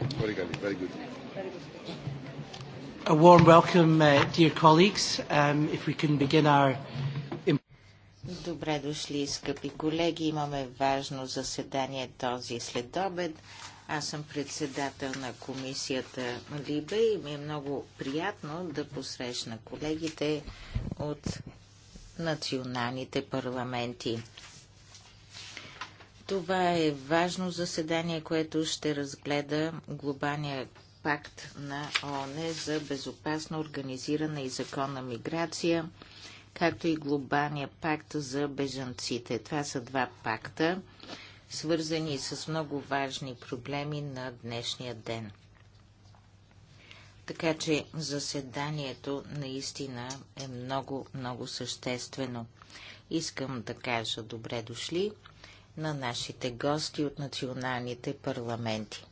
Very good. Very good. A warm welcome, uh, dear colleagues. Um, if we can begin our Добре дошли, скъпи колеги. Имаме важно заседание този следобед. Аз съм председател на комисията Либе и ми е много приятно да посрещна колегите от националните парламенти. Това е важно заседание, което ще разгледа глобалния пакт на ООН за безопасна, организирана и законна миграция, както и глобалния пакт за бежанците. Това са два пакта, свързани с много важни проблеми на днешния ден. Така че заседанието наистина е много, много съществено. Искам да кажа добре дошли на нашите гости от националните парламенти.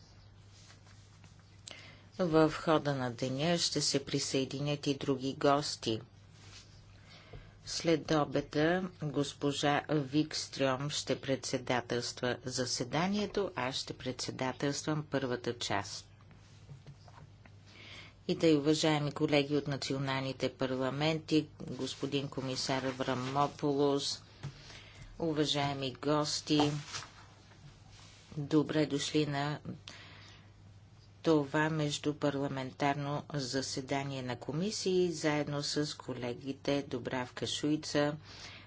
В хода на деня ще се присъединят и други гости. След обеда госпожа Викстрём ще председателства заседанието, аз ще председателствам първата част. И да и уважаеми колеги от националните парламенти, господин комисар Аврамополос, уважаеми гости, добре дошли на това междупарламентарно заседание на комисии, заедно с колегите Добравка Шуица,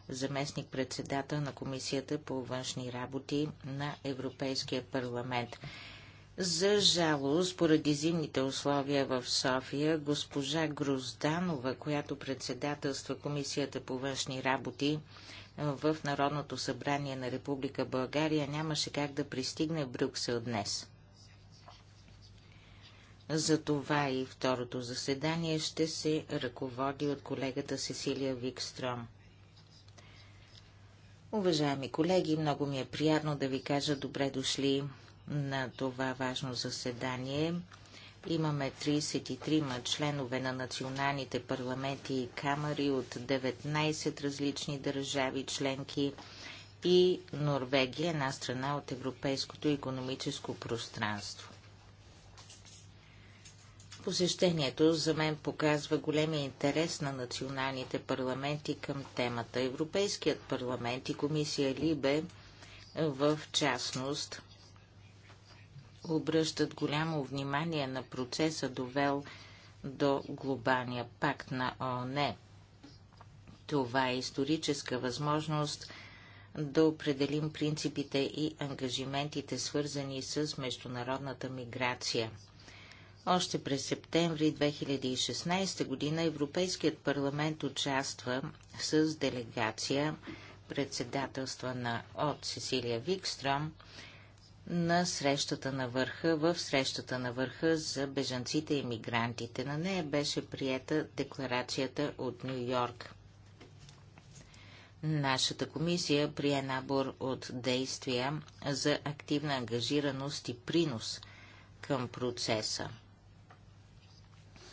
заместник-председател на Комисията по външни работи на Европейския парламент. За жалост, поради зимните условия в София, госпожа Грузданова, която председателства Комисията по външни работи, в Народното събрание на Република България нямаше как да пристигне в Брюксел днес. Затова и второто заседание ще се ръководи от колегата Сесилия Викстром. Уважаеми колеги, много ми е приятно да ви кажа добре дошли на това важно заседание. Имаме 33 членове на националните парламенти и камери от 19 различни държави членки и Норвегия, една страна от Европейското економическо пространство. Посещението за мен показва големия интерес на националните парламенти към темата. Европейският парламент и комисия Либе в частност обръщат голямо внимание на процеса, довел до глобалния пакт на ООН. Това е историческа възможност да определим принципите и ангажиментите, свързани с международната миграция. Още през септември 2016 година Европейският парламент участва с делегация, председателства на от Сесилия Викстром, на срещата на върха, в срещата на върха за бежанците и мигрантите. На нея беше приета декларацията от Нью Йорк. Нашата комисия прие набор от действия за активна ангажираност и принос към процеса.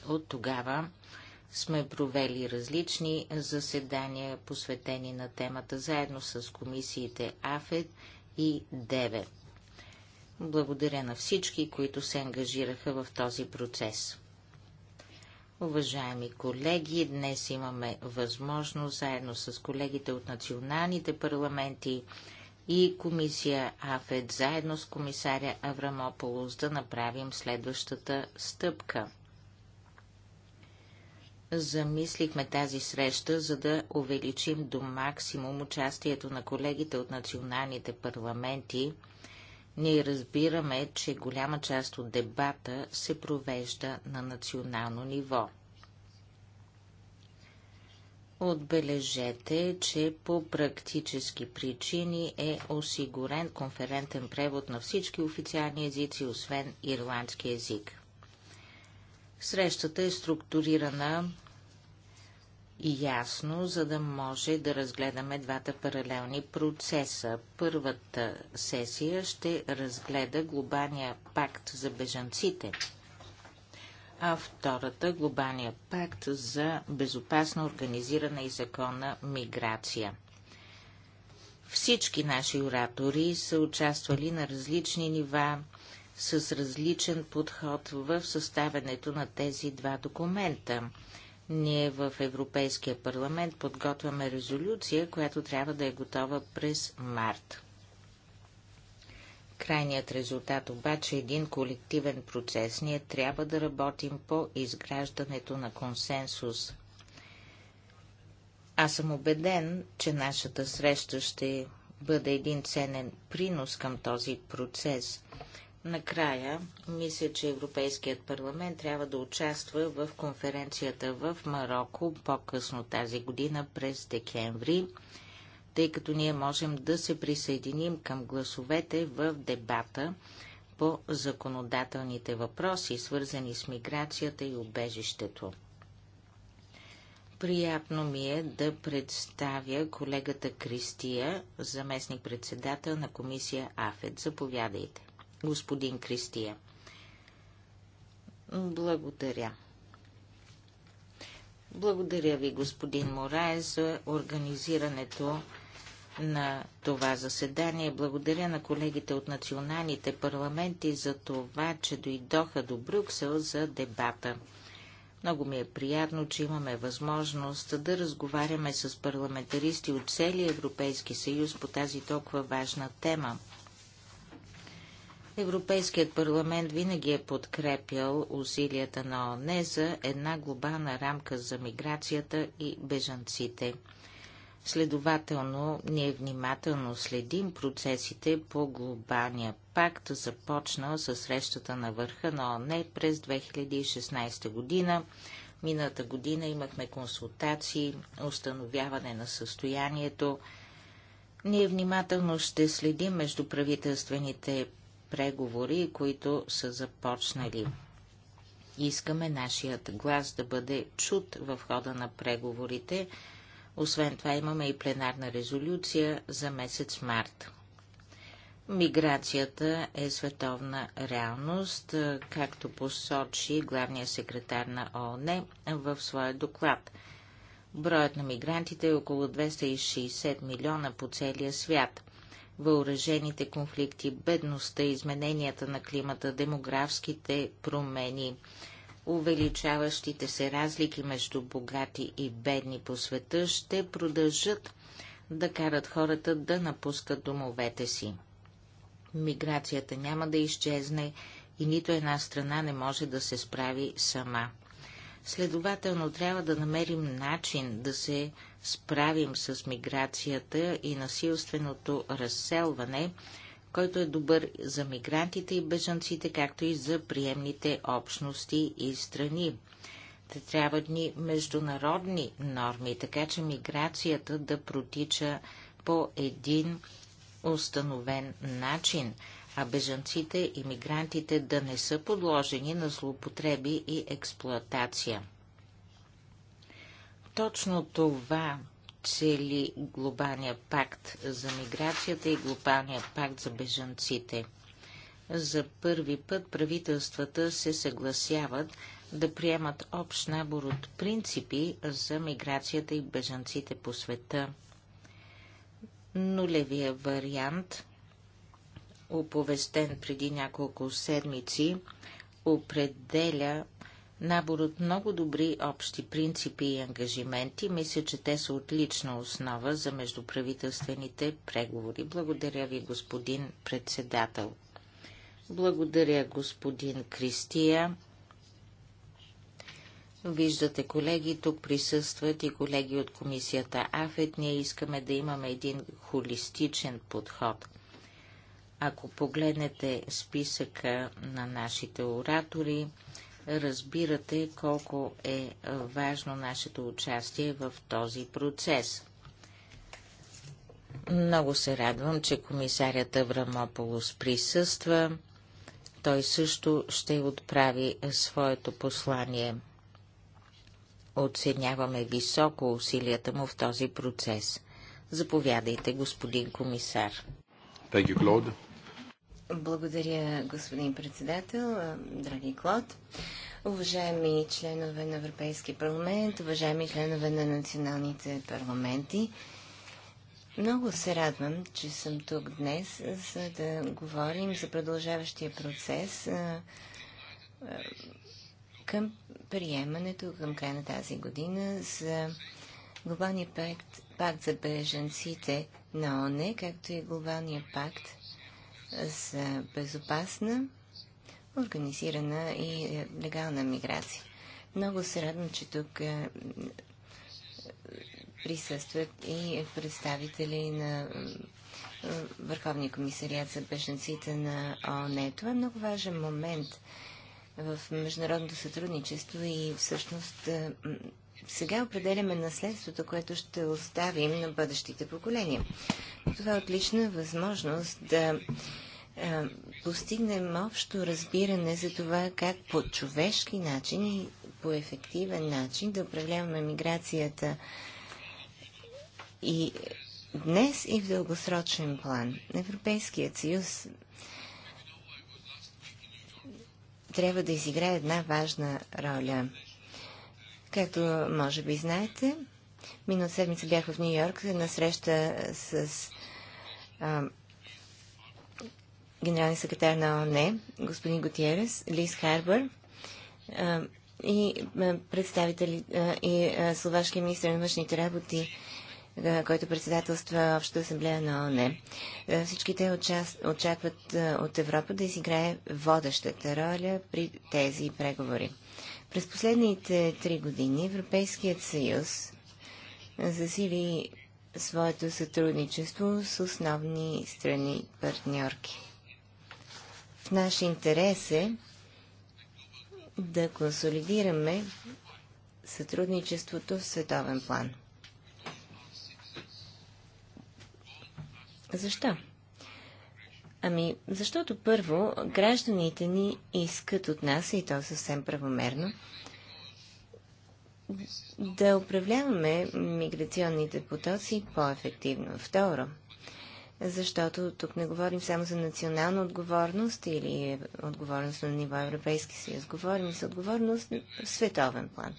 От тогава сме провели различни заседания, посветени на темата, заедно с комисиите АФЕД и ДЕВЕД. Благодаря на всички, които се ангажираха в този процес. Уважаеми колеги, днес имаме възможност заедно с колегите от националните парламенти и комисия АФЕД, заедно с комисаря Аврамополос, да направим следващата стъпка. Замислихме тази среща, за да увеличим до максимум участието на колегите от националните парламенти – ние разбираме, че голяма част от дебата се провежда на национално ниво. Отбележете, че по практически причини е осигурен конферентен превод на всички официални езици, освен ирландски език. Срещата е структурирана ясно, за да може да разгледаме двата паралелни процеса. Първата сесия ще разгледа глобалния пакт за бежанците, а втората глобалния пакт за безопасна, организирана и законна миграция. Всички наши оратори са участвали на различни нива с различен подход в съставянето на тези два документа. Ние в Европейския парламент подготвяме резолюция, която трябва да е готова през март. Крайният резултат обаче е един колективен процес. Ние трябва да работим по изграждането на консенсус. Аз съм убеден, че нашата среща ще бъде един ценен принос към този процес. Накрая, мисля, че Европейският парламент трябва да участва в конференцията в Марокко по-късно тази година през декември, тъй като ние можем да се присъединим към гласовете в дебата по законодателните въпроси, свързани с миграцията и убежището. Приятно ми е да представя колегата Кристия, заместник-председател на комисия АФЕД. Заповядайте господин Кристия. Благодаря. Благодаря ви, господин Морае, за организирането на това заседание. Благодаря на колегите от националните парламенти за това, че дойдоха до Брюксел за дебата. Много ми е приятно, че имаме възможност да разговаряме с парламентаристи от целия Европейски съюз по тази толкова важна тема. Европейският парламент винаги е подкрепял усилията на ОНЕ за една глобална рамка за миграцията и бежанците. Следователно, ние внимателно следим процесите по глобалния пакт, започнал със срещата на върха на ОНЕ през 2016 година. Мината година имахме консултации, установяване на състоянието. Ние внимателно ще следим между правителствените преговори, които са започнали. Искаме нашият глас да бъде чут в хода на преговорите. Освен това имаме и пленарна резолюция за месец март. Миграцията е световна реалност, както посочи главния секретар на ООН в своя доклад. Броят на мигрантите е около 260 милиона по целия свят въоръжените конфликти, бедността, измененията на климата, демографските промени, увеличаващите се разлики между богати и бедни по света ще продължат да карат хората да напускат домовете си. Миграцията няма да изчезне и нито една страна не може да се справи сама. Следователно трябва да намерим начин да се справим с миграцията и насилственото разселване, който е добър за мигрантите и бежанците, както и за приемните общности и страни. Те трябват ни международни норми, така че миграцията да протича по един установен начин – а бежанците и мигрантите да не са подложени на злоупотреби и експлоатация. Точно това цели глобалния пакт за миграцията и глобалния пакт за бежанците. За първи път правителствата се съгласяват да приемат общ набор от принципи за миграцията и бежанците по света. Нулевия вариант оповестен преди няколко седмици, определя набор от много добри общи принципи и ангажименти. Мисля, че те са отлична основа за междуправителствените преговори. Благодаря ви, господин председател. Благодаря, господин Кристия. Виждате, колеги, тук присъстват и колеги от комисията АФЕТ. Ние искаме да имаме един холистичен подход. Ако погледнете списъка на нашите оратори, разбирате колко е важно нашето участие в този процес. Много се радвам, че комисарят Аврамополос присъства. Той също ще отправи своето послание. Оценяваме високо усилията му в този процес. Заповядайте, господин комисар. Thank you, Claude. Благодаря, господин председател, драги Клод. Уважаеми членове на Европейския парламент, уважаеми членове на националните парламенти, много се радвам, че съм тук днес, за да говорим за продължаващия процес към приемането към края на тази година за глобалния пакт, пакт за беженците на ОНЕ, както и глобалния пакт за безопасна, организирана и е, легална миграция. Много се радвам, че тук е, присъстват и представители на е, Върховния комисариат за беженците на ООН. Това е много важен момент в международното сътрудничество и всъщност сега определяме наследството, което ще оставим на бъдещите поколения. Това е отлична възможност да постигнем общо разбиране за това как по човешки начин и по ефективен начин да управляваме миграцията и днес и в дългосрочен план. Европейският съюз трябва да изиграе една важна роля – Както може би знаете, минал седмица бях в Нью Йорк на среща с а, генералния секретар на ОНЕ, господин Готиерес, Лис Харбър а, и представители а, и словашкия министр на външните работи който председателства Общата асамблея на ОНЕ. Всички те очакват от Европа да изиграе водещата роля при тези преговори. През последните три години Европейският съюз засили своето сътрудничество с основни страни партньорки. В наш интерес е да консолидираме сътрудничеството в световен план. Защо? Ами, защото първо, гражданите ни искат от нас, и то съвсем правомерно, да управляваме миграционните потоци по-ефективно. Второ, защото тук не говорим само за национална отговорност или отговорност на ниво Европейски съюз. Говорим за отговорност в световен план.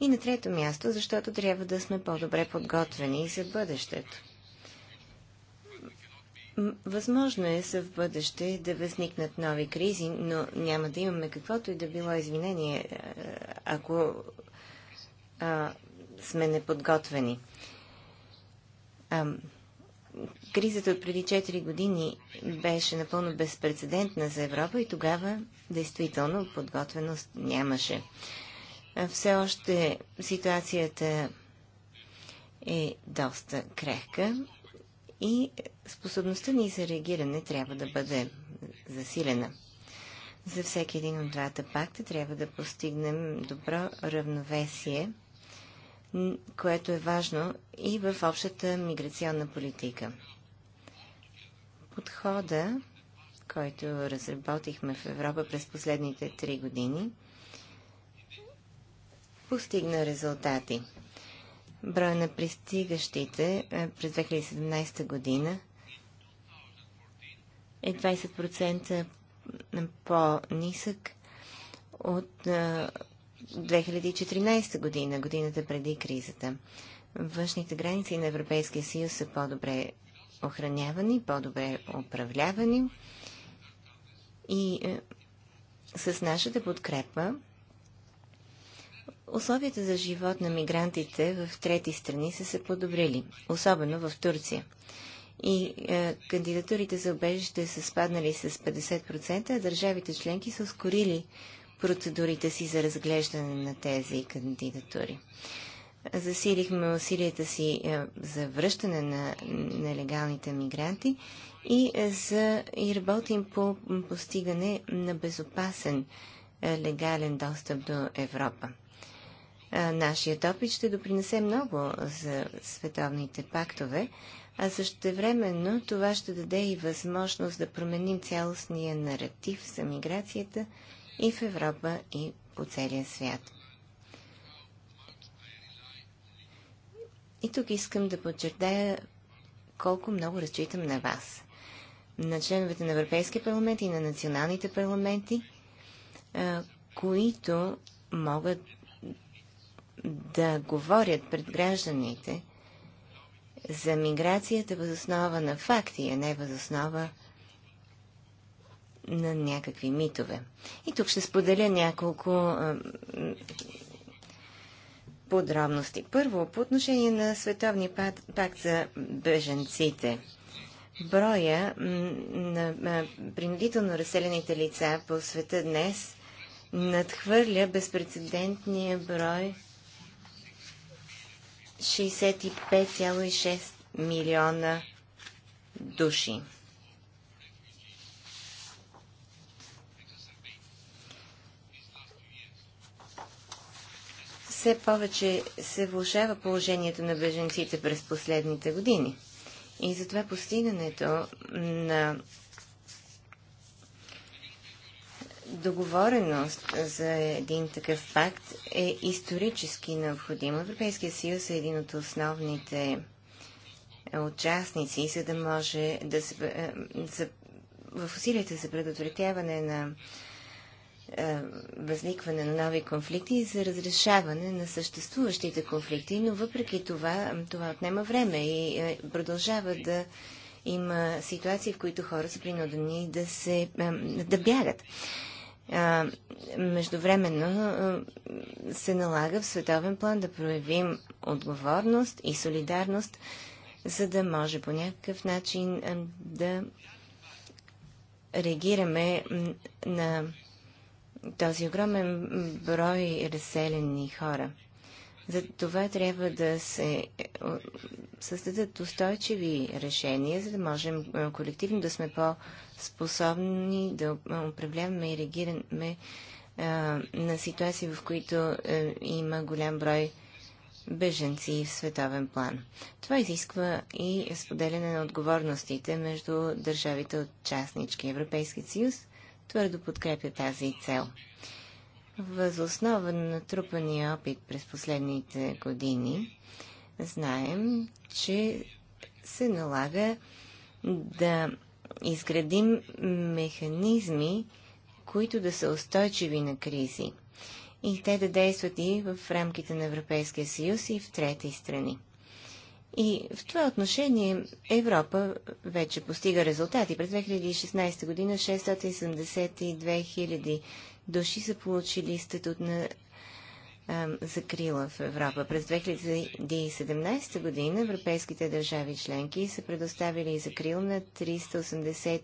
И на трето място, защото трябва да сме по-добре подготвени за бъдещето. Възможно е в бъдеще да възникнат нови кризи, но няма да имаме каквото и да било извинение, е, ако а, сме неподготвени. А, кризата от преди 4 години беше напълно безпредседентна за Европа и тогава действително подготвеност нямаше. А, все още ситуацията е доста крехка и способността ни за реагиране трябва да бъде засилена. За всеки един от двата пакта трябва да постигнем добро равновесие, което е важно и в общата миграционна политика. Подхода, който разработихме в Европа през последните три години, постигна резултати. Броя на пристигащите е, през 2017 година е 20% по-нисък от 2014 година, годината преди кризата. Външните граници на Европейския съюз са по-добре охранявани, по-добре управлявани и е, с нашата подкрепа условията за живот на мигрантите в трети страни са се подобрили, особено в Турция и е, кандидатурите за обежище са спаднали с 50%, а държавите членки са ускорили процедурите си за разглеждане на тези кандидатури. Засилихме усилията си е, за връщане на нелегалните мигранти и, е, за, и работим по постигане на безопасен е, легален достъп до Европа. Е, нашият опит ще допринесе много за световните пактове а същевременно това ще даде и възможност да променим цялостния наратив за миграцията и в Европа, и по целия свят. И тук искам да подчертая колко много разчитам на вас, на членовете на Европейския парламент и на националните парламенти, които могат да говорят пред гражданите за миграцията въз основа на факти, а не въз основа на някакви митове. И тук ще споделя няколко а, подробности. Първо, по отношение на Световния пакт, за беженците. Броя на принудително разселените лица по света днес надхвърля безпредседентния брой 65,6 милиона души. Все повече се влушава положението на беженците през последните години. И затова постигането на договореност за един такъв пакт е исторически необходима. Европейския съюз е един от основните участници, за да може да се, е, за, в усилията за предотвратяване на е, възникване на нови конфликти и за разрешаване на съществуващите конфликти, но въпреки това, това отнема време и е, продължава да има ситуации, в които хора са принудени да, се, да бягат. А, междувременно се налага в световен план да проявим отговорност и солидарност, за да може по някакъв начин да реагираме на този огромен брой разселени хора. За това трябва да се е, създадат устойчиви решения, за да можем е, колективно да сме по-способни да е, управляваме и реагираме на ситуации, в които има голям брой беженци в световен план. Това изисква и споделяне на отговорностите между държавите от частнички. Европейският съюз твърдо подкрепя тази цел. Възоснова на натрупания опит през последните години, знаем, че се налага да изградим механизми, които да са устойчиви на кризи и те да действат и в рамките на Европейския съюз и в трети страни. И в това отношение Европа вече постига резултати. През 2016 година 672 000 души са получили статут на закрила в Европа. През 2017 година европейските държави членки са предоставили закрил на 382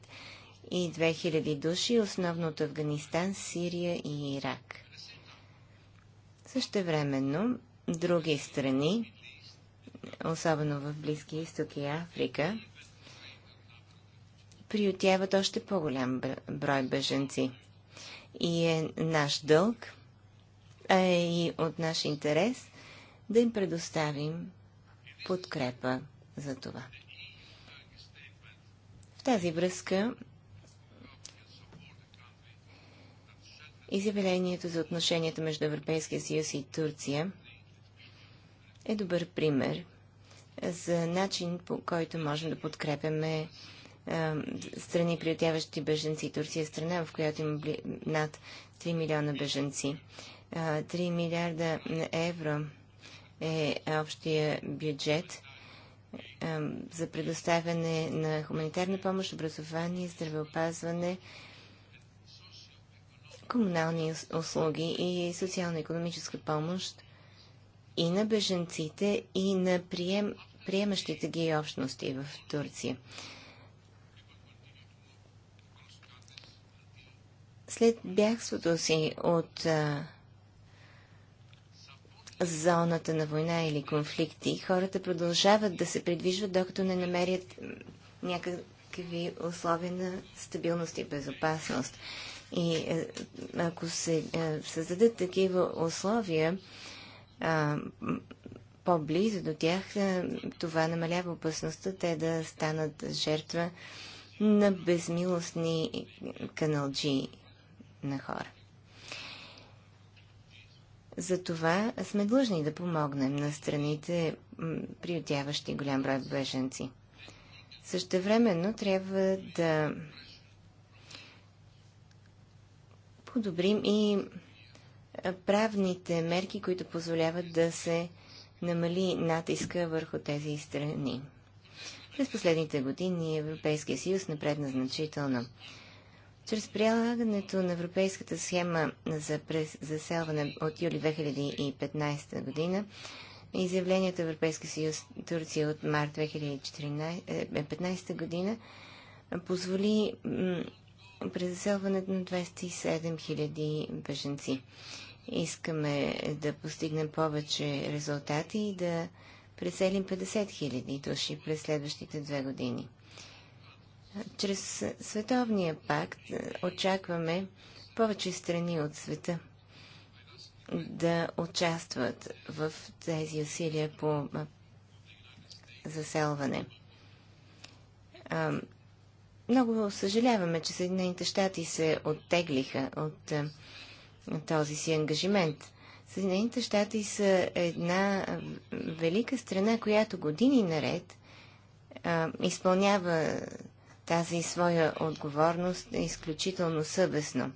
000 души, основно от Афганистан, Сирия и Ирак. Същевременно, други страни, особено в Близки изток и Африка, приютяват още по-голям брой беженци и е наш дълг, а е и от наш интерес да им предоставим подкрепа за това. В тази връзка изявлението за отношенията между Европейския съюз и Турция е добър пример за начин, по който можем да подкрепяме страни, приютяващи беженци. Турция е страна, в която има над 3 милиона беженци. 3 милиарда евро е общия бюджет за предоставяне на хуманитарна помощ, образование, здравеопазване, комунални услуги и социално-економическа помощ и на беженците, и на прием, приемащите ги общности в Турция. След бягството си от а, зоната на война или конфликти, хората продължават да се придвижват, докато не намерят някакви условия на стабилност и безопасност. И е, ако се а, е, създадат такива условия а, по-близо до тях, а, е, това намалява опасността те да станат жертва на безмилостни каналджи, на хора. Затова сме длъжни да помогнем на страните, приютяващи голям брой беженци. Същевременно трябва да подобрим и правните мерки, които позволяват да се намали натиска върху тези страни. През последните години Европейския съюз напредна значително. Чрез прилагането на Европейската схема за заселване от юли 2015 година, и изявлението Европейския съюз Турция от март 2015 е, година позволи презаселването на 27 000 беженци. Искаме да постигнем повече резултати и да преселим 50 000 души през следващите две години. Чрез Световния пакт е, очакваме повече страни от света да участват в тези усилия по заселване. много съжаляваме, че Съединените щати се оттеглиха от този си ангажимент. Съединените щати са една велика страна, която години наред а, изпълнява тази своя отговорност е изключително съвестно.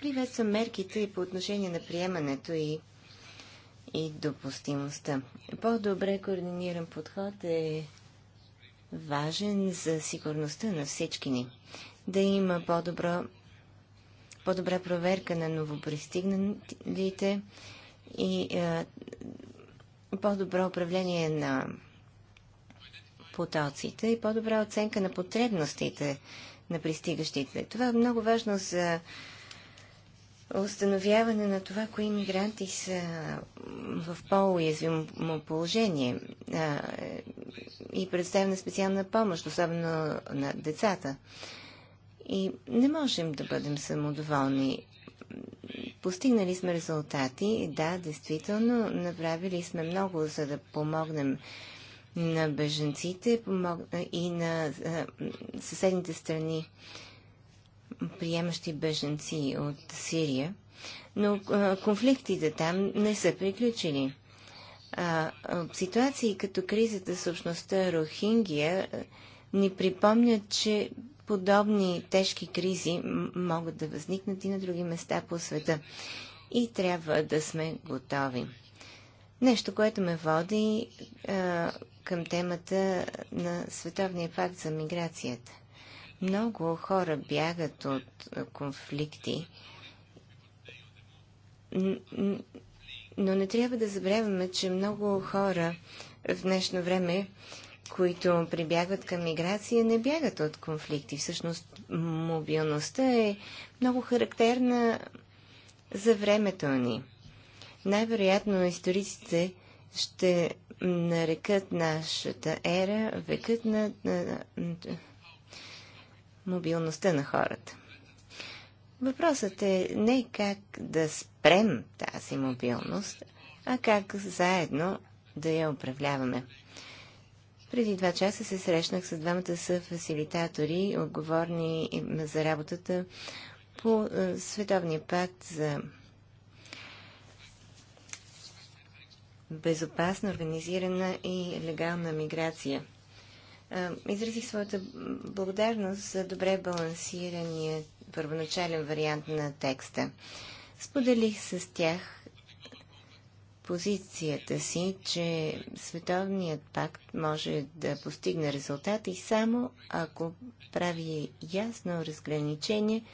Приветствам мерките и по отношение на приемането и, и допустимостта. По-добре координиран подход е важен за сигурността на всички ни. Да има по-добро, по-добра проверка на новопристигналите и е, по-добро управление на потоците и по-добра оценка на потребностите на пристигащите. Това е много важно за установяване на това, кои мигранти са в по-уязвимо положение а, и представена специална помощ, особено на децата. И не можем да бъдем самодоволни. Постигнали сме резултати, да, действително, направили сме много, за да помогнем на беженците и на съседните страни, приемащи беженци от Сирия. Но конфликтите там не са приключили. ситуации като кризата с общността Рохингия ни припомнят, че подобни тежки кризи могат да възникнат и на други места по света. И трябва да сме готови. Нещо, което ме води към темата на Световния факт за миграцията. Много хора бягат от конфликти, но не трябва да забравяме, че много хора в днешно време, които прибягват към миграция, не бягат от конфликти. Всъщност мобилността е много характерна за времето ни. Най-вероятно историците ще нарекат нашата ера векът на, на, на, на мобилността на хората. Въпросът е не как да спрем тази мобилност, а как заедно да я управляваме. Преди два часа се срещнах с двамата са фасилитатори, отговорни за работата по е, Световния пакт за безопасна, организирана и легална миграция. Изразих своята благодарност за добре балансирания първоначален вариант на текста. Споделих с тях позицията си, че Световният пакт може да постигне резултати само ако прави ясно разграничение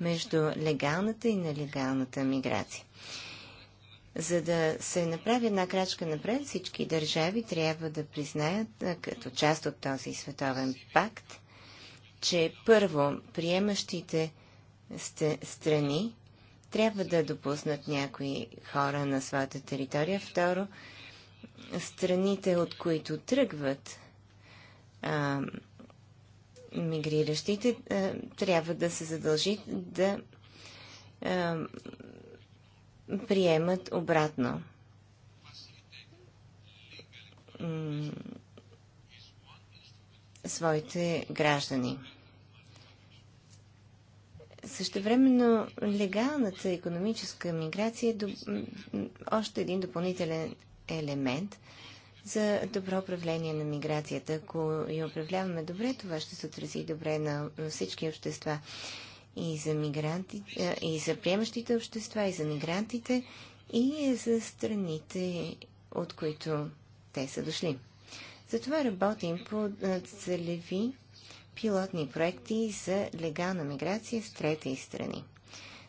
между легалната и нелегалната миграция. За да се направи една крачка напред, всички държави трябва да признаят като част от този световен пакт, че първо приемащите страни трябва да допуснат някои хора на своята територия. Второ, страните, от които тръгват а, мигриращите, а, трябва да се задължи да а, приемат обратно. своите граждани. Също времено легалната економическа миграция е до... още един допълнителен елемент за добро управление на миграцията. Ако я управляваме добре, това ще се отрази добре на всички общества и за, мигрантите, и за приемащите общества, и за мигрантите, и за страните, от които те са дошли. Затова работим по целеви пилотни проекти за легална миграция с трети страни.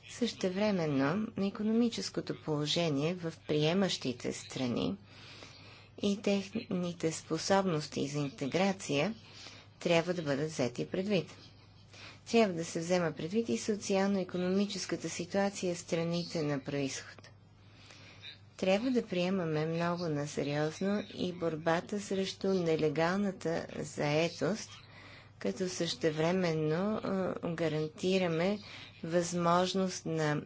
Същевременно, економическото положение в приемащите страни и техните способности за интеграция трябва да бъдат взети предвид трябва да се взема предвид и социално-економическата ситуация в страните на происход. Трябва да приемаме много насериозно и борбата срещу нелегалната заетост, като същевременно гарантираме възможност на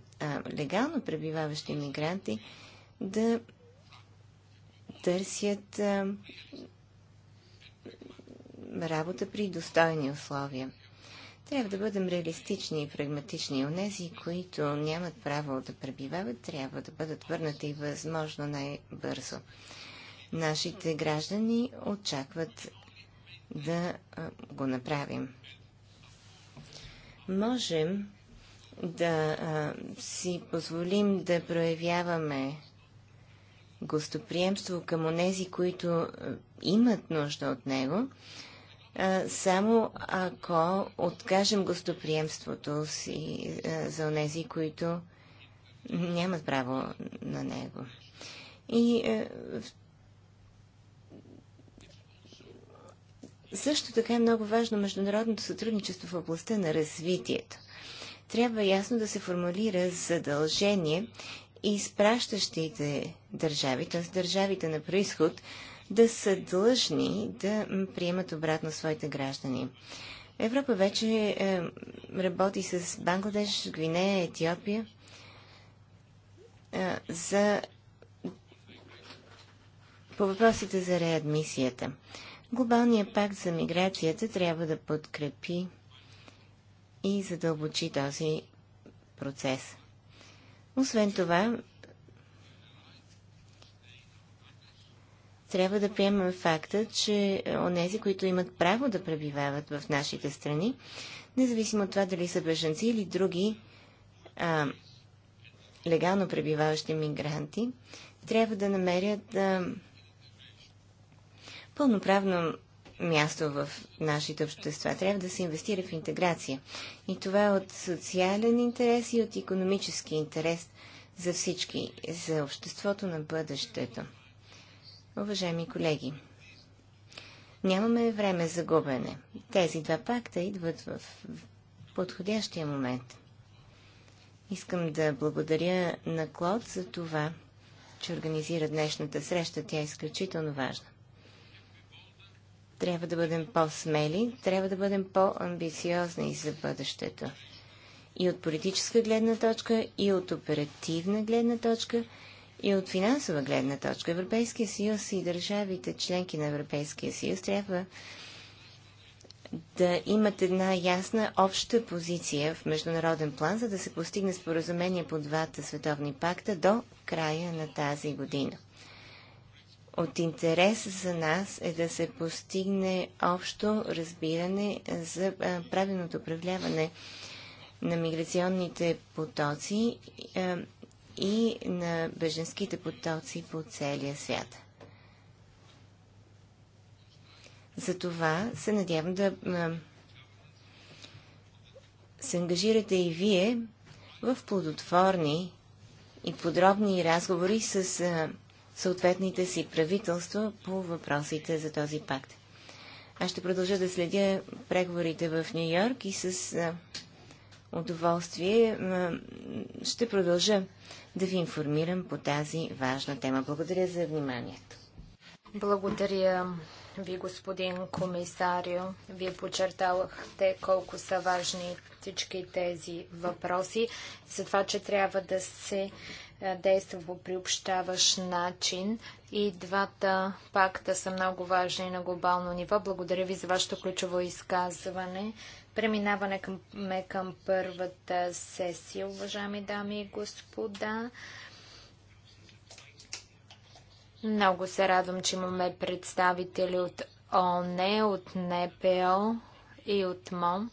легално пребиваващи мигранти да търсят работа при достойни условия. Трябва да бъдем реалистични и прагматични. Онези, които нямат право да пребивават, трябва да бъдат върнати възможно най-бързо. Нашите граждани очакват да го направим. Можем да а, си позволим да проявяваме гостоприемство към онези, които а, имат нужда от него, само ако откажем гостоприемството си за онези, които нямат право на него. И също така е много важно международното сътрудничество в областта на развитието. Трябва ясно да се формулира задължение изпращащите държави, т.е. държавите на происход, да са длъжни да приемат обратно своите граждани. Европа вече е, работи с Бангладеш, Гвинея, Етиопия е, за по въпросите за реадмисията. Глобалният пакт за миграцията трябва да подкрепи и задълбочи този процес. Освен това, трябва да приемем факта, че онези, които имат право да пребивават в нашите страни, независимо от това дали са беженци или други а, легално пребиваващи мигранти, трябва да намерят а, пълноправно място в нашите общества. Трябва да се инвестира в интеграция. И това е от социален интерес и от економически интерес за всички, за обществото на бъдещето. Уважаеми колеги, нямаме време за губене. Тези два пакта идват в подходящия момент. Искам да благодаря на Клод за това, че организира днешната среща. Тя е изключително важна. Трябва да бъдем по-смели, трябва да бъдем по-амбициозни за бъдещето. И от политическа гледна точка, и от оперативна гледна точка – и от финансова гледна точка Европейския съюз и държавите членки на Европейския съюз трябва да имат една ясна обща позиция в международен план, за да се постигне споразумение по двата световни пакта до края на тази година. От интерес за нас е да се постигне общо разбиране за правилното управляване на миграционните потоци и на беженските потоци по целия свят. Затова се надявам да се ангажирате и вие в плодотворни и подробни разговори с съответните си правителства по въпросите за този пакт. Аз ще продължа да следя преговорите в Нью Йорк и с удоволствие ще продължа да ви информирам по тази важна тема. Благодаря за вниманието. Благодаря ви, господин комисарио. Вие подчерталахте колко са важни всички тези въпроси, за това, че трябва да се е, действа по приобщаващ начин и двата пакта са много важни на глобално ниво. Благодаря ви за вашето ключово изказване. Преминаване към, към първата сесия, уважаеми дами и господа. Много се радвам, че имаме представители от ОНЕ, от НПО и от МОМ.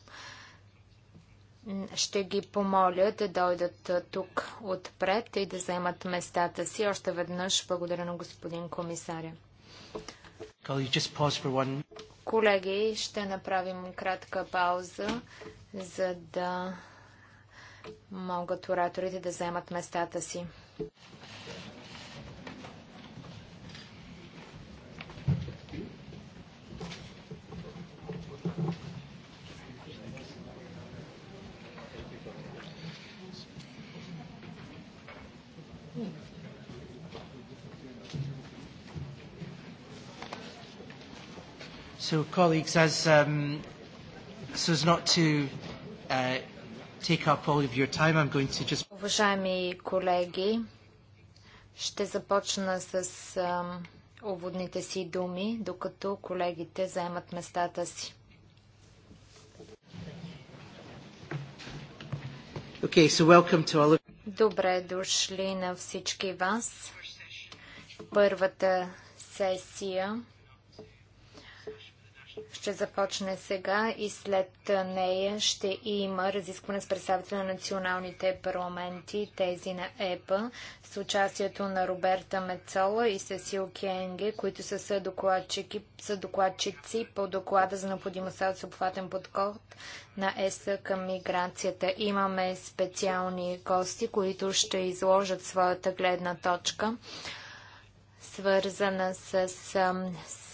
Ще ги помоля да дойдат тук отпред и да вземат местата си. Още веднъж благодаря на господин комисаря. Колеги, ще направим кратка пауза, за да могат ораторите да вземат местата си. So, colleagues, as, um, so as not to uh, take up all of your time, I'm going to just... Уважаеми колеги, ще започна с um, уводните си думи, докато колегите заемат местата си. Okay, so welcome to all of... Добре дошли на всички вас. Първата сесия ще започне сега и след нея ще има разискване с представители на националните парламенти, тези на ЕПА, с участието на Роберта Мецола и Сесил Кенге, които са са докладчици по доклада за необходимостта от съобхватен подход на ЕС към миграцията. Имаме специални гости, които ще изложат своята гледна точка, свързана с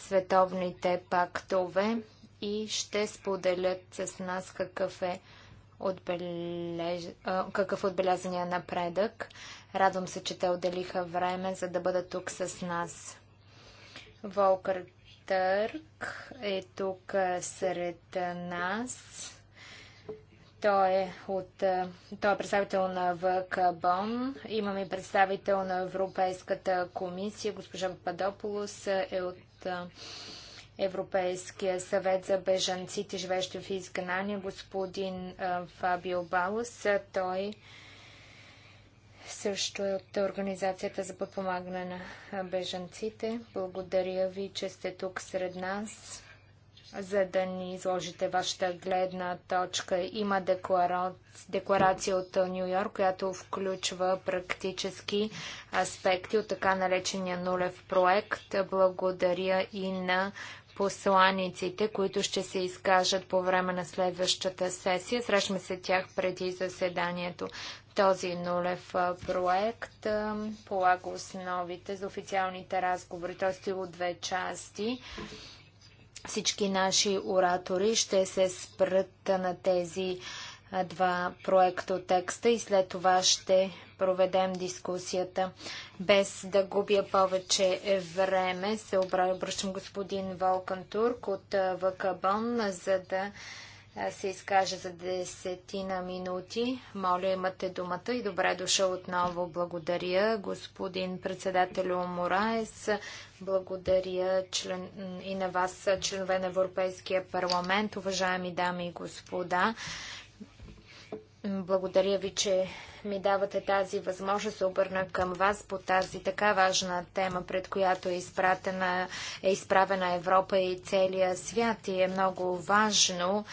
световните пактове и ще споделят с нас какъв е отбележ... какъв е отбелязания напредък. Радвам се, че те отделиха време, за да бъдат тук с нас. Волкър Търк е тук сред нас. Той е, от, той е представител на ВКБОН. Имаме представител на Европейската комисия. Госпожа Пападополос е от Европейския съвет за бежанците, живещи в изгнание, господин Фабио Балус. Той също е от Организацията за подпомагане на бежанците. Благодаря ви, че сте тук сред нас за да ни изложите вашата гледна точка. Има декларация от Нью Йорк, която включва практически аспекти от така наречения нулев проект. Благодаря и на посланиците, които ще се изкажат по време на следващата сесия. Срещаме се тях преди заседанието. Този нулев проект полага основите за официалните разговори. Той стои от две части. Всички наши оратори ще се спрат на тези два проекта текста и след това ще проведем дискусията. Без да губя повече време, се обръщам господин Волкан Турк от ВКБОН, за да се изкаже за десетина минути. Моля, имате думата и добре дошъл отново. Благодаря, господин председател Мораес. Благодаря член, и на вас, членове на Европейския парламент, уважаеми дами и господа. Благодаря ви, че ми давате тази възможност да обърна към вас по тази така важна тема, пред която е, изпратена, е изправена Европа и целия свят. И е много важно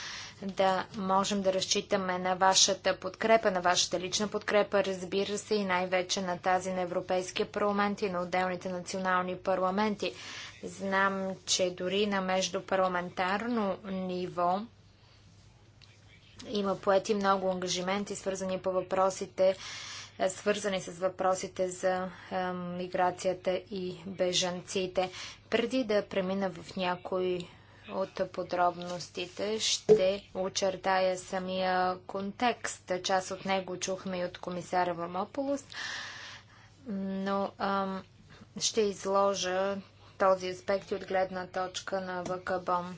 да можем да разчитаме на вашата подкрепа, на вашата лична подкрепа, разбира се, и най-вече на тази на Европейския парламент и на отделните национални парламенти. Знам, че дори на междупарламентарно ниво има поети много ангажименти, свързани по въпросите, е, свързани с въпросите за миграцията и бежанците. Преди да премина в някои от подробностите. Ще очертая самия контекст. Част от него чухме и от комисара Вамополос, но ам, ще изложа този аспект и от гледна точка на ВКБОМ.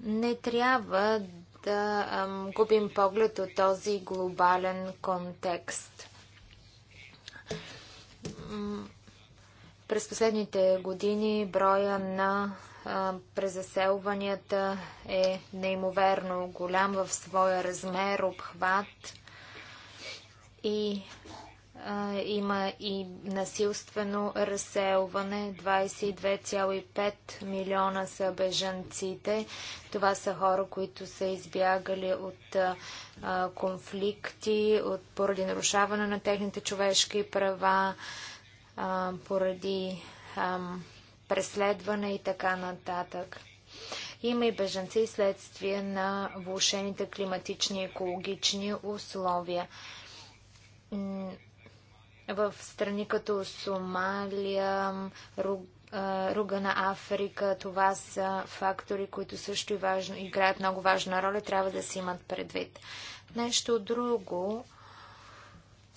Не трябва да ам, губим поглед от този глобален контекст. През последните години броя на през заселванията е неимоверно голям в своя размер, обхват и а, има и насилствено разселване. 22,5 милиона са бежанците. Това са хора, които са избягали от а, конфликти, от, поради нарушаване на техните човешки права, а, поради преследване и така нататък. Има и бежанци следствие на влушените климатични и екологични условия. В страни като Сомалия, Руг, Руга на Африка, това са фактори, които също и важно, играят много важна роля, трябва да се имат предвид. Нещо друго,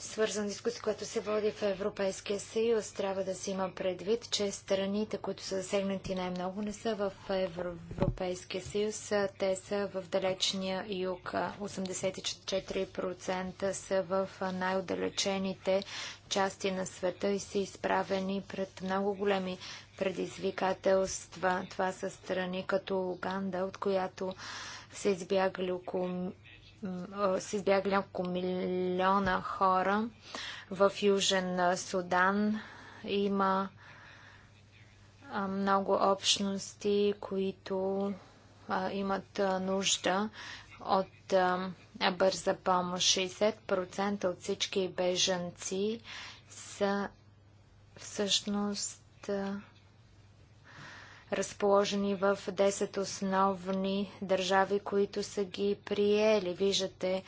свързан с дискусия, която се води в Европейския съюз. Трябва да се има предвид, че страните, които са засегнати най-много, не са в Европейския съюз. Те са в далечния юг. 84% са в най-отдалечените части на света и са изправени пред много големи предизвикателства. Това са страни като Уганда, от която са избягали около се избягали няколко милиона хора в Южен Судан. Има много общности, които имат нужда от бърза помощ. 60% от всички беженци са всъщност разположени в 10 основни държави, които са ги приели. Виждате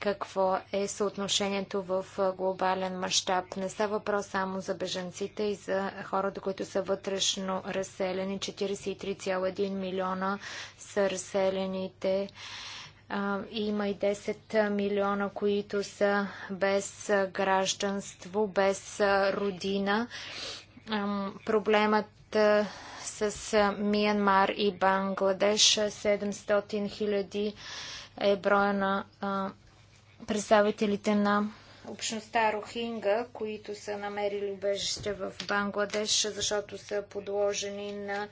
какво е съотношението в глобален мащаб. Не са въпрос само за бежанците и за хората, които са вътрешно разселени. 43,1 милиона са разселените. Има и 10 милиона, които са без гражданство, без родина. Проблемът с Миянмар и Бангладеш. 700 хиляди е броя на представителите на общността Рохинга, които са намерили убежище в Бангладеш, защото са подложени на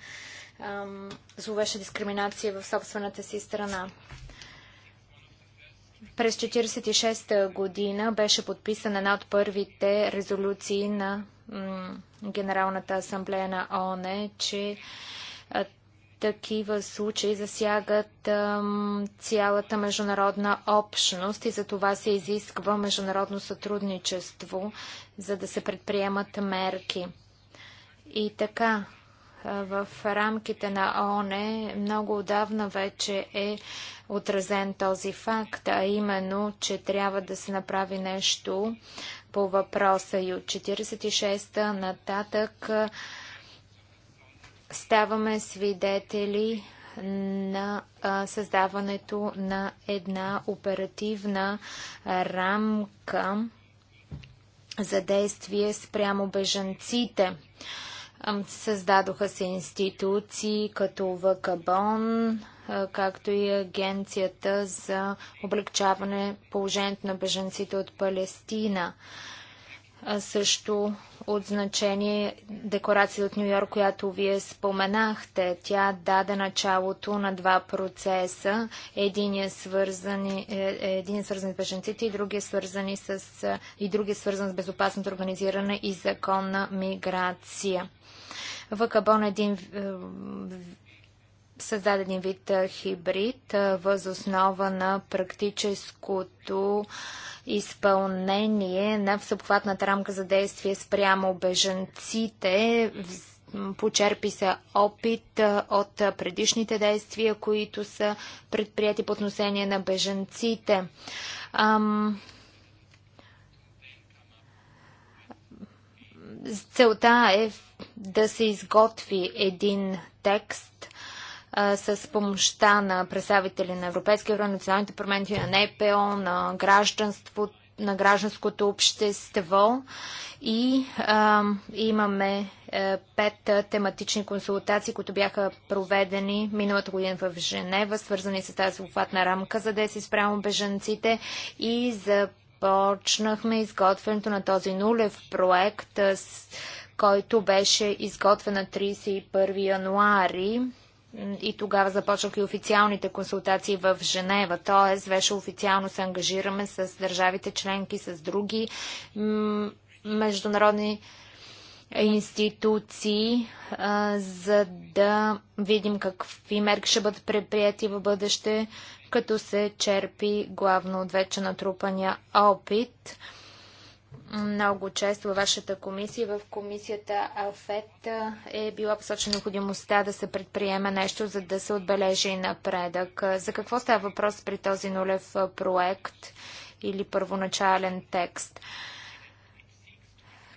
зловеща дискриминация в собствената си страна. През 1946 година беше подписана една от първите резолюции на Генералната асамблея на ООН е, че такива случаи засягат цялата международна общност и за това се изисква международно сътрудничество, за да се предприемат мерки. И така, в рамките на ООН е, много отдавна вече е отразен този факт, а именно, че трябва да се направи нещо по въпроса и от 46-та нататък ставаме свидетели на създаването на една оперативна рамка за действие спрямо бежанците. Създадоха се институции като ВКБОН, както и Агенцията за облегчаване положението на беженците от Палестина. Също от значение декларация от Нью Йорк, която вие споменахте. Тя даде началото на два процеса. Един е, свързан, е, е, един е свързан с беженците и други е свързани с, и други е свързан с безопасното организиране и законна миграция. В Габон е един създаде един вид хибрид възоснова на практическото изпълнение на всъобхватната рамка за действие спрямо бежанците. Почерпи се опит от предишните действия, които са предприяти по отношение на бежанците. Целта е да се изготви един текст, а, с помощта на представители на Европейския район, националните парламенти, на НПО, на гражданството, на гражданското общество и а, имаме а, е, пет тематични консултации, които бяха проведени миналата година в Женева, свързани с тази обхватна рамка за да се спрямо беженците и започнахме изготвянето на този нулев проект, а, с, който беше изготвен на 31 януари и тогава започвах и официалните консултации в Женева. Тоест, вече официално се ангажираме с държавите членки, с други международни институции, за да видим какви мерки ще бъдат предприяти в бъдеще, като се черпи главно от вече натрупания опит много често във вашата комисия, в комисията АФЕТ е била посочена необходимостта да се предприеме нещо, за да се отбележи напредък. За какво става въпрос при този нулев проект или първоначален текст?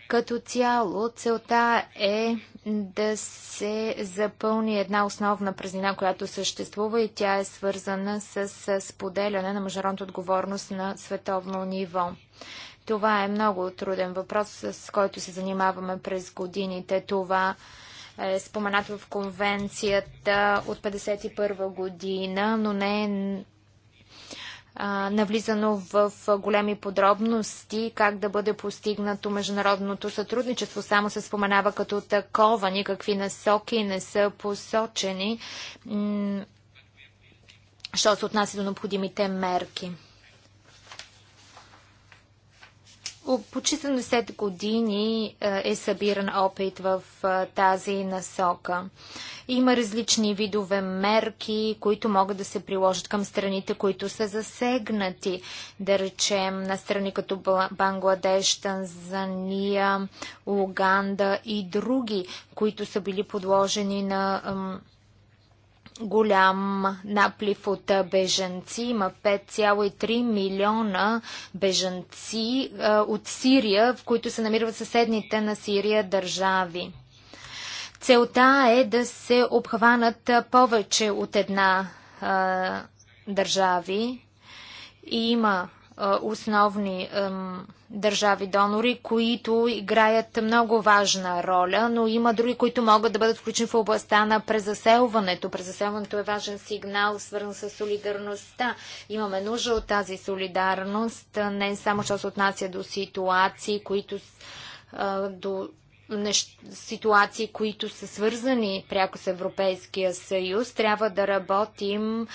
Като цяло, целта е да се запълни една основна празнина, която съществува и тя е свързана с споделяне на международната отговорност на световно ниво. Това е много труден въпрос, с който се занимаваме през годините. Това е споменато в конвенцията от 1951 година, но не е навлизано в големи подробности как да бъде постигнато международното сътрудничество. Само се споменава като такова, никакви насоки не са посочени, що се отнася до необходимите мерки. Почти 70 години е, е събиран опит в е, тази насока. Има различни видове мерки, които могат да се приложат към страните, които са засегнати. Да речем на страни като Бангладеш, Танзания, Уганда и други, които са били подложени на голям наплив от беженци. Има 5,3 милиона беженци от Сирия, в които се намират съседните на Сирия държави. Целта е да се обхванат повече от една държави. И има основни държави донори, които играят много важна роля, но има други, които могат да бъдат включени в областта на презаселването. Презаселването е важен сигнал, свързан с солидарността. Имаме нужда от тази солидарност, не само, що се отнася до ситуации, които до ситуации, които са свързани пряко с Европейския съюз. Трябва да работим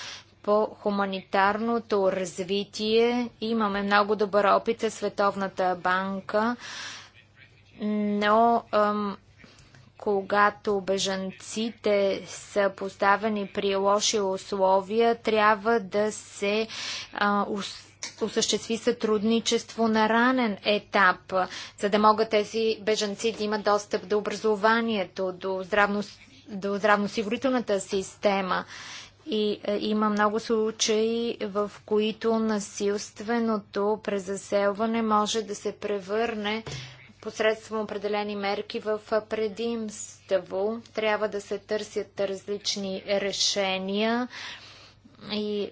по хуманитарното развитие. Имаме много добър опит със Световната банка, но ам, когато бежанците са поставени при лоши условия, трябва да се а, осъществи сътрудничество на ранен етап, за да могат тези бежанци да имат достъп до образованието, до, здравно, до система. И е, има много случаи, в които насилственото презаселване може да се превърне посредством определени мерки в е, предимство. Трябва да се търсят различни решения и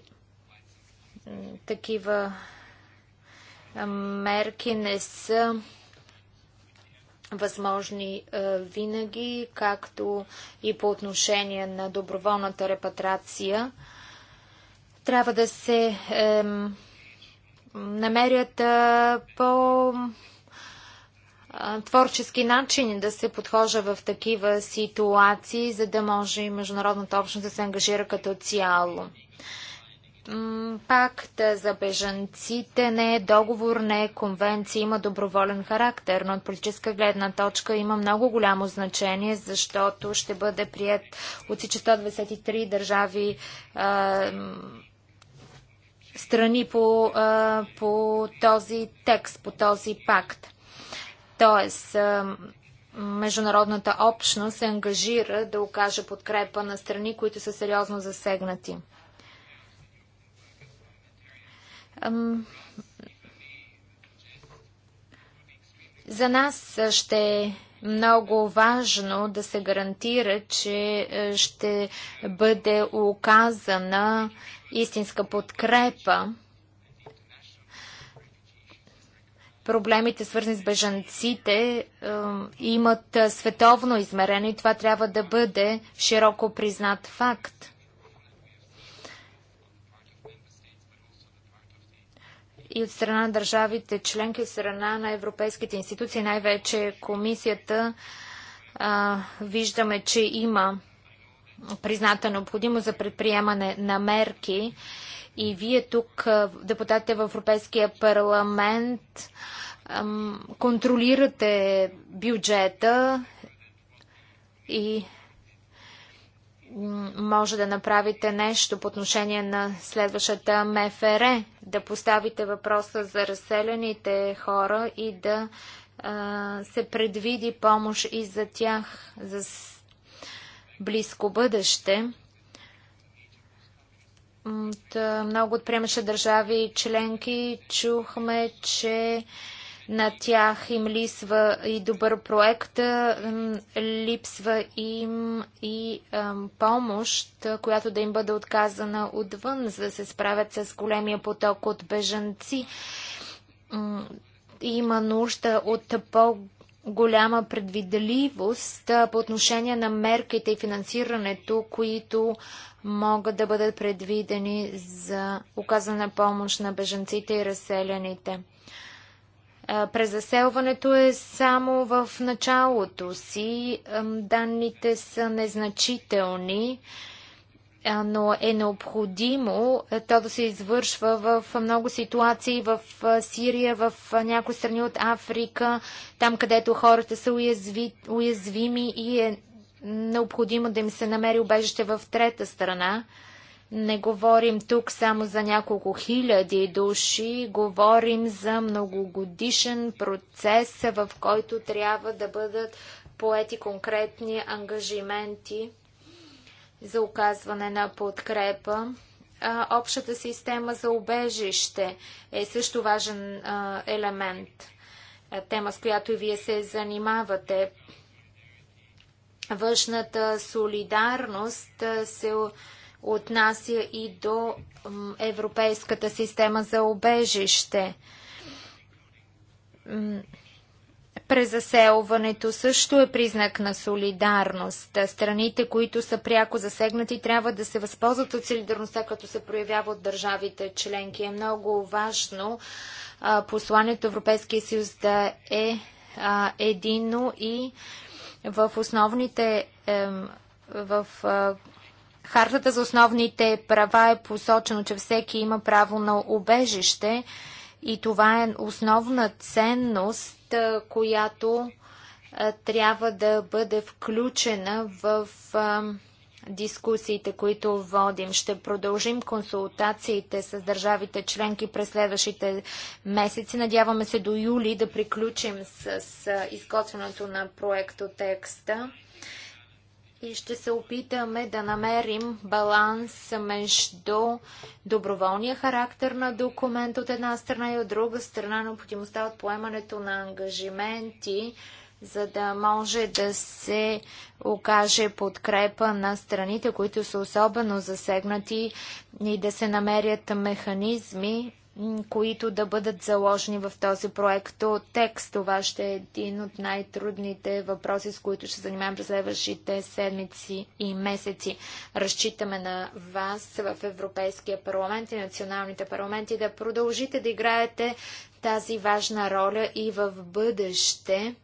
такива мерки не са възможни е, винаги, както и по отношение на доброволната репатрация. Трябва да се е, намерят е, по е, творчески начин да се подхожа в такива ситуации, за да може и международната общност да се ангажира като цяло пакта за бежанците не е договор, не е конвенция, има доброволен характер, но от политическа гледна точка има много голямо значение, защото ще бъде прият от всички 123 държави а, страни по, а, по този текст, по този пакт. Тоест, международната общност се ангажира да окаже подкрепа на страни, които са сериозно засегнати. За нас ще е много важно да се гарантира, че е, ще бъде оказана истинска подкрепа. Проблемите, свързани с бежанците, е, имат световно измерение и това трябва да бъде широко признат факт. и от страна на държавите членки, от страна на европейските институции, най-вече комисията, а, виждаме, че има призната необходимост за предприемане на мерки. И вие тук, депутатите в Европейския парламент, контролирате бюджета и може да направите нещо по отношение на следващата МФР, да поставите въпроса за разселените хора и да а, се предвиди помощ и за тях за близко бъдеще. От много от приемаше държави и членки чухме, че на тях им лисва и добър проект, липсва им и помощ, която да им бъде отказана отвън, за да се справят с големия поток от бежанци. Има нужда от по голяма предвидливост по отношение на мерките и финансирането, които могат да бъдат предвидени за оказана помощ на бежанците и разселените. Презаселването е само в началото си. Данните са незначителни, но е необходимо то да се извършва в много ситуации в Сирия, в някои страни от Африка, там където хората са уязви, уязвими и е необходимо да им се намери убежище в трета страна. Не говорим тук само за няколко хиляди души, говорим за многогодишен процес, в който трябва да бъдат поети конкретни ангажименти за оказване на подкрепа. общата система за обежище е също важен елемент. тема, с която и вие се занимавате. Външната солидарност се отнася и до Европейската система за обежище. Презаселването също е признак на солидарност. Страните, които са пряко засегнати, трябва да се възползват от солидарността, като се проявява от държавите членки. Е много важно посланието Европейския съюз да е единно едино и в основните в Хартата за основните права е посочено, че всеки има право на убежище и това е основна ценност, която трябва да бъде включена в дискусиите, които водим. Ще продължим консултациите с държавите членки през следващите месеци. Надяваме се до юли да приключим с, изготвянето на проекто текста и ще се опитаме да намерим баланс между доброволния характер на документ от една страна и от друга страна необходимостта от поемането на ангажименти, за да може да се окаже подкрепа на страните, които са особено засегнати и да се намерят механизми които да бъдат заложени в този проект текст. Това ще е един от най-трудните въпроси, с които ще занимавам през следващите седмици и месеци. Разчитаме на вас в Европейския парламент и националните парламенти да продължите да играете тази важна роля и в бъдеще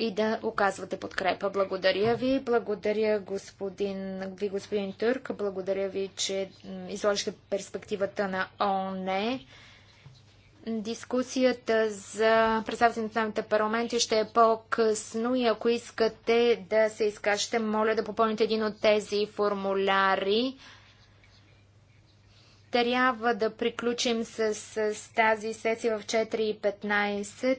и да оказвате подкрепа. Благодаря ви, благодаря господин, ви господин Търк, благодаря ви, че изложите перспективата на ООН. Дискусията за представителите на националните парламенти ще е по-късно и ако искате да се изкажете, моля да попълните един от тези формуляри. Трябва да приключим с, с тази сесия в 4.15.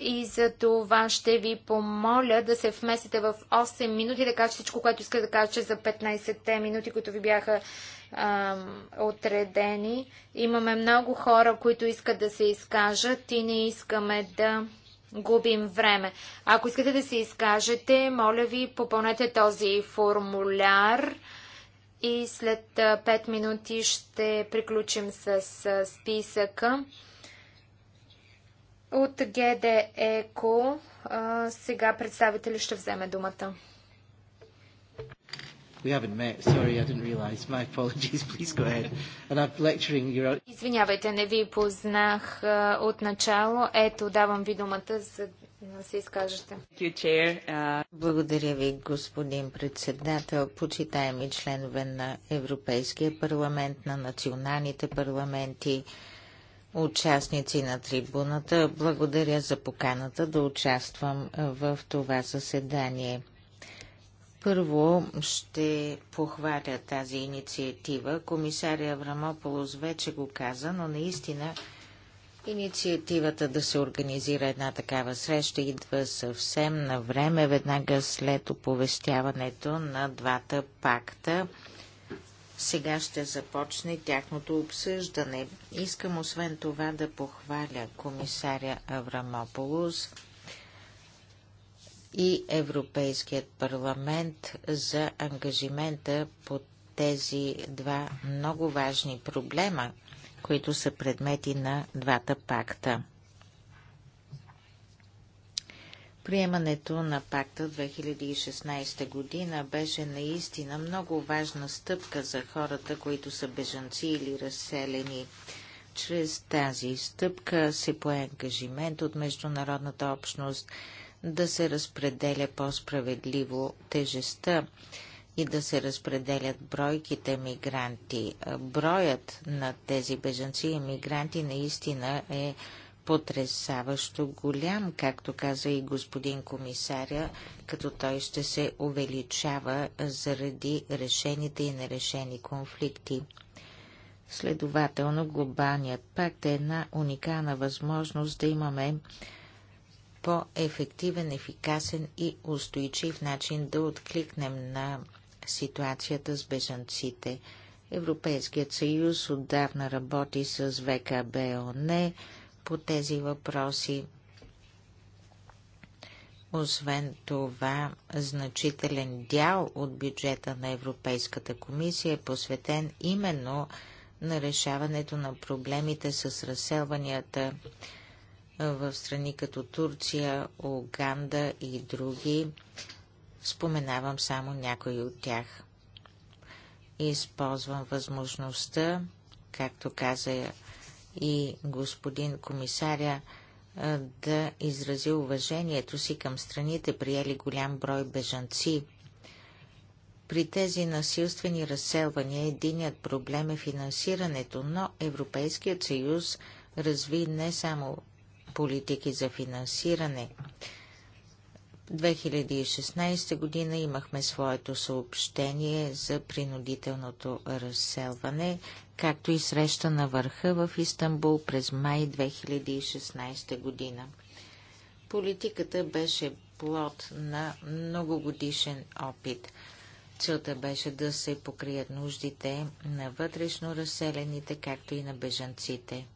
И за това ще ви помоля да се вместите в 8 минути, така че всичко, което иска да кажа, че за 15-те минути, които ви бяха ам, отредени. Имаме много хора, които искат да се изкажат и не искаме да губим време. Ако искате да се изкажете, моля ви, попълнете този формуляр и след 5 минути ще приключим с списъка. От ГД ЕКО сега представители ще вземе думата. We haven't met. Sorry, I didn't My apologies. Please go ahead. And I'm lecturing your... Извинявайте, не ви познах от начало. Ето, давам ви думата, за да се изкажете. Благодаря ви, господин председател, почитаеми членове на Европейския парламент, на националните парламенти, участници на трибуната. Благодаря за поканата да участвам в това заседание. Първо ще похваля тази инициатива. Комисария Аврамополос вече го каза, но наистина инициативата да се организира една такава среща идва съвсем на време, веднага след оповестяването на двата пакта сега ще започне тяхното обсъждане. Искам освен това да похваля комисаря Аврамополус и Европейският парламент за ангажимента по тези два много важни проблема, които са предмети на двата пакта. Приемането на пакта 2016 година беше наистина много важна стъпка за хората, които са бежанци или разселени. Чрез тази стъпка се пое ангажимент от международната общност да се разпределя по-справедливо тежестта и да се разпределят бройките мигранти. Броят на тези бежанци и мигранти наистина е потрясаващо голям, както каза и господин комисаря, като той ще се увеличава заради решените и нерешени конфликти. Следователно, глобалният пакт е една уникална възможност да имаме по-ефективен, ефикасен и устойчив начин да откликнем на ситуацията с бежанците. Европейският съюз отдавна работи с ВКБ ОНЕ, по тези въпроси. Освен това, значителен дял от бюджета на Европейската комисия е посветен именно на решаването на проблемите с разселванията в страни като Турция, Уганда и други. Споменавам само някои от тях. Използвам възможността, както каза и господин комисаря да изрази уважението си към страните, приели голям брой бежанци. При тези насилствени разселвания единият проблем е финансирането, но Европейският съюз разви не само политики за финансиране. 2016 година имахме своето съобщение за принудителното разселване както и среща на върха в Истанбул през май 2016 година. Политиката беше плод на многогодишен опит. Целта беше да се покрият нуждите на вътрешно разселените, както и на бежанците.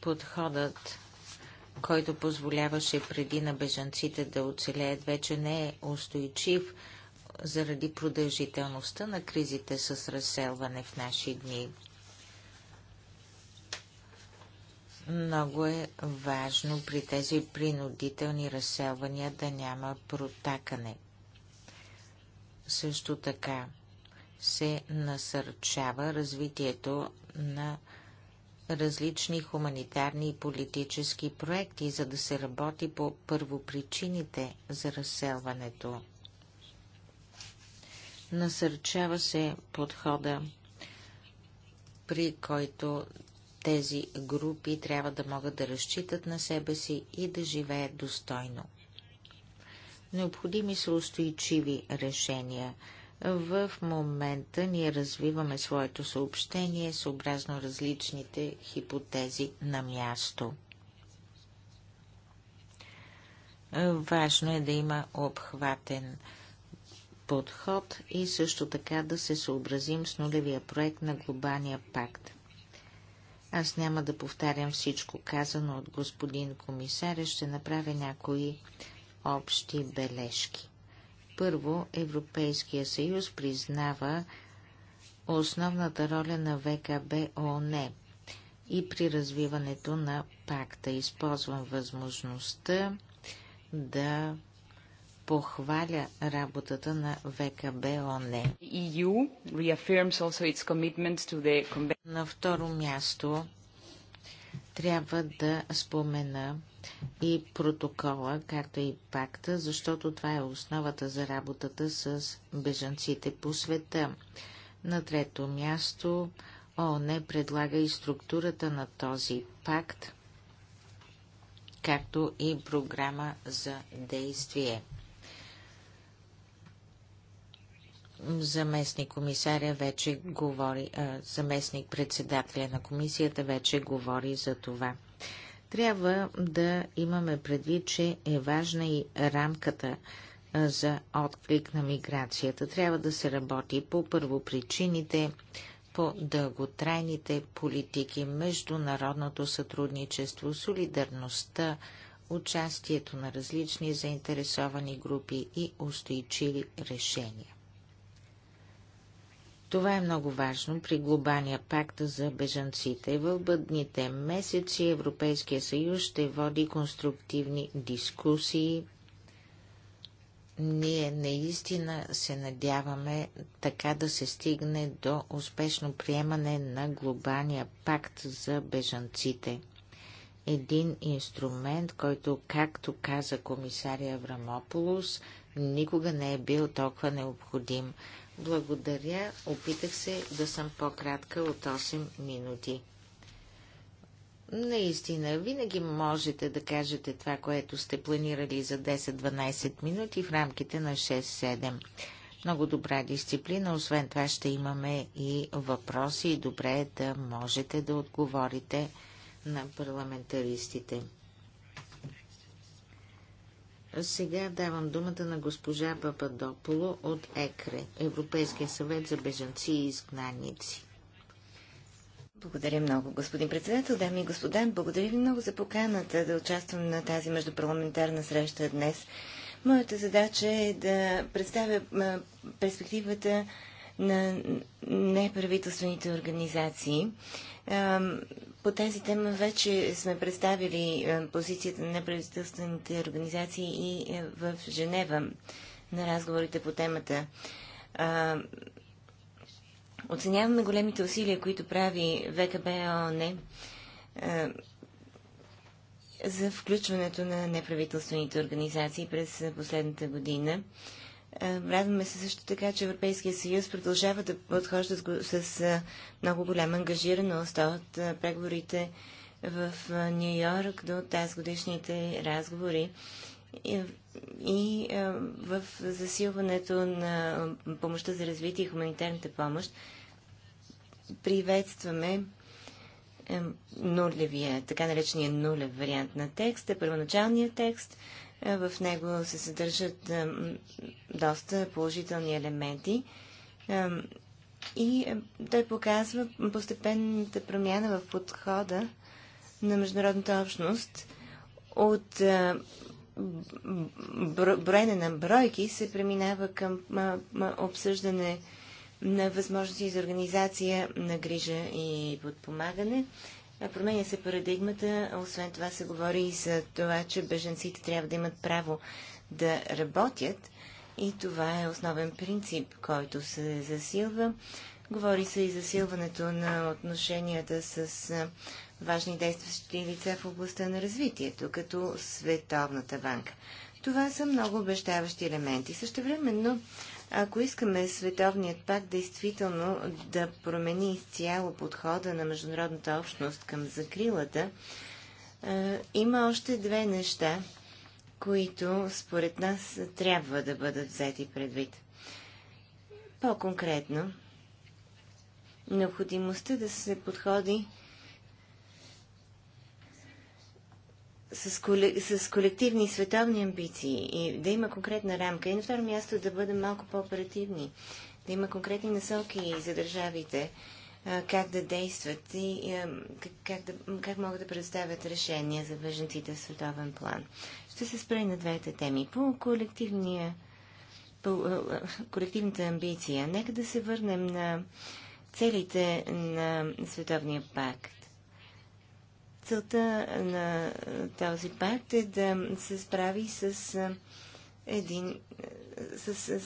Подходът, който позволяваше преди на бежанците да оцелеят, вече не е устойчив – заради продължителността на кризите с разселване в наши дни. Много е важно при тези принудителни разселвания да няма протакане. Също така се насърчава развитието на различни хуманитарни и политически проекти, за да се работи по първопричините за разселването. Насърчава се подхода, при който тези групи трябва да могат да разчитат на себе си и да живеят достойно. Необходими са устойчиви решения. В момента ние развиваме своето съобщение съобразно различните хипотези на място. Важно е да има обхватен подход и също така да се съобразим с нулевия проект на глобалния пакт. Аз няма да повтарям всичко казано от господин комисаря, ще направя някои общи бележки. Първо, Европейския съюз признава основната роля на ВКБ ООН и при развиването на пакта. Използвам възможността да похваля работата на ВКБ ОНЕ. E the... На второ място трябва да спомена и протокола, както и пакта, защото това е основата за работата с бежанците по света. На трето място ООН предлага и структурата на този пакт, както и програма за действие. заместник комисаря вече говори, заместник председателя на комисията вече говори за това. Трябва да имаме предвид, че е важна и рамката за отклик на миграцията. Трябва да се работи по първопричините, по дълготрайните политики, международното сътрудничество, солидарността, участието на различни заинтересовани групи и устойчиви решения. Това е много важно при глобалния пакт за бежанците. В бъдните месеци Европейския съюз ще води конструктивни дискусии. Ние наистина се надяваме така да се стигне до успешно приемане на глобалния пакт за бежанците. Един инструмент, който, както каза комисария Аврамополус, никога не е бил толкова необходим. Благодаря. Опитах се да съм по-кратка от 8 минути. Наистина, винаги можете да кажете това, което сте планирали за 10-12 минути в рамките на 6-7. Много добра дисциплина, освен това ще имаме и въпроси и добре е да можете да отговорите на парламентаристите. Сега давам думата на госпожа Пападополо от ЕКРЕ, Европейския съвет за бежанци и изгнаници. Благодаря много, господин председател. Дами и господа, благодаря ви много за поканата да участвам на тази междупарламентарна среща днес. Моята задача е да представя перспективата на неправителствените организации по тази тема вече сме представили е, позицията на неправителствените организации и е, в Женева на разговорите по темата. Оценяваме големите усилия, които прави ВКБ ООН е, за включването на неправителствените организации през последната година. Е, радваме се също така, че Европейския съюз продължава да подхожда с, с е, много голяма ангажираност от е, преговорите в Нью Йорк до тази годишните разговори и, и в засилването на помощта за развитие и хуманитарната помощ. Приветстваме нулевия, така наречения нулев вариант на текста, първоначалния текст – е, в него се съдържат е, доста положителни елементи е, и той показва постепенната промяна в подхода на международната общност от броене на бройки се преминава към обсъждане на възможности за организация на грижа и подпомагане, е, променя се парадигмата. Освен това се говори и за това, че беженците трябва да имат право да работят. И това е основен принцип, който се засилва. Говори се и засилването на отношенията с важни действащи лица в областта на развитието, като Световната банка. Това са много обещаващи елементи. Също времено ако искаме Световният пакт действително да промени изцяло подхода на международната общност към закрилата, е, има още две неща, които според нас трябва да бъдат взети предвид. По-конкретно, необходимостта да се подходи с, коле, с колективни и световни амбиции и да има конкретна рамка. И на второ място да бъдем малко по-оперативни, да има конкретни насоки за държавите как да действат и как, да, как могат да предоставят решения за беженците в световен план. Ще се спра на двете теми. По, колективния, по колективната амбиция, нека да се върнем на целите на Световния пакт. Целта на този пакт е да се справи с един с, с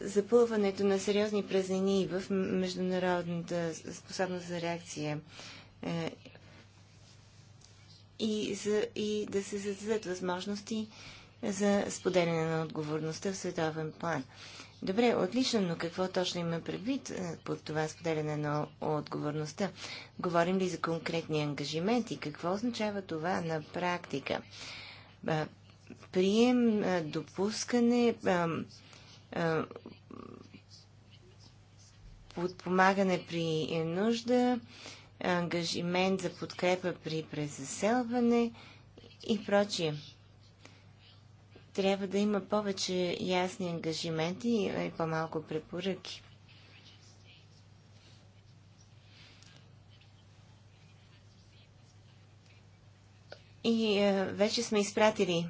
запълването на сериозни празнини в международната способност за реакция е, и, за, и да се създадат възможности за споделяне на отговорността в световен план. Добре, отлично, но какво точно има предвид е, под това споделяне на отговорността? Говорим ли за конкретни ангажименти? Какво означава това на практика? Е, прием, е, допускане, подпомагане при нужда, ангажимент за подкрепа при презаселване и прочие трябва да има повече ясни ангажименти и е, по-малко препоръки. И а, е, вече сме изпратили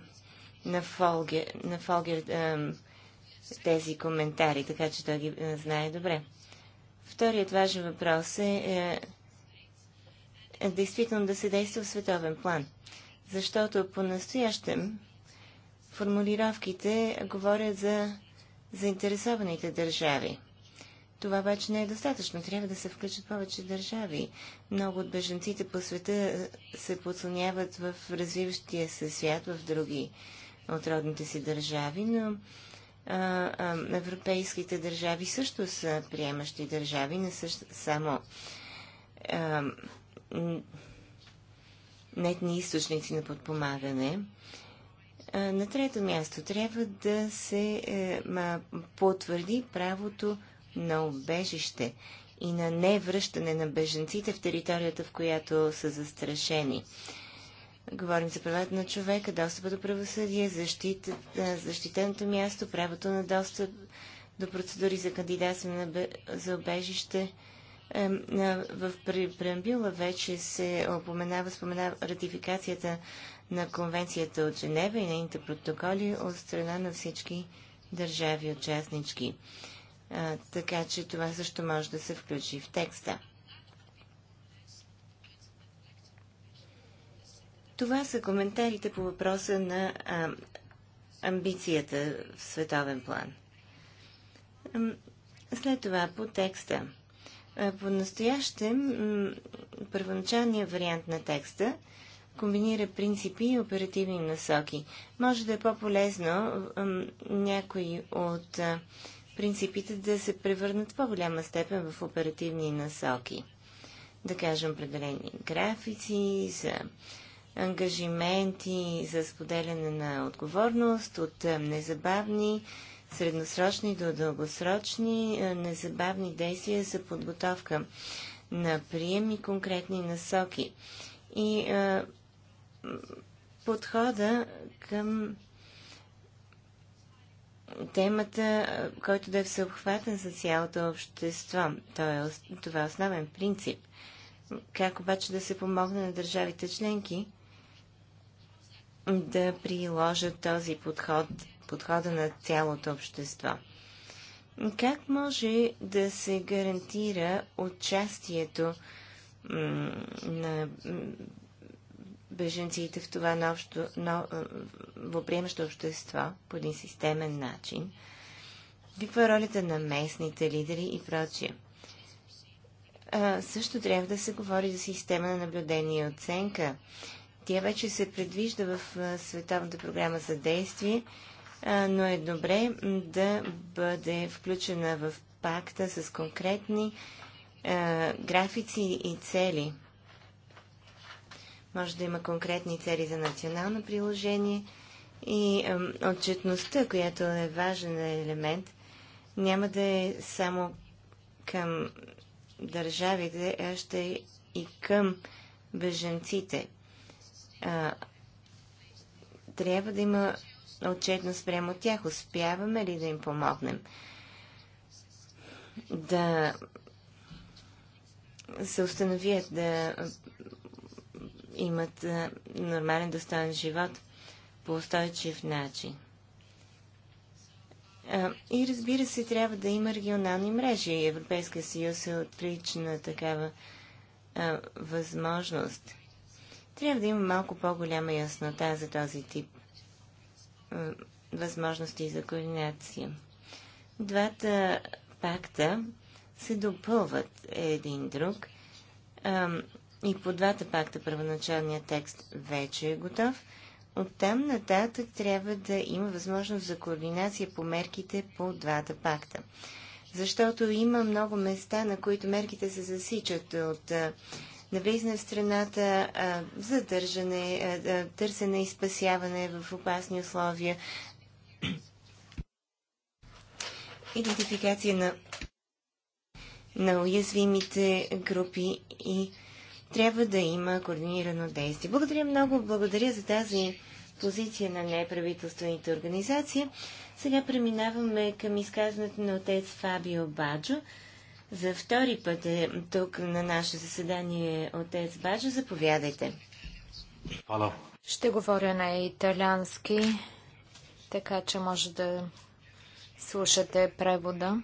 на Фолгер, на Фолгер а, е, тези коментари, така че той ги а, знае добре. Вторият важен въпрос е, е, е действително да се действа в световен план, защото по-настоящем формулировките говорят за заинтересованите държави. Това обаче не е достатъчно. Трябва да се включат повече държави. Много от беженците по света е, се подслоняват в развиващия се свят, в други от родните си държави, но а, а, европейските държави също са приемащи държави, не са само а, нетни източници на подпомагане. На трето място трябва да се е, потвърди правото на обежище и на невръщане на беженците в територията, в която са застрашени. Говорим за правата на човека, достъпа до правосъдие, защита, е, защитеното място, правото на достъп до процедури за кандидатстване за обежище. Е, в преамбила вече се опоменава, споменава ратификацията на конвенцията от Женева и нейните протоколи от страна на всички държави участнички. А, така че това също може да се включи в текста. Това са коментарите по въпроса на а, амбицията в световен план. След това по текста. По настоящем първоначалният вариант на текста комбинира принципи и оперативни насоки. Може да е по-полезно някои от принципите да се превърнат в по-голяма степен в оперативни насоки. Да кажем определени графици за ангажименти за споделяне на отговорност от незабавни, средносрочни до дългосрочни, незабавни действия за подготовка на приеми конкретни насоки. И а, подхода към темата, който да е всеобхватен за цялото общество. То е, това е основен принцип. Как обаче да се помогне на държавите членки да приложат този подход, подхода на цялото общество? Как може да се гарантира участието на беженците в това ново, ново приемащо общество по един системен начин? Каква е ролята на местните лидери и прочие? А, също трябва да се говори за система на наблюдение и оценка. Тя вече се предвижда в а, Световната програма за действие, а, но е добре да бъде включена в пакта с конкретни графици и цели може да има конкретни цели за национално приложение и отчетността, която е важен елемент, няма да е само към държавите, а ще и към беженците. трябва да има отчетност прямо от тях. Успяваме ли да им помогнем? Да се установят, да имат нормален достоен живот по устойчив начин. И разбира се, трябва да има регионални мрежи. Европейския съюз е отлична такава а, възможност. Трябва да има малко по-голяма яснота за този тип а, възможности за координация. Двата пакта се допълват един друг. А, и по двата пакта първоначалният текст вече е готов. Оттам нататък трябва да има възможност за координация по мерките по двата пакта. Защото има много места, на които мерките се засичат от навлизане в страната, задържане, търсене и спасяване в опасни условия, идентификация на, на уязвимите групи и трябва да има координирано действие. Благодаря много, благодаря за тази позиция на неправителствените организации. Сега преминаваме към изказването на отец Фабио Баджо. За втори път е тук на наше заседание отец Баджо. Заповядайте. Hello. Ще говоря на италиански, така че може да слушате превода.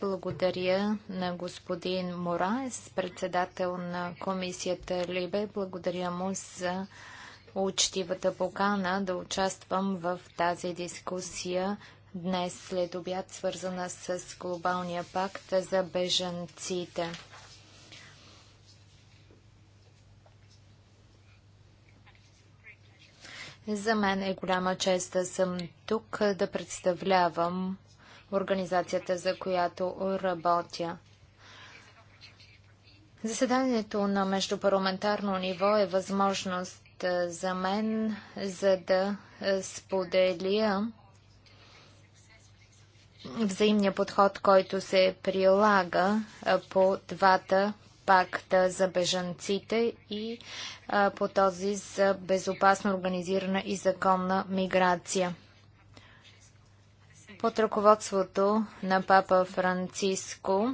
Благодаря на господин Морайс, председател на комисията Либе. Благодаря му за учтивата покана да участвам в тази дискусия днес след обяд, свързана с глобалния пакт за бежанците. За мен е голяма чест да съм тук да представлявам организацията, за която работя. Заседанието на междупарламентарно ниво е възможност за мен, за да споделя взаимния подход, който се прилага по двата пакта за бежанците и по този за безопасно организирана и законна миграция. Под ръководството на папа Франциско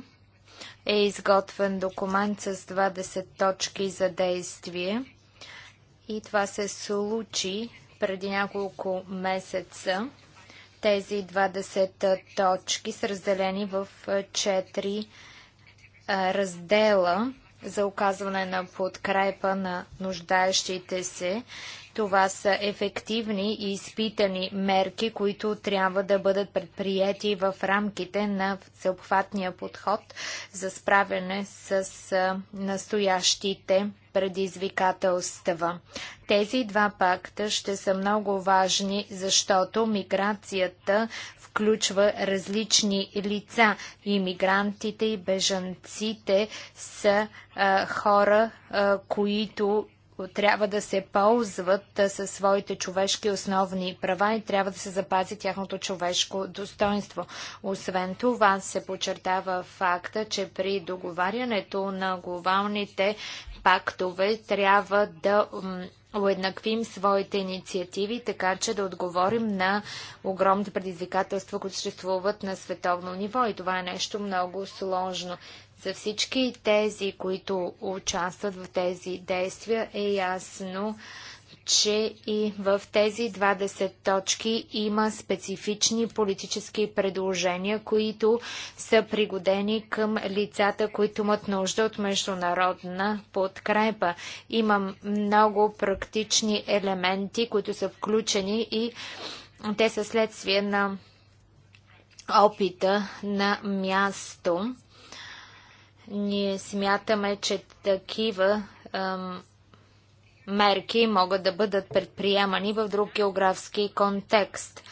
е изготвен документ с 20 точки за действие и това се случи преди няколко месеца. Тези 20 точки са разделени в 4 раздела за оказване на подкрепа на нуждаещите се това са ефективни и изпитани мерки, които трябва да бъдат предприяти в рамките на всеобхватния подход за справяне с настоящите предизвикателства. Тези два пакта ще са много важни, защото миграцията включва различни лица. Имигрантите и бежанците са а, хора, а, които трябва да се ползват със своите човешки основни права и трябва да се запази тяхното човешко достоинство. Освен това се подчертава факта, че при договарянето на глобалните пактове трябва да уеднаквим своите инициативи, така че да отговорим на огромните предизвикателства, които съществуват на световно ниво. И това е нещо много сложно. За всички тези, които участват в тези действия, е ясно, че и в тези 20 точки има специфични политически предложения, които са пригодени към лицата, които имат нужда от международна подкрепа. Има много практични елементи, които са включени и те са следствие на опита на място ние смятаме, че такива ам, мерки могат да бъдат предприемани в друг географски контекст –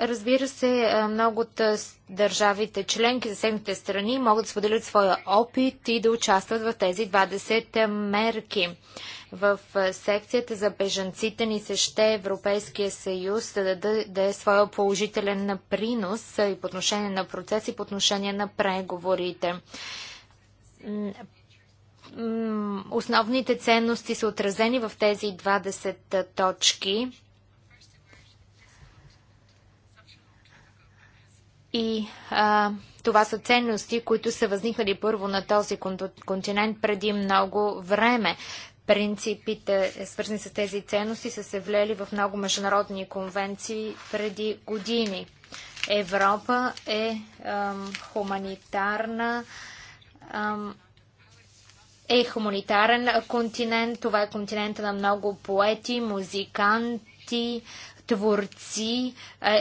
Разбира се, много от държавите членки, за седмите страни могат да споделят своя опит и да участват в тези 20 мерки. В секцията за бежанците ни се ще Европейския съюз да даде да е своя положителен принос и по отношение на процес и по отношение на преговорите основните ценности са отразени в тези 20 точки. И а, това са ценности, които са възникнали първо на този континент преди много време. Принципите, свързани с тези ценности, са се влели в много международни конвенции преди години. Европа е ам, хуманитарна. Ам, е хуманитарен континент. Това е континента на много поети, музиканти, творци.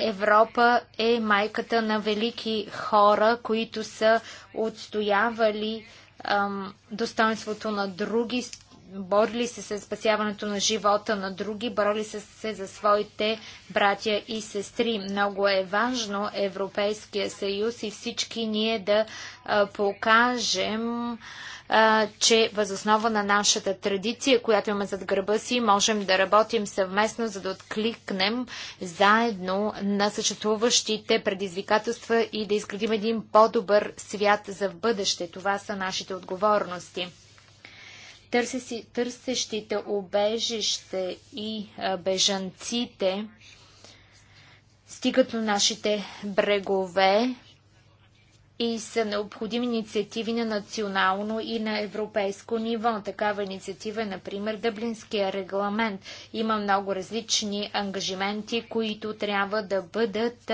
Европа е майката на велики хора, които са отстоявали ам, достоинството на други, борили се с спасяването на живота на други, борили се, се за своите братя и сестри. Много е важно Европейския съюз и всички ние да а, покажем че че възоснова на нашата традиция, която имаме зад гърба си, можем да работим съвместно, за да откликнем заедно на съществуващите предизвикателства и да изградим един по-добър свят за в бъдеще. Това са нашите отговорности търсещите обежище и бежанците стигат на нашите брегове и са необходими инициативи на национално и на европейско ниво. Такава инициатива е, например, Дъблинския регламент. Има много различни ангажименти, които трябва да бъдат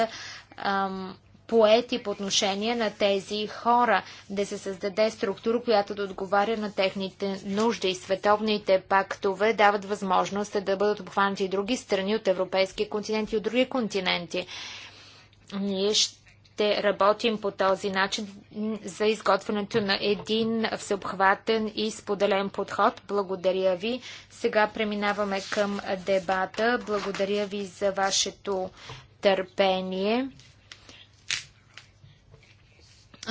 ам, поети по отношение на тези хора, да се създаде структура, която да отговаря на техните нужди. Световните пактове дават възможност да бъдат обхванати и други страни от европейския континент и от други континенти. Ние ще ще работим по този начин за изготвянето на един всеобхватен и споделен подход. Благодаря ви. Сега преминаваме към дебата. Благодаря ви за вашето търпение.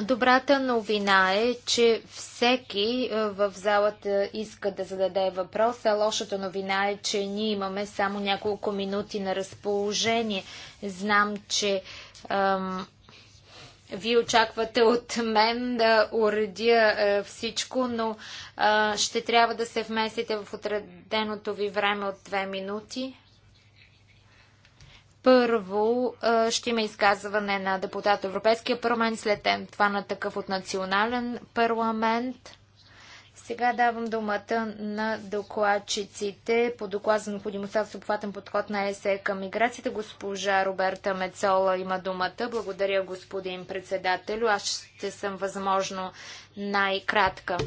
Добрата новина е, че всеки е, в залата иска да зададе въпрос, а лошата новина е, че ние имаме само няколко минути на разположение. Знам, че ам, вие очаквате от мен да уредя е, всичко, но е, ще трябва да се вместите в отреденото ви време от две минути. Първо е, ще има изказване на депутат Европейския парламент, след това на такъв от национален парламент. Сега давам думата на докладчиците по доклад за необходимостта с обхватен подход на ЕСЕ към миграцията. Госпожа Роберта Мецола има думата. Благодаря, господин председател. Аз ще съм възможно най-кратка.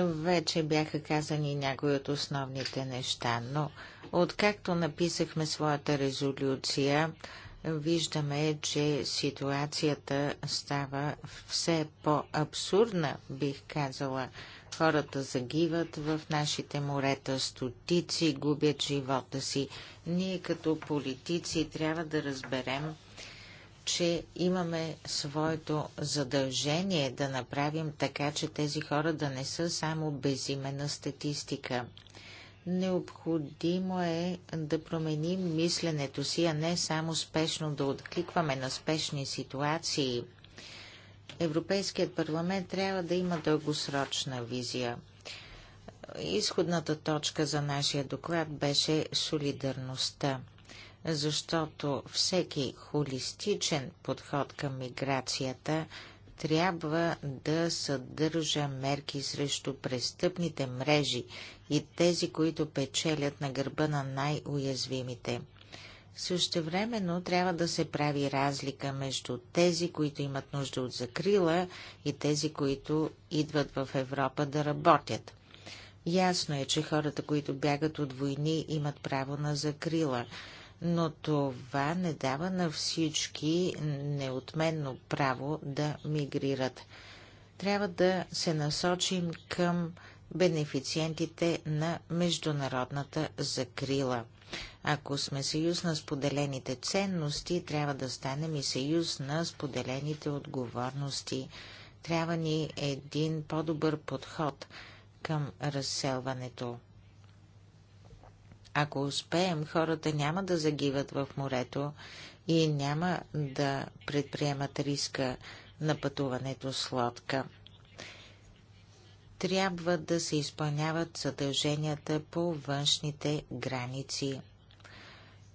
Вече бяха казани някои от основните неща, но откакто написахме своята резолюция, виждаме, че ситуацията става все по-абсурдна, бих казала. Хората загиват в нашите морета, стотици губят живота си. Ние като политици трябва да разберем, че имаме своето задължение да направим така, че тези хора да не са само безимена статистика. Необходимо е да променим мисленето си, а не само спешно да откликваме на спешни ситуации. Европейският парламент трябва да има дългосрочна визия. Изходната точка за нашия доклад беше солидарността, защото всеки холистичен подход към миграцията трябва да съдържа мерки срещу престъпните мрежи и тези, които печелят на гърба на най-уязвимите. Същевременно трябва да се прави разлика между тези, които имат нужда от закрила и тези, които идват в Европа да работят. Ясно е, че хората, които бягат от войни, имат право на закрила – но това не дава на всички неотменно право да мигрират. Трябва да се насочим към бенефициентите на международната закрила. Ако сме съюз на споделените ценности, трябва да станем и съюз на споделените отговорности. Трябва ни един по-добър подход към разселването. Ако успеем, хората няма да загиват в морето и няма да предприемат риска на пътуването с лодка. Трябва да се изпълняват задълженията по външните граници.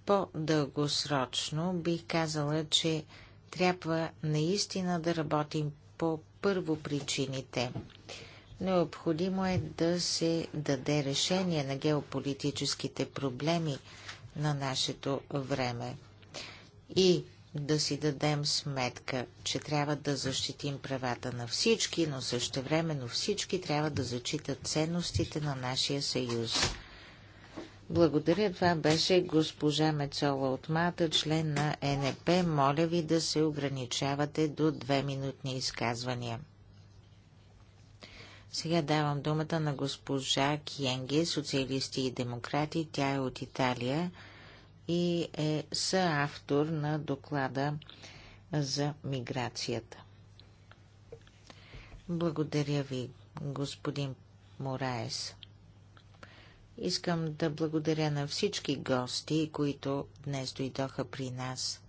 По-дългосрочно бих казала, че трябва наистина да работим по първопричините. причините Необходимо е да се даде решение на геополитическите проблеми на нашето време и да си дадем сметка, че трябва да защитим правата на всички, но също времено всички трябва да зачитат ценностите на нашия съюз. Благодаря, това беше госпожа Мецола от Мата, член на НП. Моля ви да се ограничавате до две минутни изказвания. Сега давам думата на госпожа Кенге, социалисти и демократи. Тя е от Италия и е съавтор на доклада за миграцията. Благодаря ви, господин Мораес. Искам да благодаря на всички гости, които днес дойдоха при нас.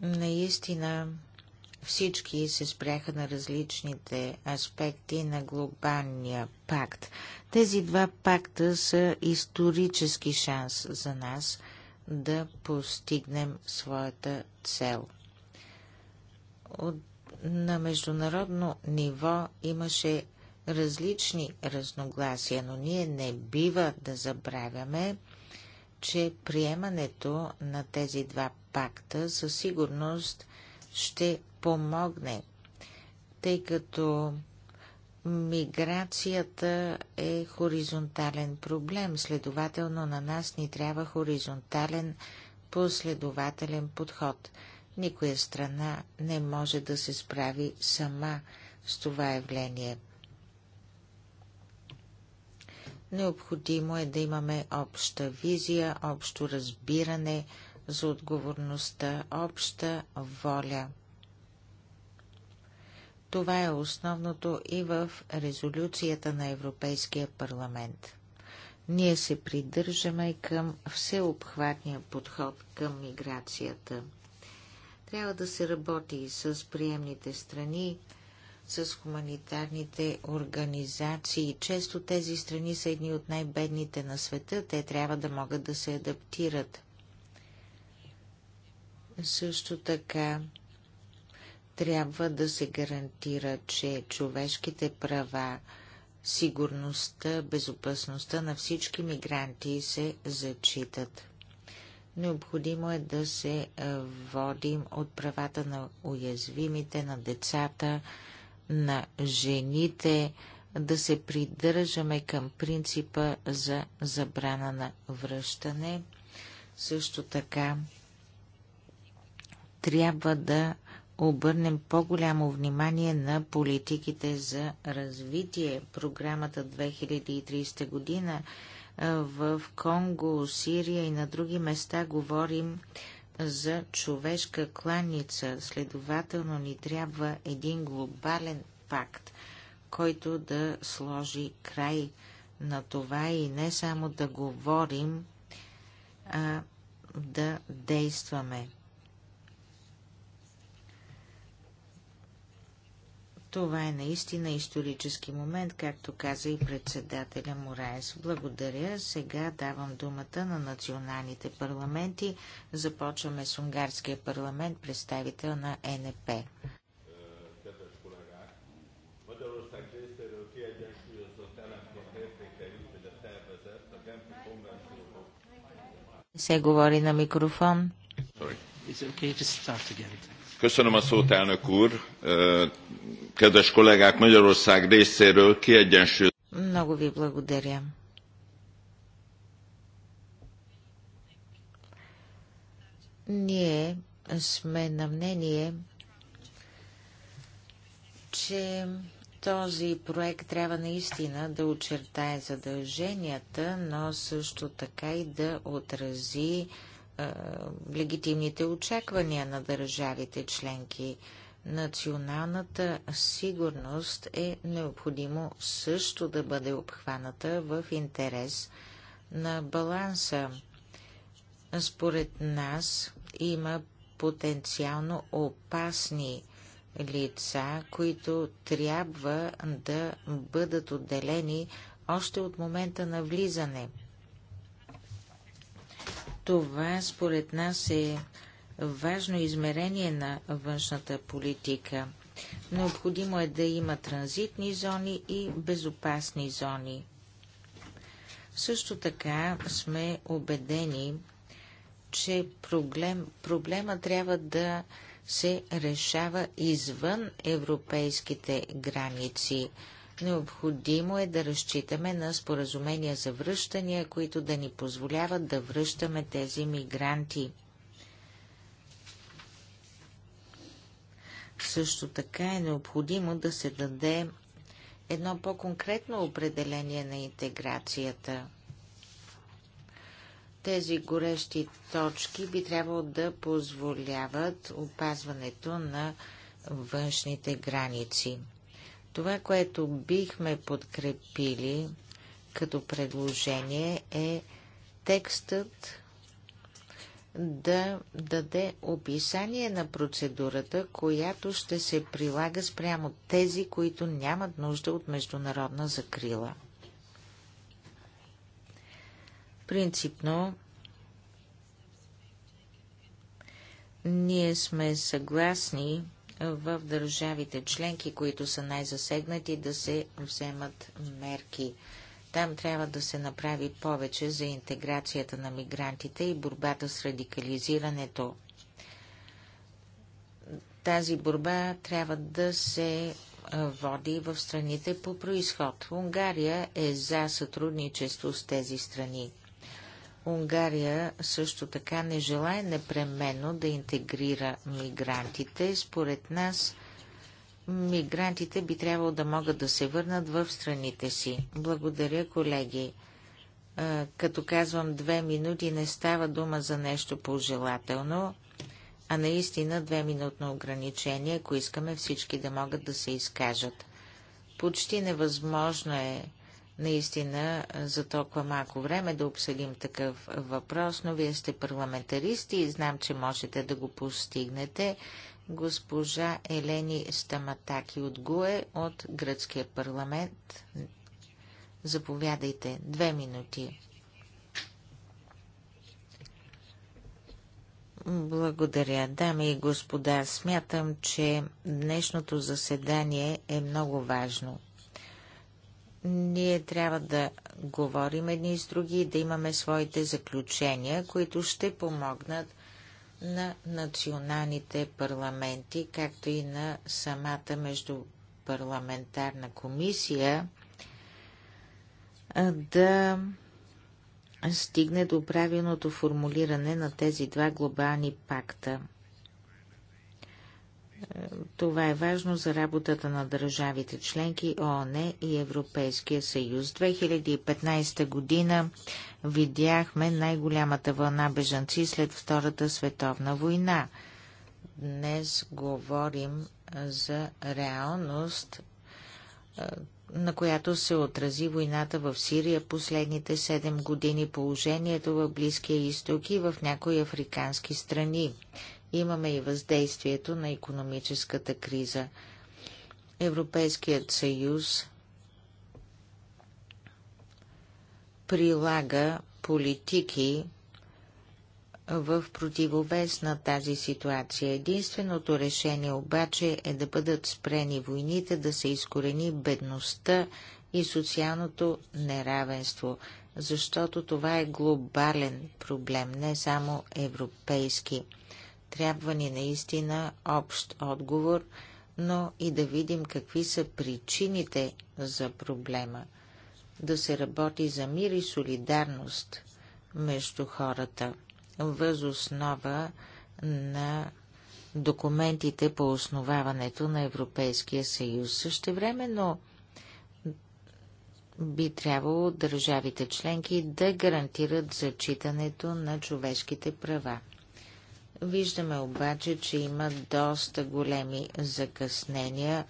Наистина, всички се спряха на различните аспекти на глобалния пакт. Тези два пакта са исторически шанс за нас да постигнем своята цел. От, на международно ниво имаше различни разногласия, но ние не бива да забравяме, че приемането на тези два пакта със сигурност ще помогне, тъй като миграцията е хоризонтален проблем, следователно на нас ни трябва хоризонтален последователен подход. Никоя страна не може да се справи сама с това явление. Необходимо е да имаме обща визия, общо разбиране за отговорността, обща воля – това е основното и в резолюцията на Европейския парламент. Ние се придържаме към всеобхватния подход към миграцията. Трябва да се работи с приемните страни, с хуманитарните организации. Често тези страни са едни от най-бедните на света. Те трябва да могат да се адаптират. Също така трябва да се гарантира, че човешките права, сигурността, безопасността на всички мигранти се зачитат. Необходимо е да се водим от правата на уязвимите, на децата, на жените, да се придържаме към принципа за забрана на връщане. Също така трябва да обърнем по-голямо внимание на политиките за развитие. Програмата 2030 година в Конго, Сирия и на други места говорим за човешка кланица. Следователно ни трябва един глобален пакт, който да сложи край на това и не само да говорим, а да действаме. Това е наистина исторически момент, както каза и председателя Мораес. Благодаря. Сега давам думата на националните парламенти. Започваме с Унгарския парламент, представител на НП. се говори на микрофон. Sorry. It's okay to start again. Köszönöm a szót, elnök úr. Kedves kollégák, Magyarország részéről kiegyensúlyozott. Много ви благодаря. Ние сме на мнение, че този проект трябва наистина да очертае задълженията, но също така и да отрази легитимните очаквания на държавите членки. Националната сигурност е необходимо също да бъде обхваната в интерес на баланса. Според нас има потенциално опасни лица, които трябва да бъдат отделени още от момента на влизане – това според нас е важно измерение на външната политика. Необходимо е да има транзитни зони и безопасни зони. Също така сме убедени, че проблем, проблема трябва да се решава извън европейските граници. Необходимо е да разчитаме на споразумения за връщания, които да ни позволяват да връщаме тези мигранти. Също така е необходимо да се даде едно по-конкретно определение на интеграцията. Тези горещи точки би трябвало да позволяват опазването на външните граници. Това, което бихме подкрепили като предложение е текстът да даде описание на процедурата, която ще се прилага спрямо тези, които нямат нужда от международна закрила. Принципно, ние сме съгласни в държавите членки, които са най-засегнати, да се вземат мерки. Там трябва да се направи повече за интеграцията на мигрантите и борбата с радикализирането. Тази борба трябва да се води в страните по происход. Унгария е за сътрудничество с тези страни. Унгария също така не желая непременно да интегрира мигрантите. Според нас, мигрантите би трябвало да могат да се върнат в страните си. Благодаря, колеги. Като казвам две минути, не става дума за нещо пожелателно, а наистина две минутно ограничение, ако искаме всички да могат да се изкажат. Почти невъзможно е наистина за толкова малко време да обсъдим такъв въпрос, но вие сте парламентаристи и знам, че можете да го постигнете. Госпожа Елени Стаматаки от ГУЕ от Гръцкия парламент. Заповядайте. Две минути. Благодаря, дами и господа. Смятам, че днешното заседание е много важно ние трябва да говорим едни с други и да имаме своите заключения, които ще помогнат на националните парламенти, както и на самата междупарламентарна комисия да стигне до правилното формулиране на тези два глобални пакта. Това е важно за работата на държавите членки, ООН и Европейския съюз. 2015 година видяхме най-голямата вълна бежанци след Втората световна война. Днес говорим за реалност, е, на която се отрази войната в Сирия последните 7 години, положението в Близкия изток и в някои африкански страни имаме и въздействието на економическата криза. Европейският съюз прилага политики в противовес на тази ситуация. Единственото решение обаче е да бъдат спрени войните, да се изкорени бедността и социалното неравенство, защото това е глобален проблем, не само европейски. Трябва ни наистина общ отговор, но и да видим какви са причините за проблема. Да се работи за мир и солидарност между хората, въз основа на документите по основаването на Европейския съюз. но би трябвало държавите членки да гарантират зачитането на човешките права. Виждаме обаче, че има доста големи закъснения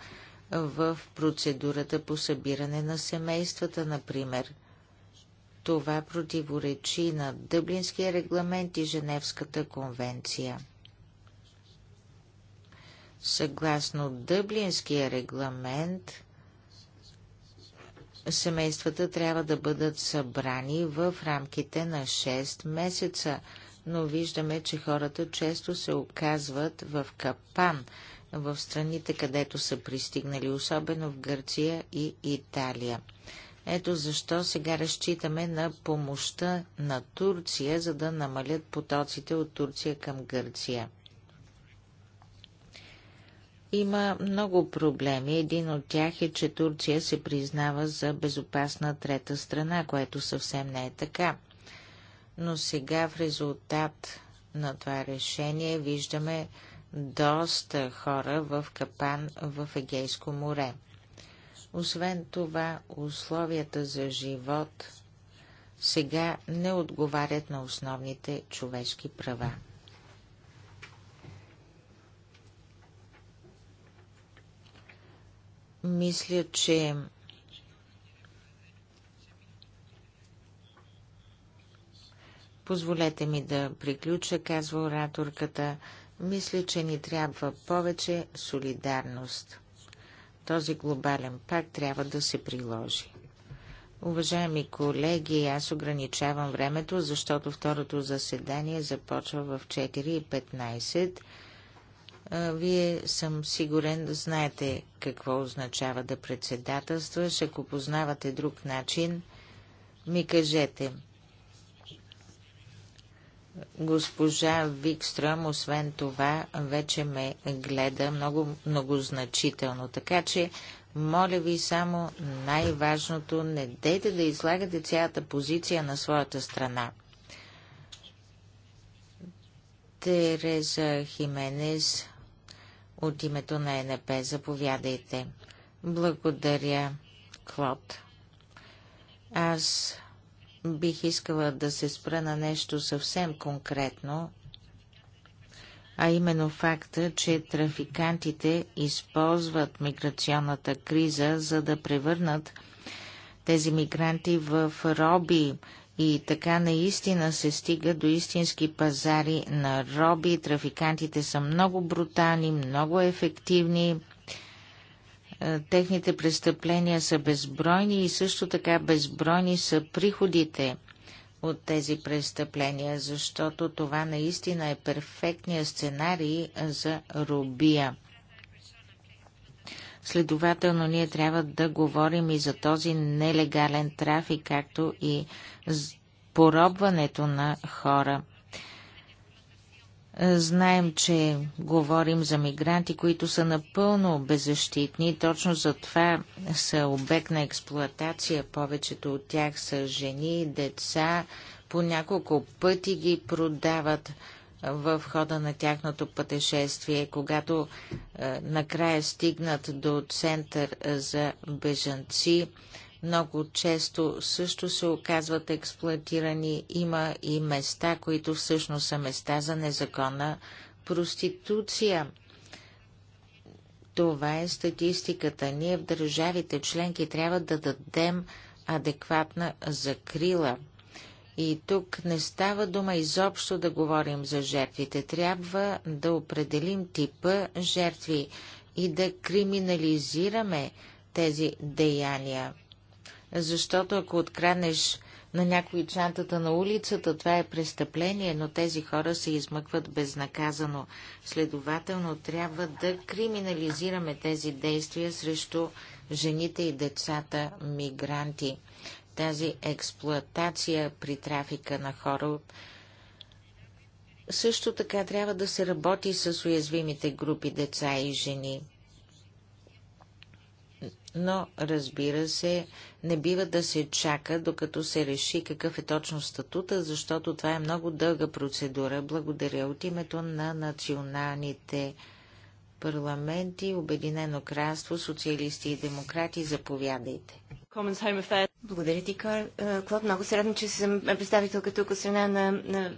в процедурата по събиране на семействата, например. Това противоречи на Дъблинския регламент и Женевската конвенция. Съгласно Дъблинския регламент, семействата трябва да бъдат събрани в рамките на 6 месеца – но виждаме, че хората често се оказват в капан в страните, където са пристигнали, особено в Гърция и Италия. Ето защо сега разчитаме на помощта на Турция, за да намалят потоците от Турция към Гърция. Има много проблеми. Един от тях е, че Турция се признава за безопасна трета страна, което съвсем не е така но сега в резултат на това решение виждаме доста хора в капан в Егейско море. Освен това, условията за живот сега не отговарят на основните човешки права. Мисля, че Позволете ми да приключа, казва ораторката. Мисля, че ни трябва повече солидарност. Този глобален пакт трябва да се приложи. Уважаеми колеги, аз ограничавам времето, защото второто заседание започва в 4.15. Вие съм сигурен да знаете какво означава да председателстваш. Ако познавате друг начин, ми кажете – Госпожа Викстрам, освен това, вече ме гледа много значително. така че моля ви само най-важното, не дейте да излагате цялата позиция на своята страна. Тереза Хименес от името на НП, заповядайте. Благодаря, Клод. Аз бих искала да се спра на нещо съвсем конкретно, а именно факта, че трафикантите използват миграционната криза, за да превърнат тези мигранти в роби и така наистина се стига до истински пазари на роби. Трафикантите са много брутални, много ефективни е, техните престъпления са безбройни и също така безбройни са приходите от тези престъпления, защото това наистина е перфектният сценарий за рубия. Следователно, ние трябва да говорим и за този нелегален трафик, както и поробването на хора. Знаем, че говорим за мигранти, които са напълно беззащитни. Точно за това са обект на експлоатация. Повечето от тях са жени, деца. По няколко пъти ги продават в хода на тяхното пътешествие, когато е, накрая стигнат до център за бежанци много често също се оказват експлуатирани. Има и места, които всъщност са места за незаконна проституция. Това е статистиката. Ние в държавите членки трябва да дадем адекватна закрила. И тук не става дума изобщо да говорим за жертвите. Трябва да определим типа жертви и да криминализираме тези деяния защото ако откранеш на някои чантата на улицата, това е престъпление, но тези хора се измъкват безнаказано. Следователно трябва да криминализираме тези действия срещу жените и децата мигранти. Тази експлоатация при трафика на хора също така трябва да се работи с уязвимите групи деца и жени но разбира се, не бива да се чака, докато се реши какъв е точно статута, защото това е много дълга процедура. Благодаря от името на националните парламенти, Обединено кралство, социалисти и демократи, заповядайте. Благодаря ти, е, Клод. Много се радвам, че съм представител тук от страна на, на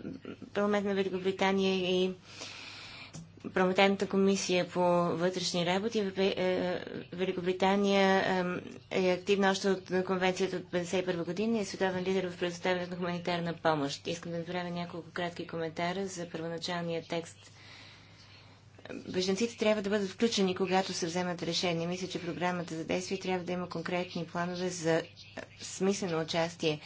парламент на Великобритания и парламентарната комисия по вътрешни работи. в е, е, Великобритания е активна още от конвенцията от 1951 година и е световен лидер в предоставянето на хуманитарна помощ. Искам да направя няколко кратки коментара за първоначалния текст. Беженците трябва да бъдат включени, когато се вземат решения. Мисля, че програмата за действие трябва да има конкретни планове за смислено участие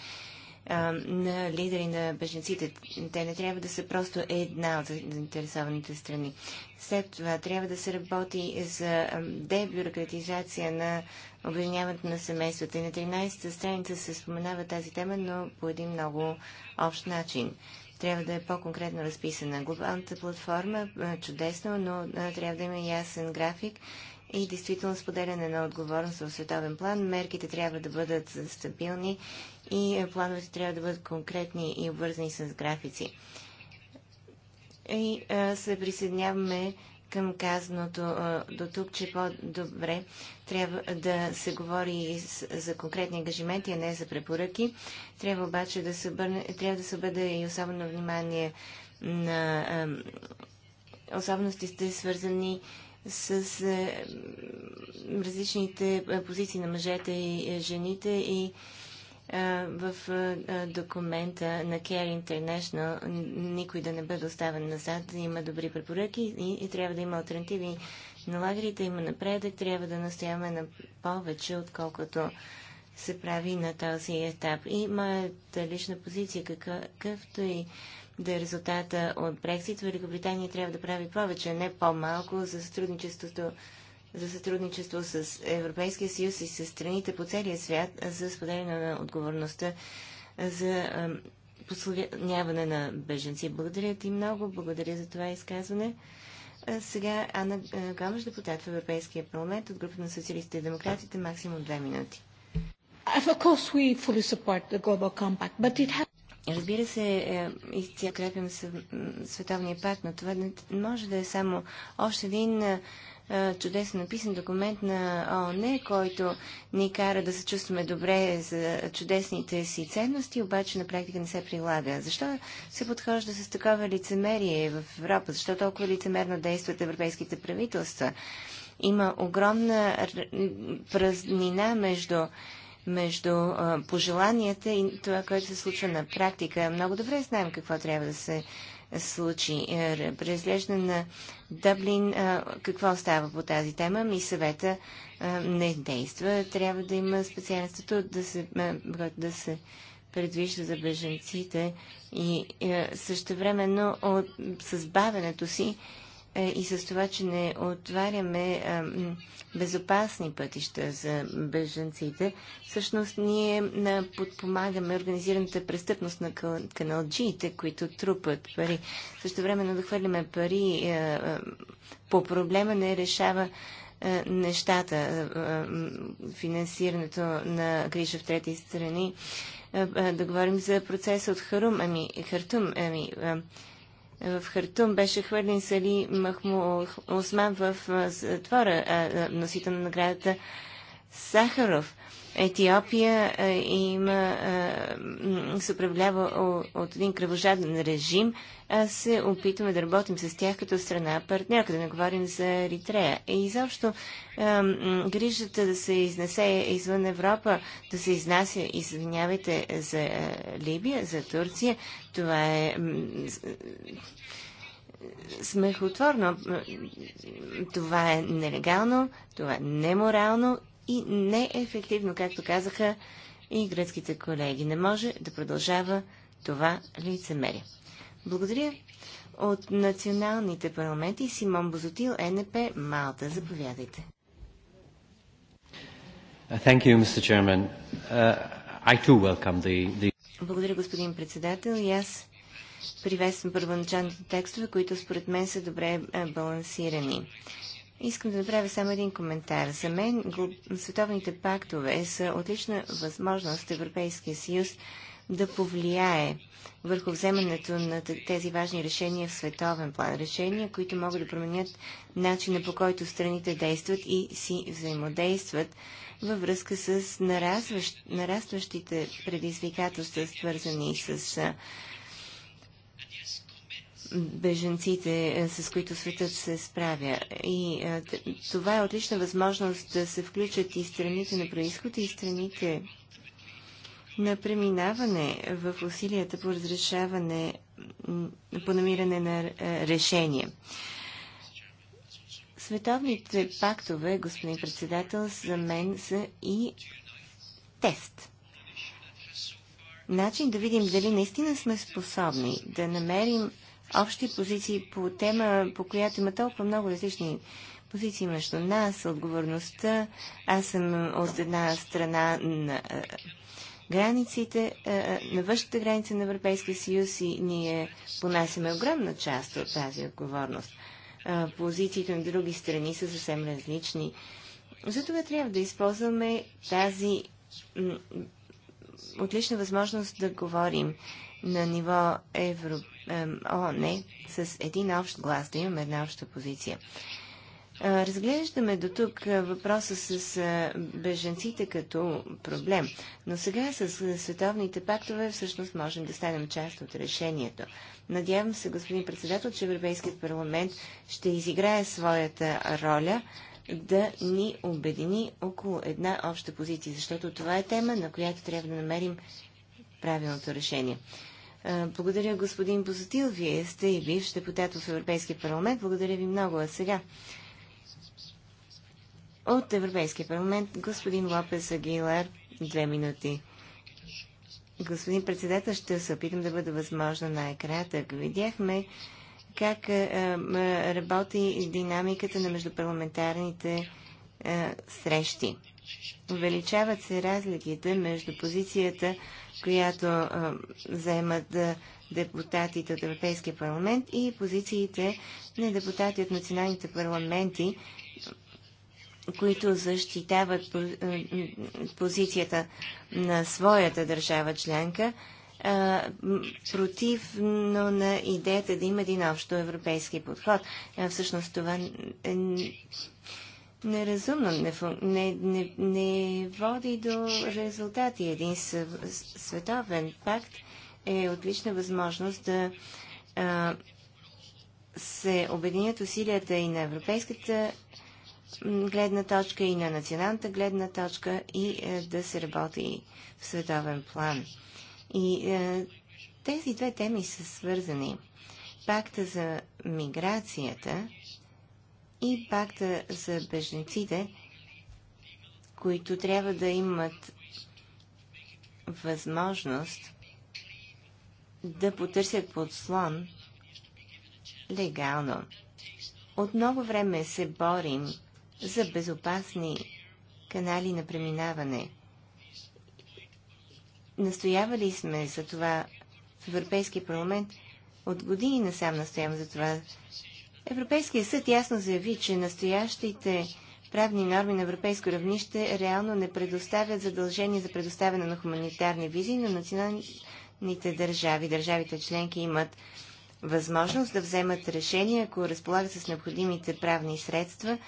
на лидери на беженците. Те не трябва да са просто една от заинтересованите страни. След това трябва да се работи за дебюрократизация на обединяването на семействата. И на 13-та страница се споменава тази тема, но по един много общ начин. Трябва да е по-конкретно разписана. Глобалната платформа чудесно, но трябва да има ясен график и действително споделяне на отговорност в световен план. Мерките трябва да бъдат стабилни и плановете трябва да бъдат конкретни и обвързани с графици. И а, се присъединяваме към казаното до тук, че по-добре трябва да се говори за конкретни ангажименти, а не за препоръки. Трябва обаче да се, бърне, трябва да се бъде и особено внимание на а, особеностите, свързани с е, различните е, позиции на мъжете и е, жените и в документа на Care International никой да не бъде оставен назад, да има добри препоръки и, и трябва да има альтернативи на лагерите, има напредък, трябва да настояваме на повече, отколкото се прави на този етап. И моята лична позиция, какъвто и да е резултата от Брексит, Великобритания трябва да прави повече, не по-малко за сътрудничеството за сътрудничество с Европейския съюз и с страните по целия свят за споделяне на отговорността за послоняване на беженци. Благодаря ти много, благодаря за това изказване. Сега Анна Гамаш, депутат в Европейския парламент от група на социалистите и демократите, максимум две минути. Of course we fully support the Global Compact, but it has... Разбира се, е, и тя крепим Световния пакт, но това не може да е само още един е, е, чудесно написан документ на ООН, който ни кара да се чувстваме добре за чудесните си ценности, обаче на практика не се прилага. Защо се подхожда с такова лицемерие в Европа? Защо толкова лицемерно действат европейските правителства? Има огромна празнина между между пожеланията и това, което се случва на практика. Много добре знаем какво трябва да се случи. Е, преразглеждане на Дъблин, какво става по тази тема? Ми съвета не действа. Трябва да има специален статут, да се, да се предвижда за беженците и е, също времено с бавенето си е, и с това, че не отваряме безопасни пътища за беженците, всъщност ние подпомагаме организираната престъпност на каналджиите, които трупат пари. Също време да хвърляме пари по проблема не решава нещата, финансирането на грижа в трети страни. Да говорим за процеса от Харум, ами, Хартум, ами, в Хартум беше хвърлен Сали Махму Осман в затвора, носител на наградата Сахаров. Етиопия е, има, е, се управлява от един кръвожаден режим, Аз се опитваме да работим с тях като страна партнер, като не говорим за Еритрея. И изобщо е, грижата да се изнесе извън Европа, да се изнася, извинявайте, за Либия, за Турция, това е смехотворно. Това е нелегално, това е неморално и неефективно, както казаха и гръцките колеги. Не може да продължава това лицемерие. Благодаря. От националните парламенти Симон Бозотил, НП, Малта. Заповядайте. Uh, thank you, Mr. Chairman. Uh, I too welcome the, the... Благодаря, господин председател. И аз приветствам първоначалните текстове, които според мен са добре е, балансирани. Искам да направя само един коментар. За мен световните пактове са отлична възможност Европейския съюз да повлияе върху вземането на тези важни решения в световен план. Решения, които могат да променят начина по който страните действат и си взаимодействат във връзка с нарастващите предизвикателства, свързани с беженците, е, с които светът се справя. И е, това е отлична възможност да се включат и страните на происход и страните на преминаване в усилията по разрешаване, по намиране на е, решение. Световните пактове, господин председател, за мен са и тест. Начин да видим дали наистина сме способни да намерим общи позиции по тема, по която има толкова много различни позиции между нас, отговорността. Аз съм от една страна на границите, на външната граница на Европейския съюз и ние понасяме огромна част от тази отговорност. Позициите на други страни са съвсем различни. Затова трябва да използваме тази отлична възможност да говорим на ниво Европа ООН с един общ глас, да имаме една обща позиция. Е, разглеждаме до тук е, въпроса с е, беженците като проблем, но сега с световните пактове всъщност можем да станем част от решението. Надявам се, господин председател, че Европейският парламент ще изиграе своята роля да ни обедини около една обща позиция, защото това е тема, на която трябва да намерим правилното решение. Е, благодаря, господин Бозотил. Вие сте и бивш депутат от Европейския парламент. Благодаря ви много. А сега от Европейския парламент господин Лопес Агилар, две минути. Господин председател, ще се опитам да бъда възможно най-кратък. Видяхме как е, е, работи динамиката на междупарламентарните срещи. Увеличават се разликите между позицията която а, заемат а, депутатите от Европейския парламент и позициите на депутати от националните парламенти, които защитават позицията на своята държава членка а, противно на идеята да има един общо европейски подход. А, всъщност това е неразумно, не, не, не, не води до резултати. Един световен пакт е отлична възможност да а, се обединят усилията и на европейската гледна точка, и на националната гледна точка, и а, е, да се работи в световен план. И а, е, тези две теми са свързани. Пакта за миграцията и пакта за бежниците, които трябва да имат възможност да потърсят подслон легално. От много време се борим за безопасни канали на преминаване. Настоявали сме за това в Европейския парламент. От години насам настоявам за това Европейския съд ясно заяви, че настоящите правни норми на европейско равнище реално не предоставят задължение за предоставяне на хуманитарни визи, но националните държави, държавите членки имат възможност да вземат решение, ако разполагат с необходимите правни средства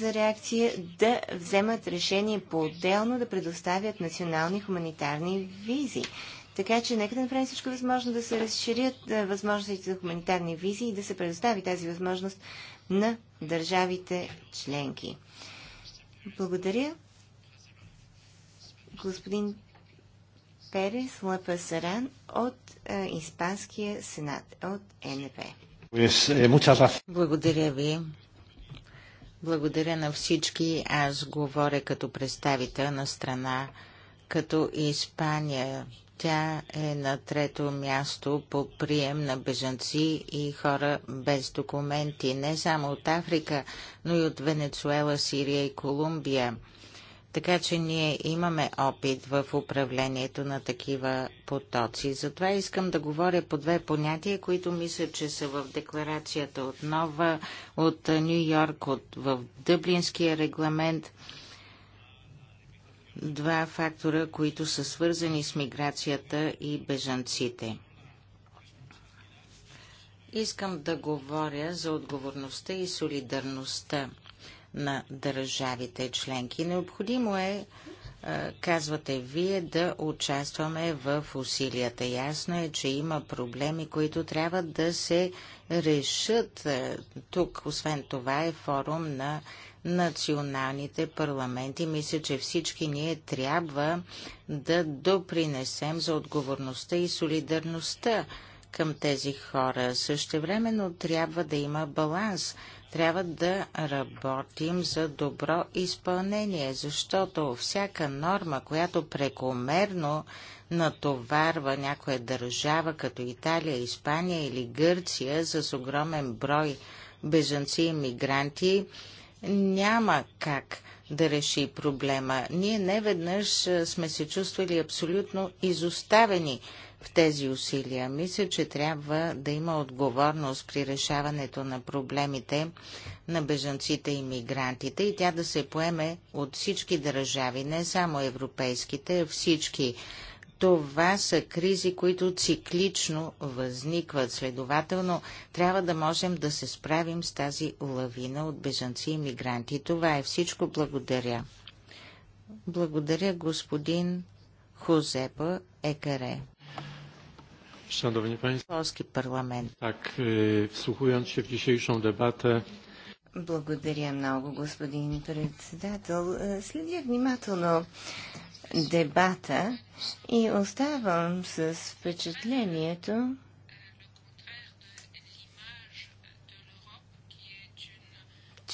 за реакция, да вземат решение по-отделно да предоставят национални хуманитарни визи. Така че нека да направим всичко възможно да се разширят е, възможностите за хуманитарни визи и да се предостави тази възможност на държавите членки. Благодаря. Господин Перес Лапасаран от е, Испанския сенат, от НП. Eh, Благодаря ви. Благодаря на всички. Аз говоря като представител на страна като Испания. Тя е на трето място по прием на бежанци и хора без документи, не само от Африка, но и от Венецуела, Сирия и Колумбия. Така че ние имаме опит в управлението на такива потоци. Затова искам да говоря по две понятия, които мисля, че са в декларацията отнова от Нью Йорк, от, в Дъблинския регламент – два фактора, които са свързани с миграцията и бежанците. Искам да говоря за отговорността и солидарността на държавите членки. Необходимо е, е казвате вие, да участваме в усилията. Ясно е, че има проблеми, които трябва да се решат. Е, тук, освен това, е форум на националните парламенти. Мисля, че всички ние трябва да допринесем за отговорността и солидарността към тези хора. Същевременно трябва да има баланс. Трябва да работим за добро изпълнение, защото всяка норма, която прекомерно натоварва някоя държава, като Италия, Испания или Гърция, с огромен брой бежанци и мигранти, няма как да реши проблема. Ние не веднъж сме се чувствали абсолютно изоставени в тези усилия. Мисля, че трябва да има отговорност при решаването на проблемите на бежанците и мигрантите и тя да се поеме от всички държави, не само европейските, а всички. Това са кризи, които циклично възникват. Следователно, трябва да можем да се справим с тази лавина от бежанци и мигранти. Това е всичко. Благодаря. Благодаря, господин Хозепа Екаре. Szanowni Państwo, Polski Parlament. Tak, wsłuchując się w dzisiejszą debatę. Благодаря много, господин председател. Е, следя внимателно дебата и оставам с впечатлението,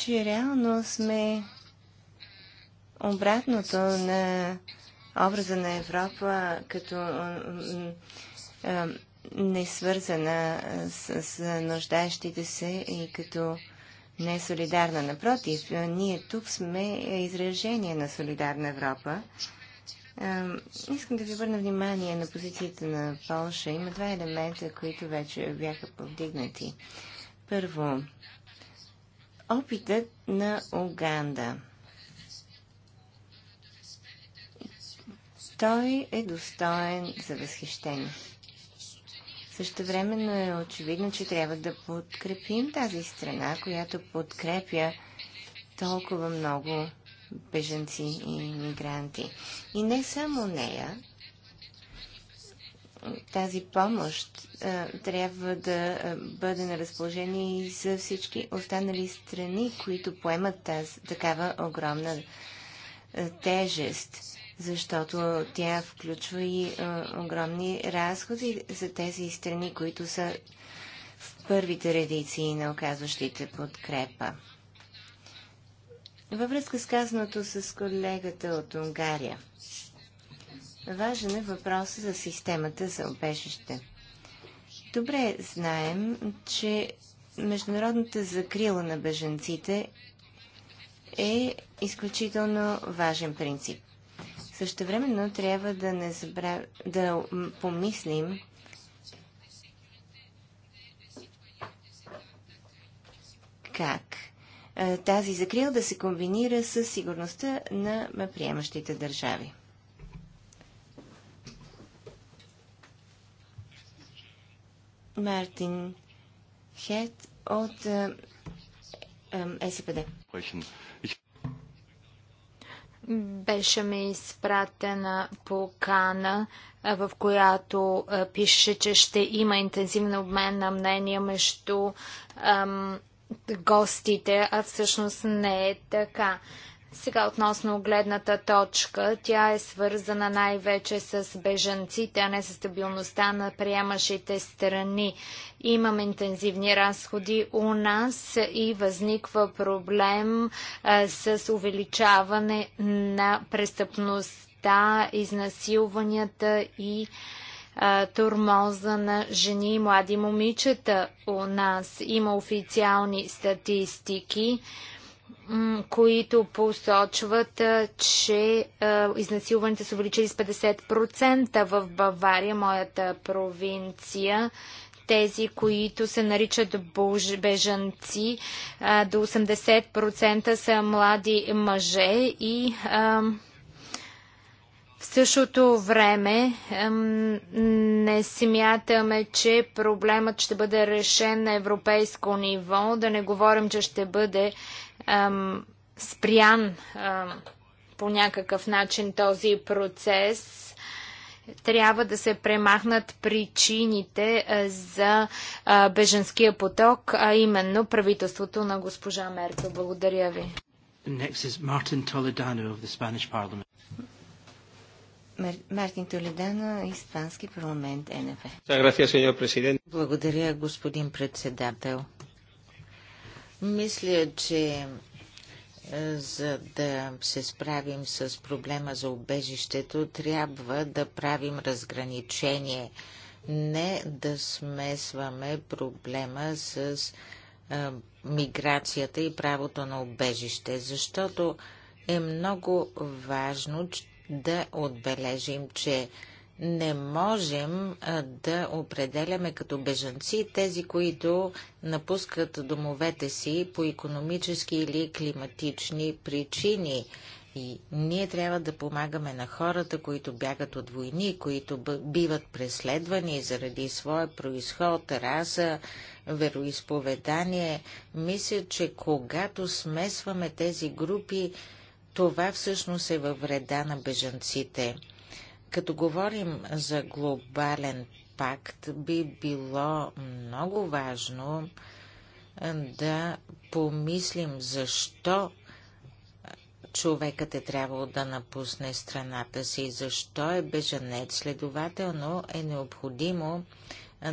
че реално сме обратното на образа на Европа като несвързана с, с нуждащите се и като не солидарна. Напротив, ние тук сме изражение на солидарна Европа Искам да ви обърна внимание на позицията на Полша. Има два елемента, които вече бяха повдигнати. Първо, опитът на Уганда. Той е достоен за възхищение. Също времено е очевидно, че трябва да подкрепим тази страна, която подкрепя толкова много беженци и мигранти. И не само нея, тази помощ а, трябва да бъде на разположение и за всички останали страни, които поемат тази такава огромна а, тежест, защото тя включва и а, огромни разходи за тези страни, които са в първите редици на оказващите подкрепа. Във връзка с казаното с колегата от Унгария, важен е въпросът за системата за обежище. Добре знаем, че международната закрила на беженците е изключително важен принцип. Същевременно трябва да, не забрав... да помислим как е, тази закрил да се комбинира с сигурността на приемащите държави. Мартин Хет от е, е, СПД. Беше ми изпратена покана, в която пише, че ще има интензивен обмен на мнения между ам, гостите, а всъщност не е така. Сега относно гледната точка, тя е свързана най-вече с бежанците, а не с стабилността на приемащите страни. Имаме интензивни разходи у нас и възниква проблем а, с увеличаване на престъпността, изнасилванията и а, турмоза на жени и млади момичета у нас. Има официални статистики, които посочват, че изнасилваните са увеличили с 50% в Бавария, моята провинция тези, които се наричат бежанци. До 80% са млади мъже и в същото време не смятаме, че проблемът ще бъде решен на европейско ниво, да не говорим, че ще бъде спрян по някакъв начин този процес. Трябва да се премахнат причините е, за е, беженския поток, а именно правителството на госпожа Меркел. Благодаря ви. Next is Martin Toledano of the Spanish Parliament. Мартин Толедана, Испански парламент, НФ. Благодаря, господин председател. Мисля, че е, за да се справим с проблема за убежището, трябва да правим разграничение. Не да смесваме проблема с а, е, миграцията и правото на убежище, защото е много важно, да отбележим, че не можем да определяме като бежанци тези, които напускат домовете си по економически или климатични причини. И ние трябва да помагаме на хората, които бягат от войни, които биват преследвани заради своя происход, раса, вероисповедание. Мисля, че когато смесваме тези групи, това всъщност е във вреда на бежанците. Като говорим за глобален пакт, би било много важно да помислим защо човекът е трябвало да напусне страната си, защо е бежанец. Следователно е необходимо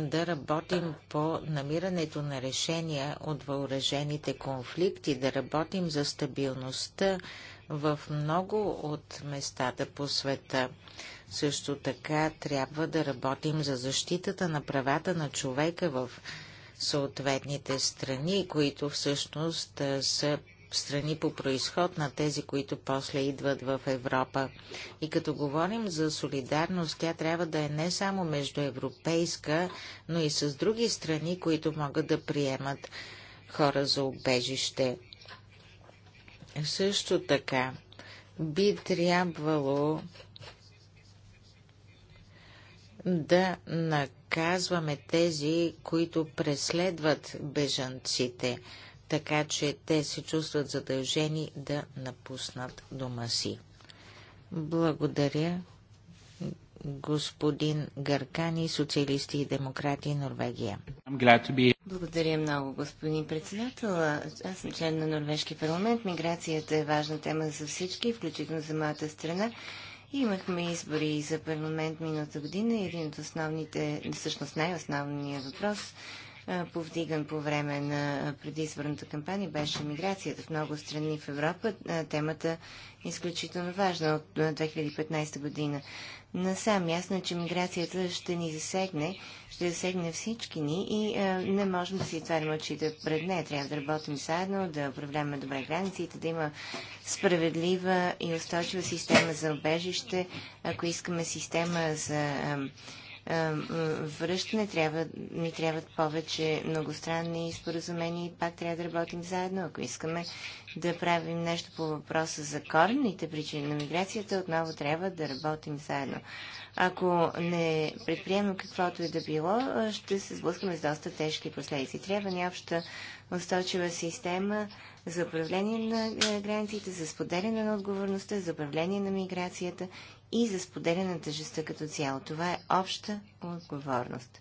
да работим по намирането на решения от въоръжените конфликти, да работим за стабилността в много от местата по света. Също така трябва да работим за защитата на правата на човека в съответните страни, които всъщност са страни по происход на тези, които после идват в Европа. И като говорим за солидарност, тя трябва да е не само между европейска, но и с други страни, които могат да приемат хора за убежище. Е, също така би трябвало да наказваме тези, които преследват бежанците, така че те се чувстват задължени да напуснат дома си. Благодаря господин Гаркани, социалисти и демократи Норвегия. Благодаря много, господин председател. Аз съм член на Норвежки парламент. Миграцията е важна тема за всички, включително за моята страна. Имахме избори за парламент миналата година и един от основните, всъщност най-основният въпрос, повдиган по време на предизборната кампания, беше миграцията в много страни в Европа. Темата е изключително важна от 2015 година насам. Ясно е, че миграцията ще ни засегне, ще засегне всички ни и е, не можем да си отваряме очите пред нея. Трябва да работим заедно, да управляваме добре границите, да има справедлива и устойчива система за обежище, ако искаме система за е, връщане. Трябва, ни трябват повече многостранни споразумения и пак трябва да работим заедно. Ако искаме да правим нещо по въпроса за корените причини на миграцията, отново трябва да работим заедно. Ако не предприемем каквото и да било, е, ще се сблъскаме с доста тежки последици. Трябва ни обща устойчива система за управление на е, границите, за споделяне на отговорността, за управление на миграцията и за споделяне на тъжестта като цяло. Това е обща отговорност.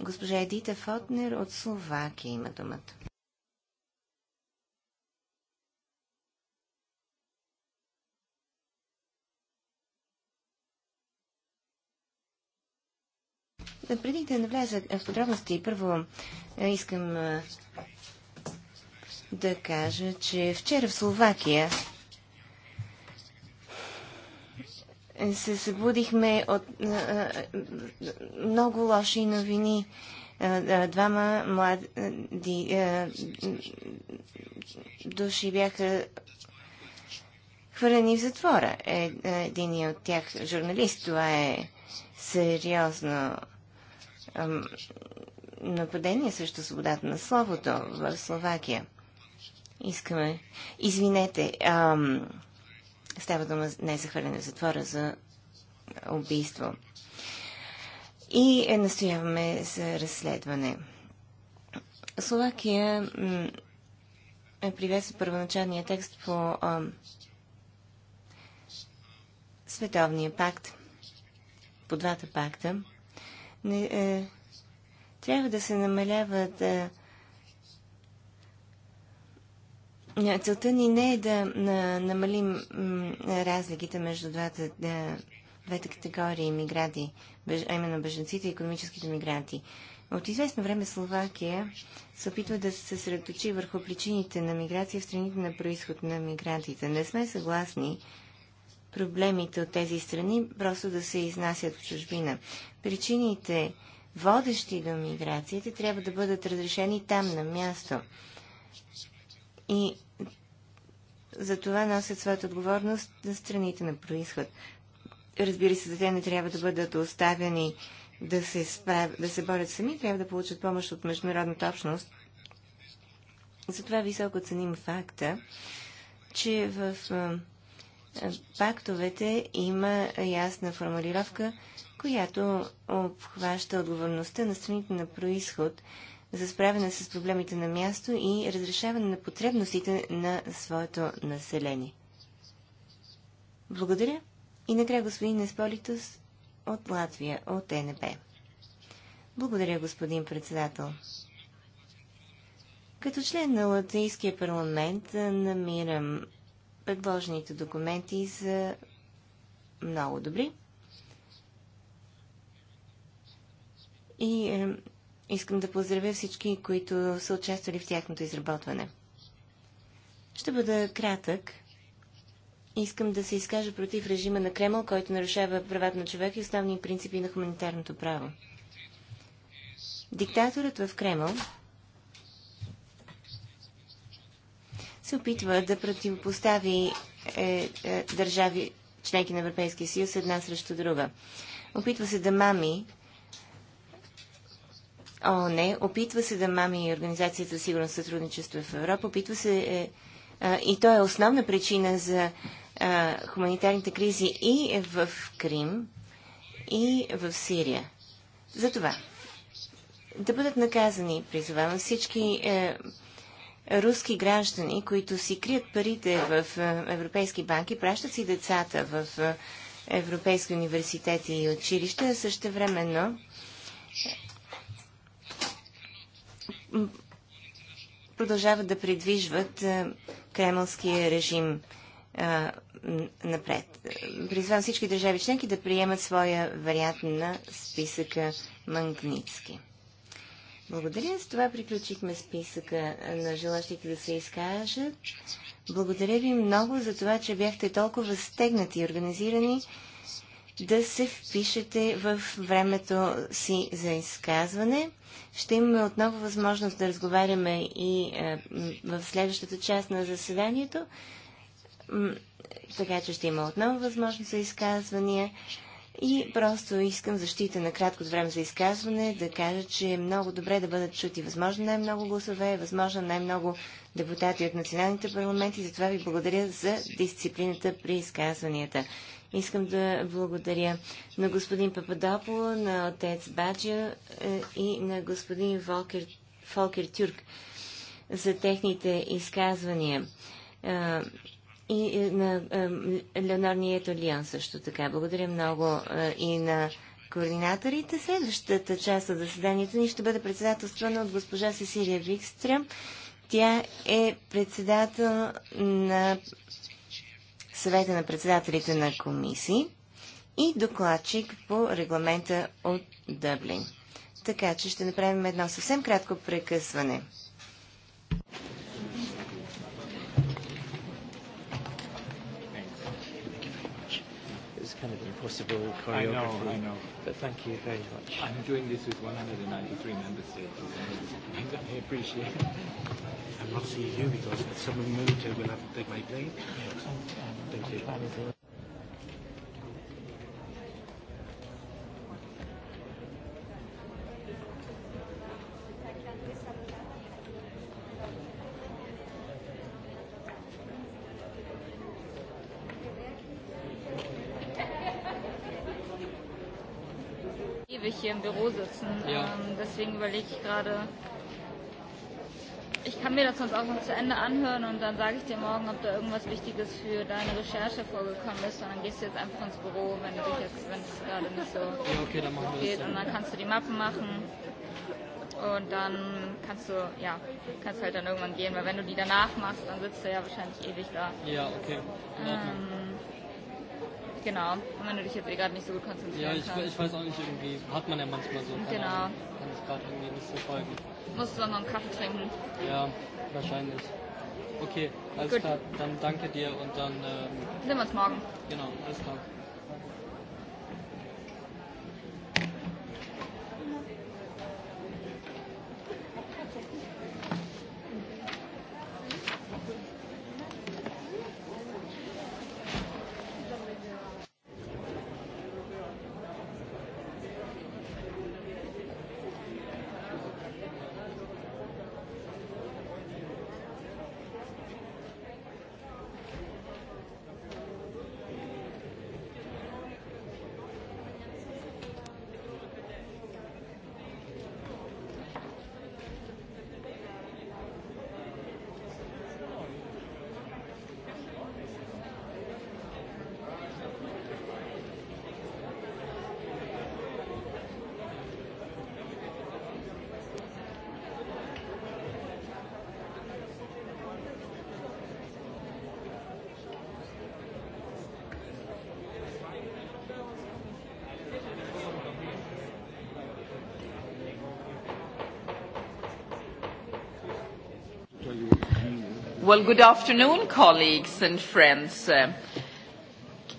Госпожа Едита Фотнер от Словакия има думата. преди да навляза в подробности, първо е, искам е, да кажа, че вчера в Словакия се събудихме от много лоши новини. Двама млади души бяха хвърлени в затвора. Е, е, Един от тях журналист. Това е сериозно нападение срещу свободата на словото в Словакия. Искаме. Извинете. Става дума не за хвърляне в затвора, за убийство. И е, настояваме за разследване. Словакия е приветства първоначалния текст по а, Световния пакт, по двата пакта. Не, е, трябва да се намаляват а, Е, целта ни не е да намалим разликите между двата, е, двете категории мигранти, а именно бежанците и економическите мигранти. От известно време Словакия се опитва да се средоточи върху причините на миграция в страните на происход на мигрантите. Не сме съгласни проблемите от тези страни просто да се изнасят в чужбина. Причините, водещи до миграцията, трябва да бъдат разрешени там, на място и за това носят своята отговорност на страните на происход. Разбира се, за те не трябва да бъдат оставяни да се, справ... да се борят сами, трябва да получат помощ от международната общност. Затова високо ценим факта, че в пактовете има ясна формулировка, която обхваща отговорността на страните на происход за справяне с проблемите на място и разрешаване на потребностите на своето население. Благодаря. И накрая господин Несполитус от Латвия, от ЕНП. Благодаря, господин председател. Като член на Латвийския парламент намирам предложените документи за много добри. И Искам да поздравя всички, които са участвали в тяхното изработване. Ще бъда кратък. Искам да се изкажа против режима на Кремъл, който нарушава правата на човек и основни принципи на хуманитарното право. Диктаторът в Кремъл се опитва да противопостави е, е, държави членки на Европейския съюз една срещу друга. Опитва се да мами ООН, опитва се да мами Организацията за сигурно сътрудничество в Европа, опитва се е, и то е основна причина за е, хуманитарните кризи и в Крим, и в Сирия. Затова да бъдат наказани, призовавам всички е, руски граждани, които си крият парите в е, европейски банки, пращат си децата в е, европейски университети и училища, също времено продължават да придвижват е, кремълския режим е, напред. Призвам всички държави членки да приемат своя вариант на списъка Мангницки. Благодаря. С това приключихме списъка на желащите да се изкажат. Благодаря ви много за това, че бяхте толкова стегнати и организирани да се впишете в времето си за изказване. Ще имаме отново възможност да разговаряме и е, в следващата част на заседанието, така че ще има отново възможност за изказвания. И просто искам защита на краткото време за изказване, да кажа, че е много добре да бъдат чути възможно най-много гласове, възможно най-много депутати от националните парламенти. Затова ви благодаря за дисциплината при изказванията. Искам да благодаря на господин Пападополо, на отец Баджа е, и на господин Волкер, Фолкер Тюрк за техните изказвания. Е, и е, на Леонор Нието Лион също така. Благодаря много и на координаторите. Следващата част от заседанието ни ще бъде председателствана от госпожа Сесилия Викстрем. Тя е председател на съвета на председателите на комисии и докладчик по регламента от Дъблин. Така че ще направим едно съвсем кратко прекъсване. I'm you Thank hier im Büro sitzen. Ja. Ähm, deswegen überlege ich gerade, ich kann mir das sonst auch noch zu Ende anhören und dann sage ich dir morgen, ob da irgendwas Wichtiges für deine Recherche vorgekommen ist. Und dann gehst du jetzt einfach ins Büro, wenn du dich jetzt, wenn es gerade nicht so ja, okay, dann machen geht. Und dann kannst du die Mappen machen. Und dann kannst du, ja, kannst halt dann irgendwann gehen, weil wenn du die danach machst, dann sitzt du ja wahrscheinlich ewig da. Ja, okay. Ähm, genau. Und wenn du dich jetzt eh gerade nicht so gut konzentrieren Ja, ich, kannst. ich weiß auch nicht, irgendwie hat man ja manchmal so. Genau. Ahnung, kann ich gerade irgendwie nicht so folgen musst du dann noch einen Kaffee trinken. Ja, wahrscheinlich. Okay, alles Gut. klar. Dann danke dir und dann. Ähm, Sehen wir uns morgen. Genau, alles klar. Well, good afternoon, colleagues and friends. Uh,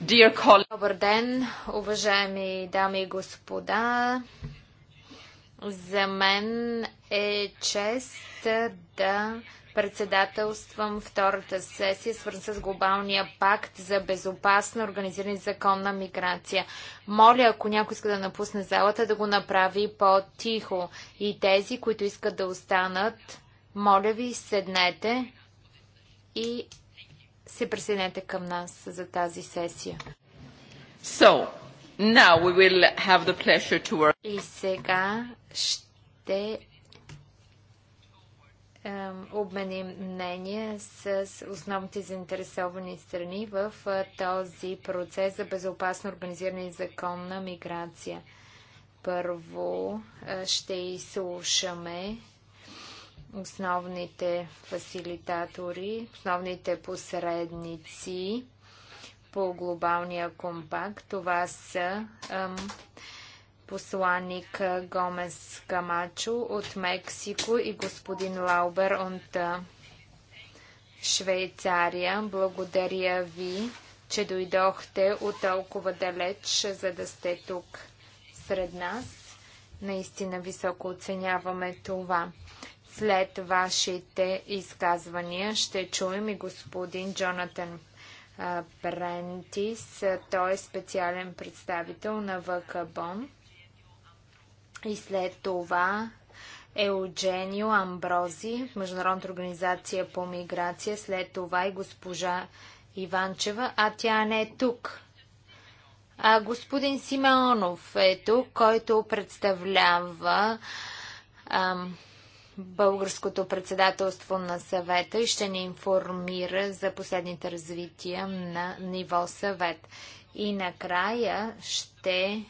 dear colleagues. Добър ден, уважаеми дами и господа. За мен е чест да председателствам втората сесия, свързана с глобалния пакт за безопасна, организирана и законна миграция. Моля, ако някой иска да напусне залата, да го направи по-тихо. И тези, които искат да останат, моля ви, седнете и се присъединете към нас за тази сесия. So, now we will have the pleasure to work. И сега ще обменим мнение с основните заинтересовани страни в е, този процес за безопасно организирана и законна миграция. Първо е, ще изслушаме основните фасилитатори, основните посредници по глобалния компакт. Това са ам, посланник Гомес Камачо от Мексико и господин Лаубер от Швейцария. Благодаря ви, че дойдохте от толкова далеч, за да сте тук сред нас. Наистина високо оценяваме това. След вашите изказвания ще чуем и господин Джонатан Прентис. Той е специален представител на ВКБОМ. И след това Еудженио Амбрози, Международната организация по миграция, след това и госпожа Иванчева, а тя не е тук. А господин Симеонов е тук, който представлява ам, българското председателство на съвета и ще ни информира за последните развития на ниво съвет. И накрая ще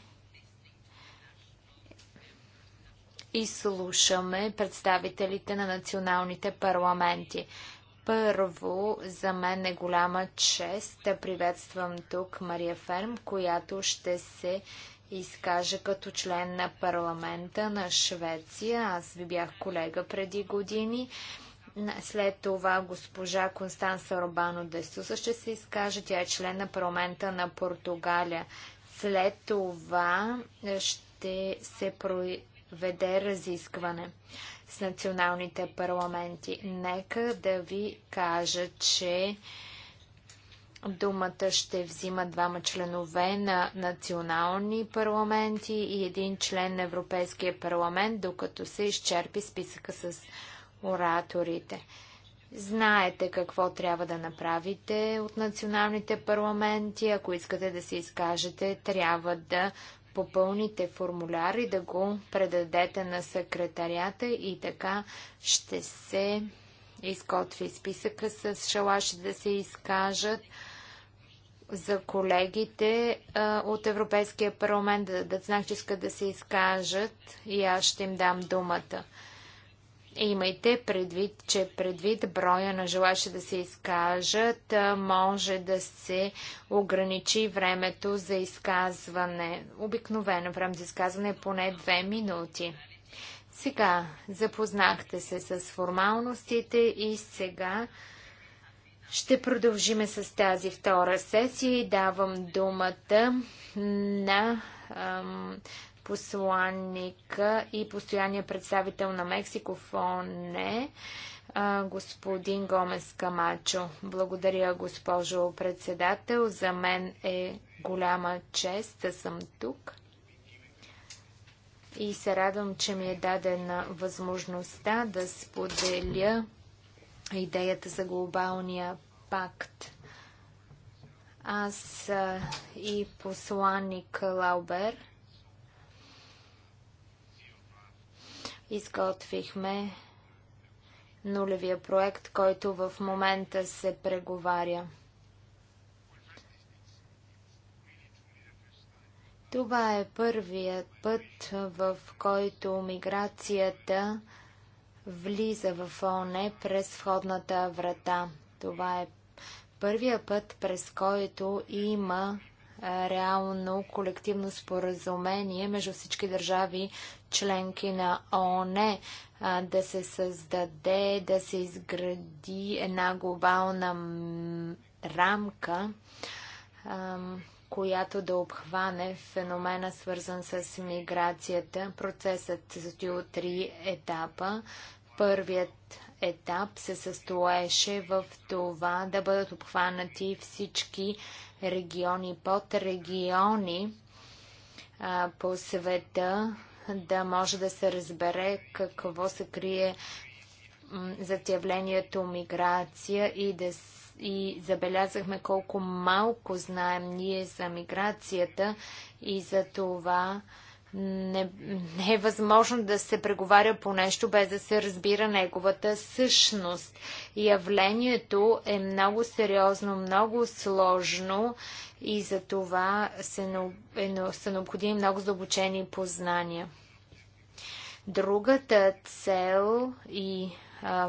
изслушаме представителите на националните парламенти. Първо, за мен е голяма чест да приветствам тук Мария Ферм, която ще се изкажа като член на парламента на Швеция. Аз ви бях колега преди години. След това госпожа Констанса Робано Десуса ще се изкаже. Тя е член на парламента на Португалия. След това е, ще се проведе разискване с националните парламенти. Нека да ви кажа, че Думата ще взима двама членове на национални парламенти и един член на Европейския парламент, докато се изчерпи списъка с ораторите. Знаете какво трябва да направите от националните парламенти. Ако искате да се изкажете, трябва да попълните формуляр и да го предадете на секретарята и така ще се изготви списъка с шалаши да се изкажат за колегите а, от Европейския парламент да дадат знак, че искат да се изкажат и аз ще им дам думата. Имайте предвид, че предвид броя на желащи да се изкажат, а, може да се ограничи времето за изказване. Обикновено време за изказване е поне две минути. Сега запознахте се с формалностите и сега ще продължиме с тази втора сесия и давам думата на ам, посланника и постоянния представител на Мексико в ОНЕ, господин Гомес Камачо. Благодаря, госпожо председател. За мен е голяма чест да съм тук. И се радвам, че ми е дадена възможността да споделя идеята за глобалния пакт. Аз и посланник Лаубер изготвихме нулевия проект, който в момента се преговаря. Това е първият път, в който миграцията влиза в ОНЕ през входната врата. Това е първия път, през който има реално колективно споразумение между всички държави членки на ОНЕ, да се създаде, да се изгради една глобална рамка която да обхване феномена свързан с миграцията. Процесът се състои от три етапа. Първият етап се състоеше в това да бъдат обхванати всички региони под региони а, по света, да може да се разбере какво се крие за явлението миграция и да се и забелязахме колко малко знаем ние за миграцията и за това не, не е възможно да се преговаря по нещо без да се разбира неговата същност. Явлението е много сериозно, много сложно и за това се, е, са необходими много задълбочени познания. Другата цел и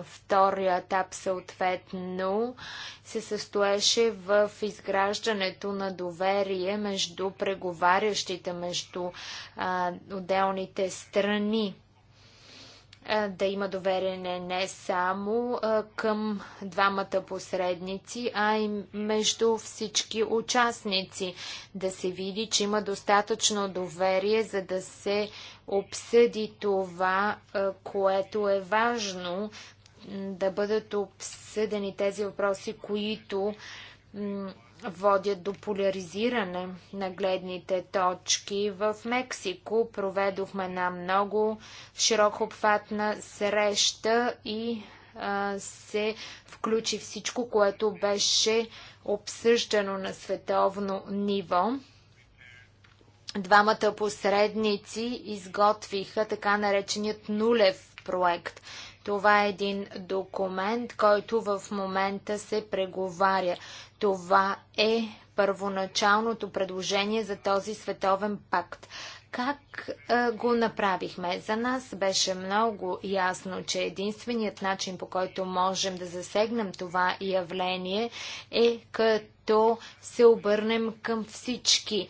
Втория етап съответно се състоеше в изграждането на доверие между преговарящите, между а, отделните страни. Е, да има доверене не само е, към двамата посредници, а и между всички участници. Да се види, че има достатъчно доверие, за да се обсъди това, е, което е важно да бъдат обсъдени тези въпроси, които водят до поляризиране на гледните точки. В Мексико проведохме една много широко обхватна среща и а, се включи всичко, което беше обсъждано на световно ниво. Двамата посредници изготвиха така нареченият нулев проект. Това е един документ, който в момента се преговаря. Това е първоначалното предложение за този световен пакт. Как а, е, го направихме? За нас беше много ясно, че единственият начин по който можем да засегнем това явление е като се обърнем към всички,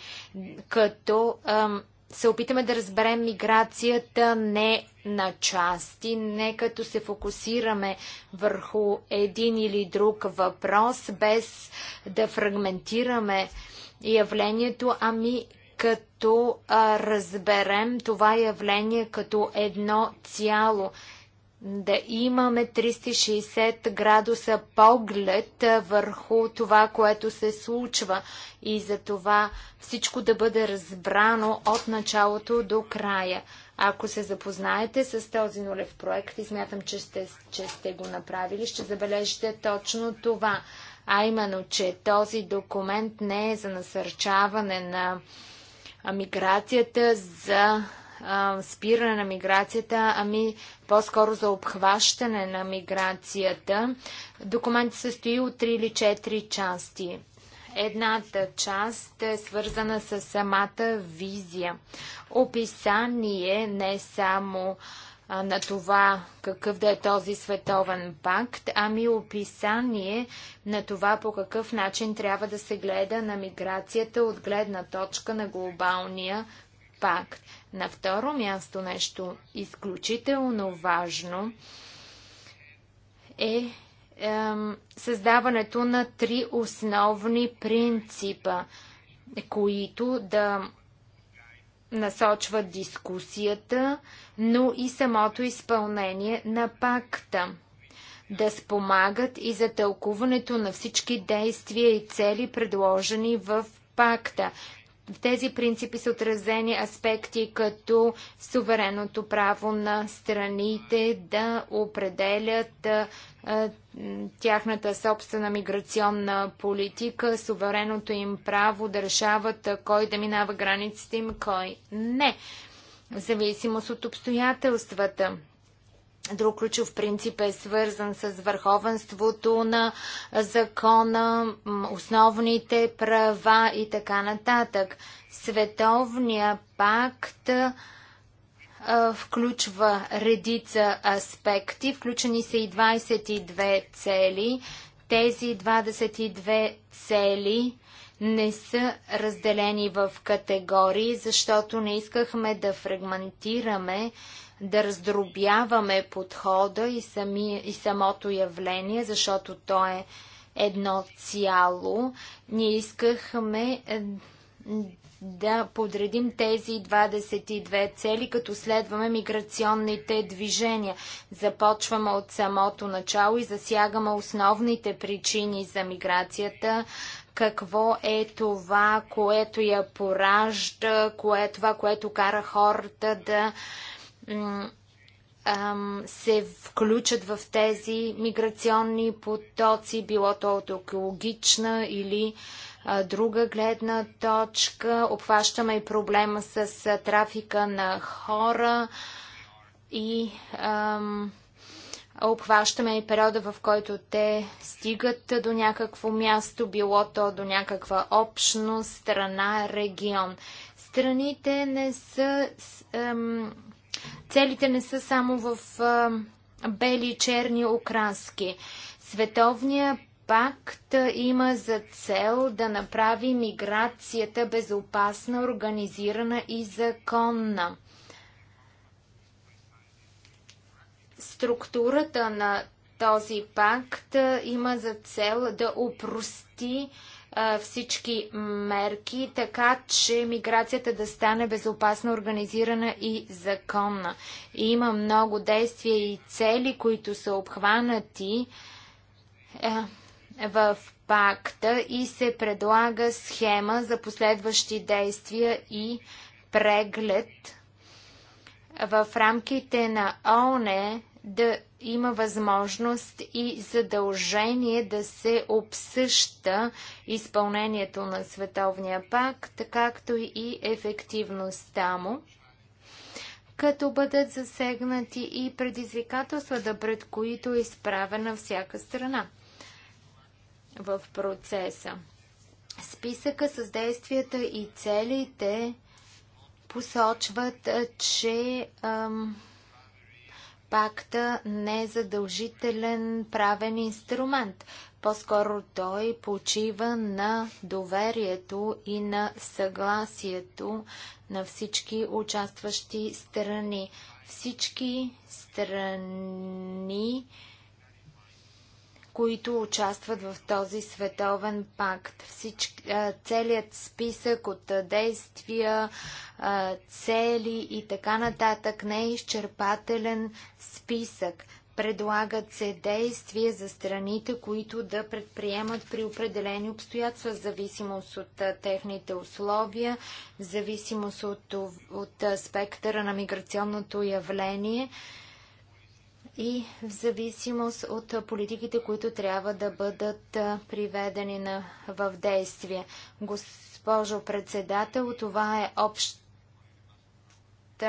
като ам, се опитаме да разберем миграцията не на части, не като се фокусираме върху един или друг въпрос, без да фрагментираме явлението, ами като а, разберем това явление като едно цяло, да имаме 360 градуса поглед върху това, което се случва и за това всичко да бъде разбрано от началото до края. Ако се запознаете с този нулев проект и смятам, че сте, че сте го направили, ще забележите точно това, а именно, че този документ не е за насърчаване на миграцията, за спиране на миграцията, ами по-скоро за обхващане на миграцията. Документът състои от 3 или 4 части. Едната част е свързана с самата визия. Описание не само на това какъв да е този световен пакт, ами описание на това по какъв начин трябва да се гледа на миграцията от гледна точка на глобалния пакт. На второ място нещо изключително важно е, ем, създаването на три основни принципа, които да насочват дискусията, но и самото изпълнение на пакта. Да спомагат и за тълкуването на всички действия и цели, предложени в пакта. В тези принципи са отразени аспекти като сувереното право на страните да определят тяхната собствена миграционна политика, сувереното им право да решават кой да минава границите им, кой не, в зависимост от обстоятелствата. Друг ключов принцип е свързан с върховенството на закона, основните права и така нататък. Световния пакт включва редица аспекти, включени са и 22 цели. Тези 22 цели не са разделени в категории, защото не искахме да фрагментираме да раздробяваме подхода и, сами, и самото явление, защото то е едно цяло. Ние искахме е, да подредим тези 22 цели, като следваме миграционните движения. Започваме от самото начало и засягаме основните причини за миграцията, какво е това, което я поражда, кое е това, което кара хората да се включат в тези миграционни потоци, било то от екологична или друга гледна точка. Обхващаме и проблема с трафика на хора и ам, обхващаме и периода, в който те стигат до някакво място, било то до някаква общност, страна, регион. Страните не са. Ам, Целите не са само в а, бели и черни окраски. Световния пакт има за цел да направи миграцията безопасна, организирана и законна. Структурата на този пакт има за цел да опрости всички мерки, така че миграцията да стане безопасна, организирана и законна. И има много действия и цели, които са обхванати е, в пакта и се предлага схема за последващи действия и преглед в рамките на ОНЕ да има възможност и задължение да се обсъща изпълнението на Световния пакт, както и ефективността му, като бъдат засегнати и предизвикателствата, пред които е изправена всяка страна в процеса. Списъка с действията и целите посочват, че ам, пакта не е задължителен правен инструмент. По-скоро той почива на доверието и на съгласието на всички участващи страни. Всички страни които участват в този световен пакт. Всички, целият списък от действия, цели и така нататък не е изчерпателен списък. Предлагат се действия за страните, които да предприемат при определени обстоятелства, в зависимост от техните условия, в зависимост от, от спектъра на миграционното явление и в зависимост от политиките, които трябва да бъдат приведени на, в действие. Госпожо председател, това е общата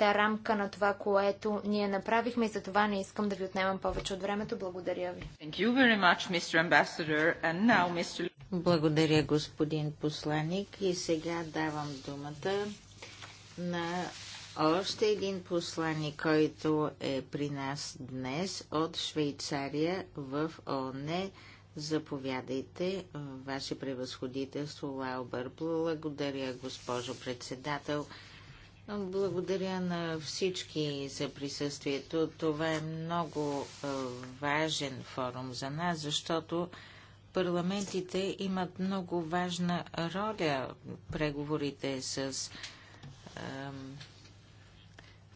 рамка на това, което ние направихме и за това не искам да ви отнемам повече от времето. Благодаря ви. Much, Благодаря, господин посланник. И сега давам думата на още един посланник, който е при нас днес от Швейцария в ОНЕ. Заповядайте, Ваше превъзходителство Лаубър. Благодаря, госпожо председател. Благодаря на всички за присъствието. Това е много важен форум за нас, защото парламентите имат много важна роля. Преговорите с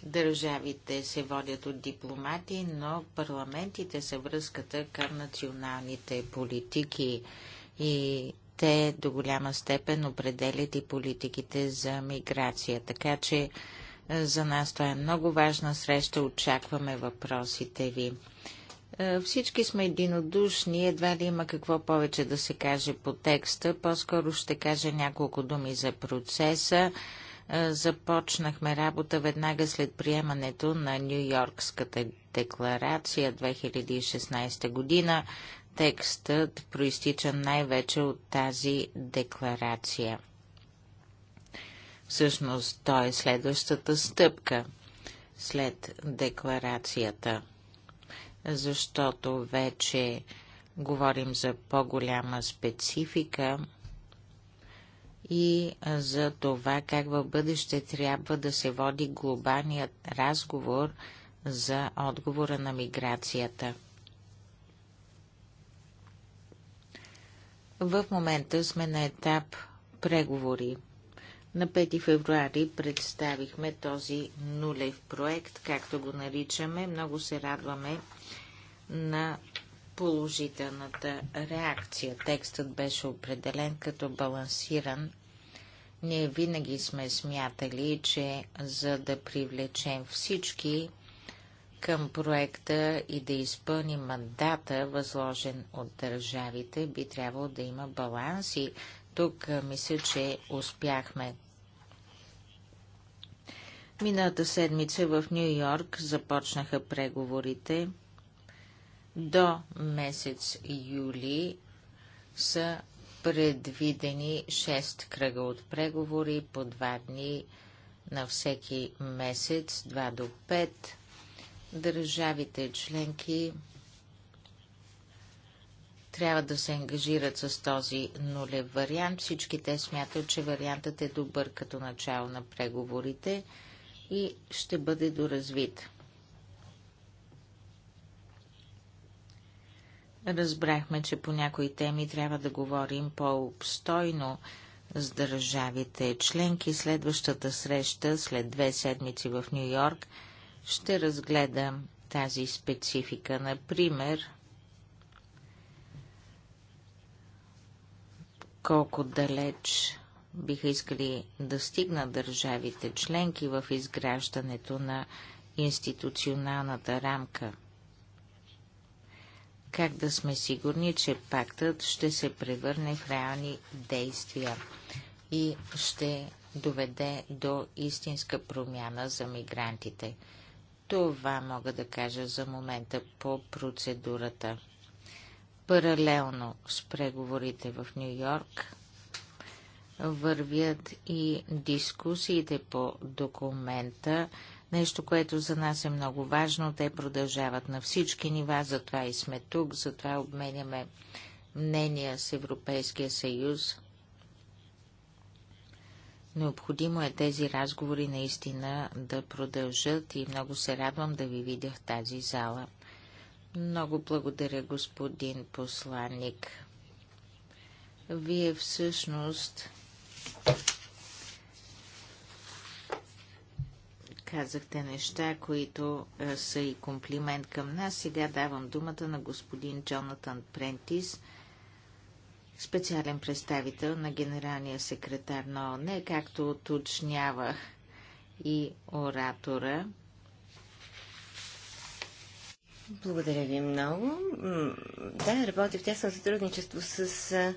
Държавите се водят от дипломати, но парламентите са връзката към националните политики и те до голяма степен определят и политиките за миграция. Така че е, за нас това е много важна среща. Очакваме въпросите ви. Е, всички сме единодушни, едва ли има какво повече да се каже по текста. По-скоро ще кажа няколко думи за процеса. Е, започнахме работа веднага след приемането на Нью-Йоркската декларация 2016 година. Текстът проистича най-вече от тази декларация. Всъщност, той е следващата стъпка след декларацията, защото вече говорим за по-голяма специфика – и за това как в бъдеще трябва да се води глобалният разговор за отговора на миграцията. В момента сме на етап преговори. На 5 февруари представихме този нулев проект, както го наричаме. Много се радваме на положителната реакция. Текстът беше определен като балансиран ние винаги сме смятали, че за да привлечем всички към проекта и да изпълним мандата, възложен от държавите, би трябвало да има баланс и тук мисля, че успяхме. Миналата седмица в Нью Йорк започнаха преговорите. До месец юли са предвидени 6 кръга от преговори по 2 дни на всеки месец, 2 до 5. Държавите членки трябва да се ангажират с този нулев вариант. Всички те смятат, че вариантът е добър като начало на преговорите и ще бъде доразвит. Разбрахме, че по някои теми трябва да говорим по-обстойно с държавите членки. Следващата среща след две седмици в Нью Йорк ще разгледа тази специфика. Например, колко далеч биха искали да стигнат държавите членки в изграждането на институционалната рамка – как да сме сигурни, че пактът ще се превърне в реални действия и ще доведе до истинска промяна за мигрантите? Това мога да кажа за момента по процедурата. Паралелно с преговорите в Нью Йорк вървят и дискусиите по документа Нещо, което за нас е много важно. Те продължават на всички нива, затова и сме тук, затова обменяме мнения с Европейския съюз. Необходимо е тези разговори наистина да продължат и много се радвам да ви видя в тази зала. Много благодаря, господин посланник. Вие всъщност Казахте неща, които е, са и комплимент към нас. Сега давам думата на господин Джонатан Прентис, специален представител на генералния секретар на ОНЕ, както уточнявах и оратора. Благодаря ви много. Да, работя в тясно сътрудничество с е,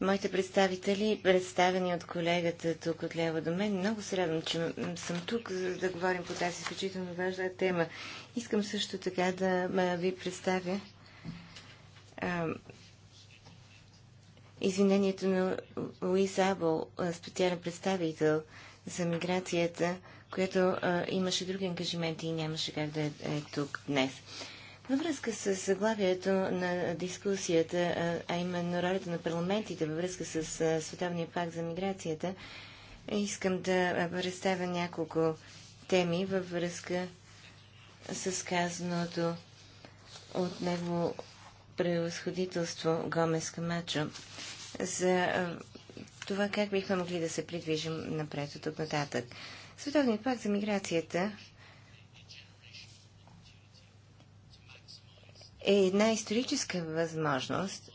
моите представители, представени от колегата тук от Лява до мен. Много се радвам, че съм тук, за да говорим по тази изключително важна тема. Искам също така да ви представя а, извинението на Луис Абол, специален представител за миграцията, която а, имаше други ангажименти и нямаше как да е, е тук днес. Във връзка с заглавието на дискусията, а именно ролята на парламентите във връзка с Световния пакт за миграцията, искам да представя няколко теми във връзка с казаното от него превъзходителство Гомес Камачо за това как бихме могли да се придвижим напред от тук нататък. Световният пакт за миграцията е една историческа възможност,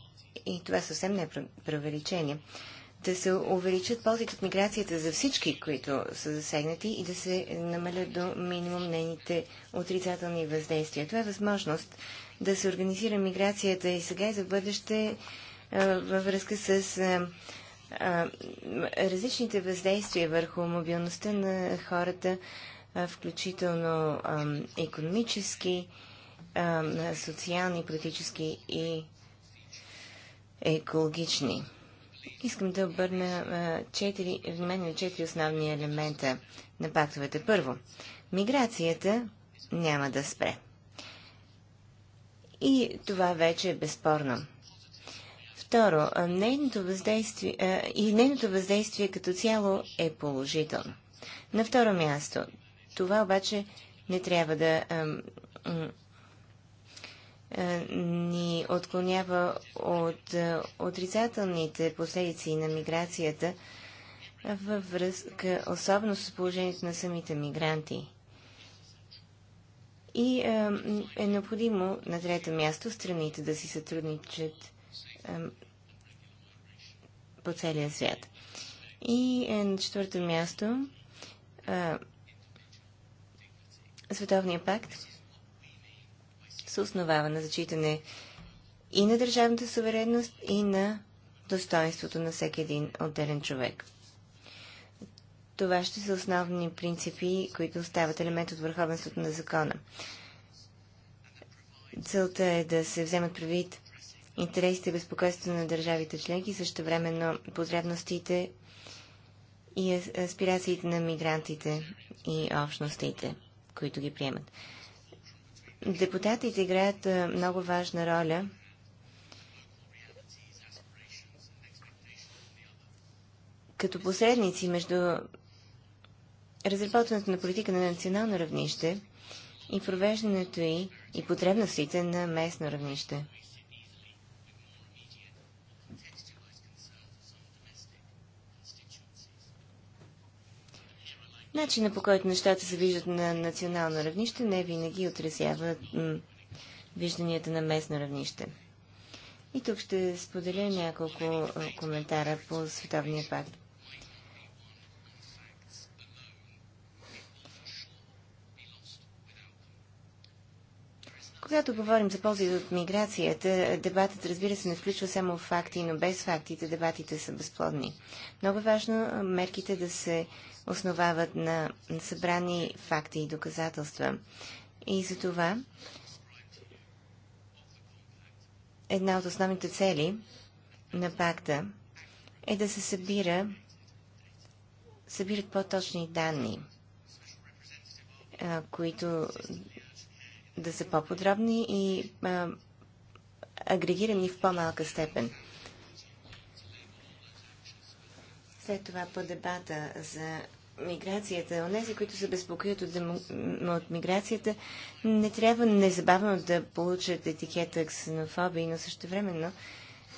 и това съвсем не е преувеличение, да се увеличат ползите от миграцията за всички, които са засегнати и да се намалят до минимум нейните отрицателни въздействия. Това е възможност да се организира миграцията и сега и за бъдеще във връзка с различните въздействия върху мобилността на хората, включително економически, а, социални, политически и екологични. Искам да обърна четири, внимание на четири основни елемента на пактовете. Първо, миграцията няма да спре. И това вече е безспорно. Второ, нейното въздействие, а, и нейното въздействие като цяло е положително. На второ място, това обаче не трябва да е, ни отклонява от е, отрицателните последици на миграцията във връзка особено с положението на самите мигранти. И е, е необходимо на трето място страните да си сътрудничат по целия свят. И на четвърто място Световния пакт се основава на зачитане и на държавната суверенност, и на достоинството на всеки един отделен човек. Това ще са основни принципи, които остават елемент от върховенството на закона. Целта е да се вземат предвид интересите и безпокойството на държавите членки, също времено потребностите и аспирациите на мигрантите и общностите, които ги приемат. Депутатите играят много важна роля. като посредници между разработването на политика на национално равнище и провеждането и, и потребностите на местно равнище. Начина по който нещата се виждат на национално равнище не винаги отразява вижданията на местно равнище. И тук ще споделя няколко коментара по Световния пакт. Когато говорим за ползи от миграцията, дебатът, разбира се, не включва само факти, но без фактите дебатите са безплодни. Много е важно мерките да се основават на събрани факти и доказателства. И за това една от основните цели на пакта е да се събира, събират по-точни данни, които да са по-подробни и агрегирани в по-малка степен. След това по дебата за миграцията, онези, които се безпокоят от, демо... от миграцията, не трябва незабавно да получат етикета ксенофобия, но също времено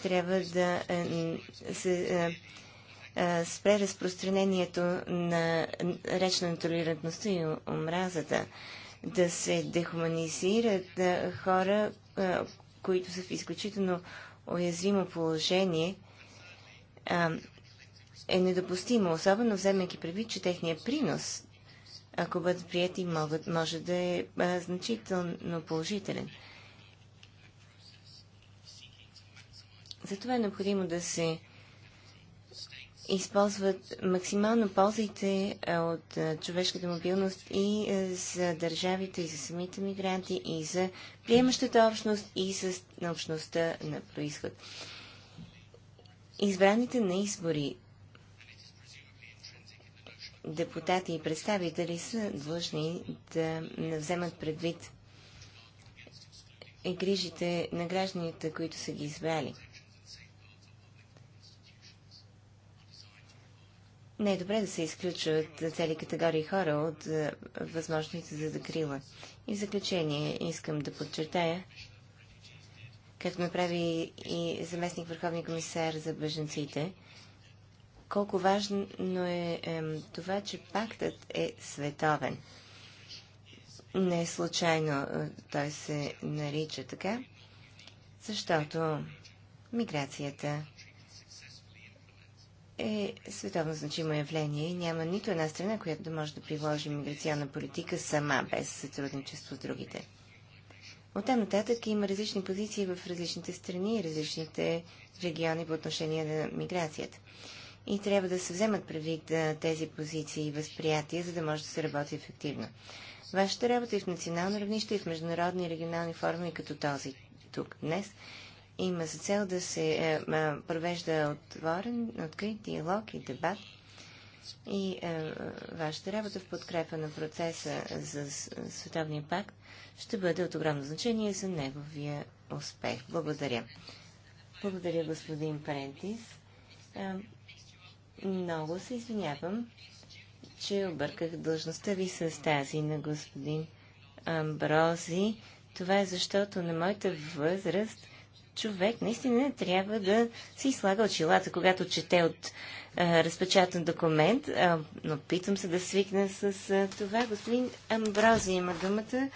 трябва да е, се е, е, спре разпространението на реч на толерантността и омразата, да се дехуманизират хора, които са в изключително уязвимо положение – е недопустимо, особено вземайки предвид, че техният принос, ако бъдат прияти, могат, може да е а, значително положителен. Затова е необходимо да се използват максимално ползите от човешката мобилност и за държавите, и за самите мигранти, и за приемащата общност, и за общността на происход. Избраните на избори депутати и представители са длъжни да вземат предвид и грижите на гражданите, които са ги избрали. Не е добре да се изключват цели категории хора от е, възможните за закрила. И в заключение искам да подчертая, както направи и заместник Върховния комисар за беженците, колко важно е, е това, че пактът е световен. Не е случайно е, той се нарича така, защото миграцията е световно значимо явление и няма нито една страна, която да може да приложи миграционна политика сама, без сътрудничество с другите. От там нататък има различни позиции в различните страни и различните региони по отношение на миграцията и трябва да се вземат предвид тези позиции и възприятия, за да може да се работи ефективно. Вашата работа и в национално равнище, и в международни и регионални форуми, като този тук днес, има за цел да се е, е провежда отворен, открит диалог и дебат и е, вашата работа в подкрепа на процеса за Световния пакт ще бъде от огромно значение за неговия успех. Благодаря. Благодаря, господин Парентис. Е, много се извинявам, че обърках длъжността ви с тази на господин Амбрози. Това е защото на моята възраст човек наистина трябва да си слага очилата, когато чете от а, разпечатан документ. А, но питам се да свикна с а, това. Господин Амбрози има думата,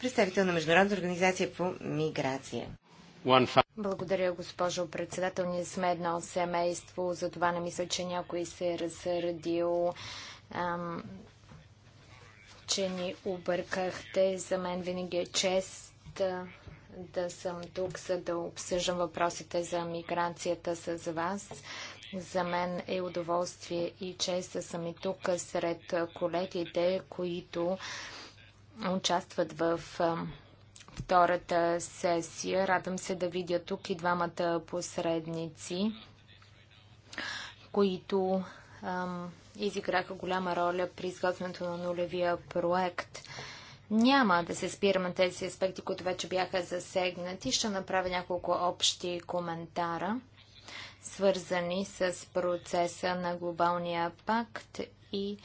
представител на Международна организация по миграция. Благодаря, госпожо председател. Ние сме едно семейство, За това, не мисля, че някой се е разсърдил, ам, че ни объркахте. За мен винаги е чест да съм тук, за да обсъждам въпросите за миграцията с вас. За мен е удоволствие и чест да съм и тук сред колегите, които участват в ам, втората сесия. Радвам се да видя тук и двамата посредници, които ам, изиграха голяма роля при изготвянето на нулевия проект. Няма да се спирам на тези аспекти, които вече бяха засегнати. Ще направя няколко общи коментара, свързани с процеса на глобалния пакт и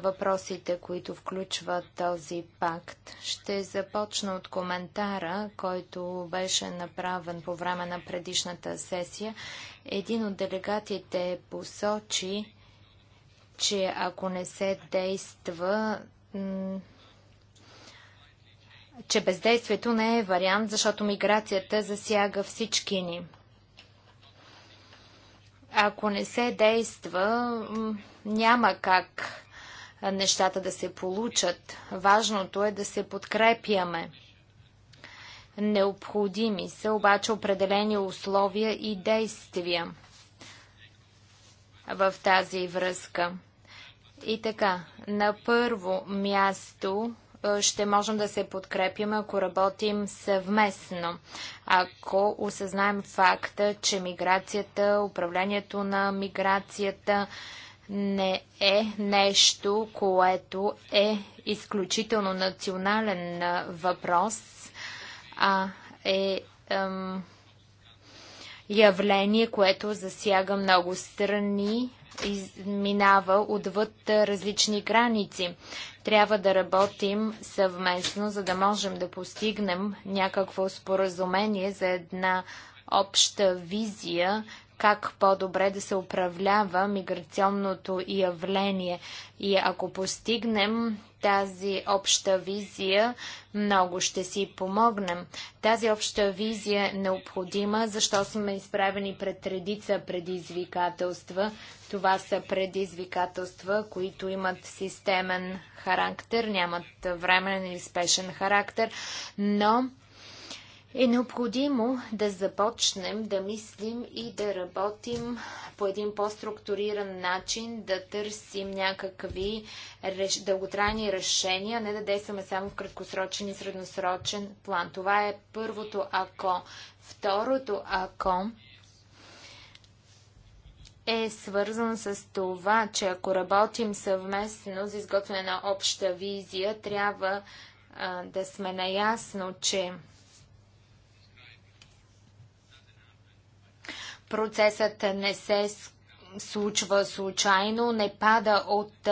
въпросите, които включват този пакт. Ще започна от коментара, който беше направен по време на предишната сесия. Един от делегатите посочи, че ако не се действа, че бездействието не е вариант, защото миграцията засяга всички ни. Ако не се действа, няма как нещата да се получат. Важното е да се подкрепяме. Необходими са обаче определени условия и действия в тази връзка. И така, на първо място ще можем да се подкрепим, ако работим съвместно. Ако осъзнаем факта, че миграцията, управлението на миграцията, не е нещо, което е изключително национален въпрос, а е ем, явление, което засяга много страни и минава отвъд различни граници. Трябва да работим съвместно, за да можем да постигнем някакво споразумение за една обща визия как по-добре да се управлява миграционното явление. И ако постигнем тази обща визия, много ще си помогнем. Тази обща визия е необходима, защо сме изправени пред редица предизвикателства. Това са предизвикателства, които имат системен характер, нямат временен или спешен характер, но е необходимо да започнем да мислим и да работим по един по-структуриран начин, да търсим някакви реш... дълготрайни решения, не да действаме само в краткосрочен и средносрочен план. Това е първото ако. Второто ако е свързан с това, че ако работим съвместно за изготвяне на обща визия, трябва а, да сме наясно, че Процесът не се случва случайно, не пада от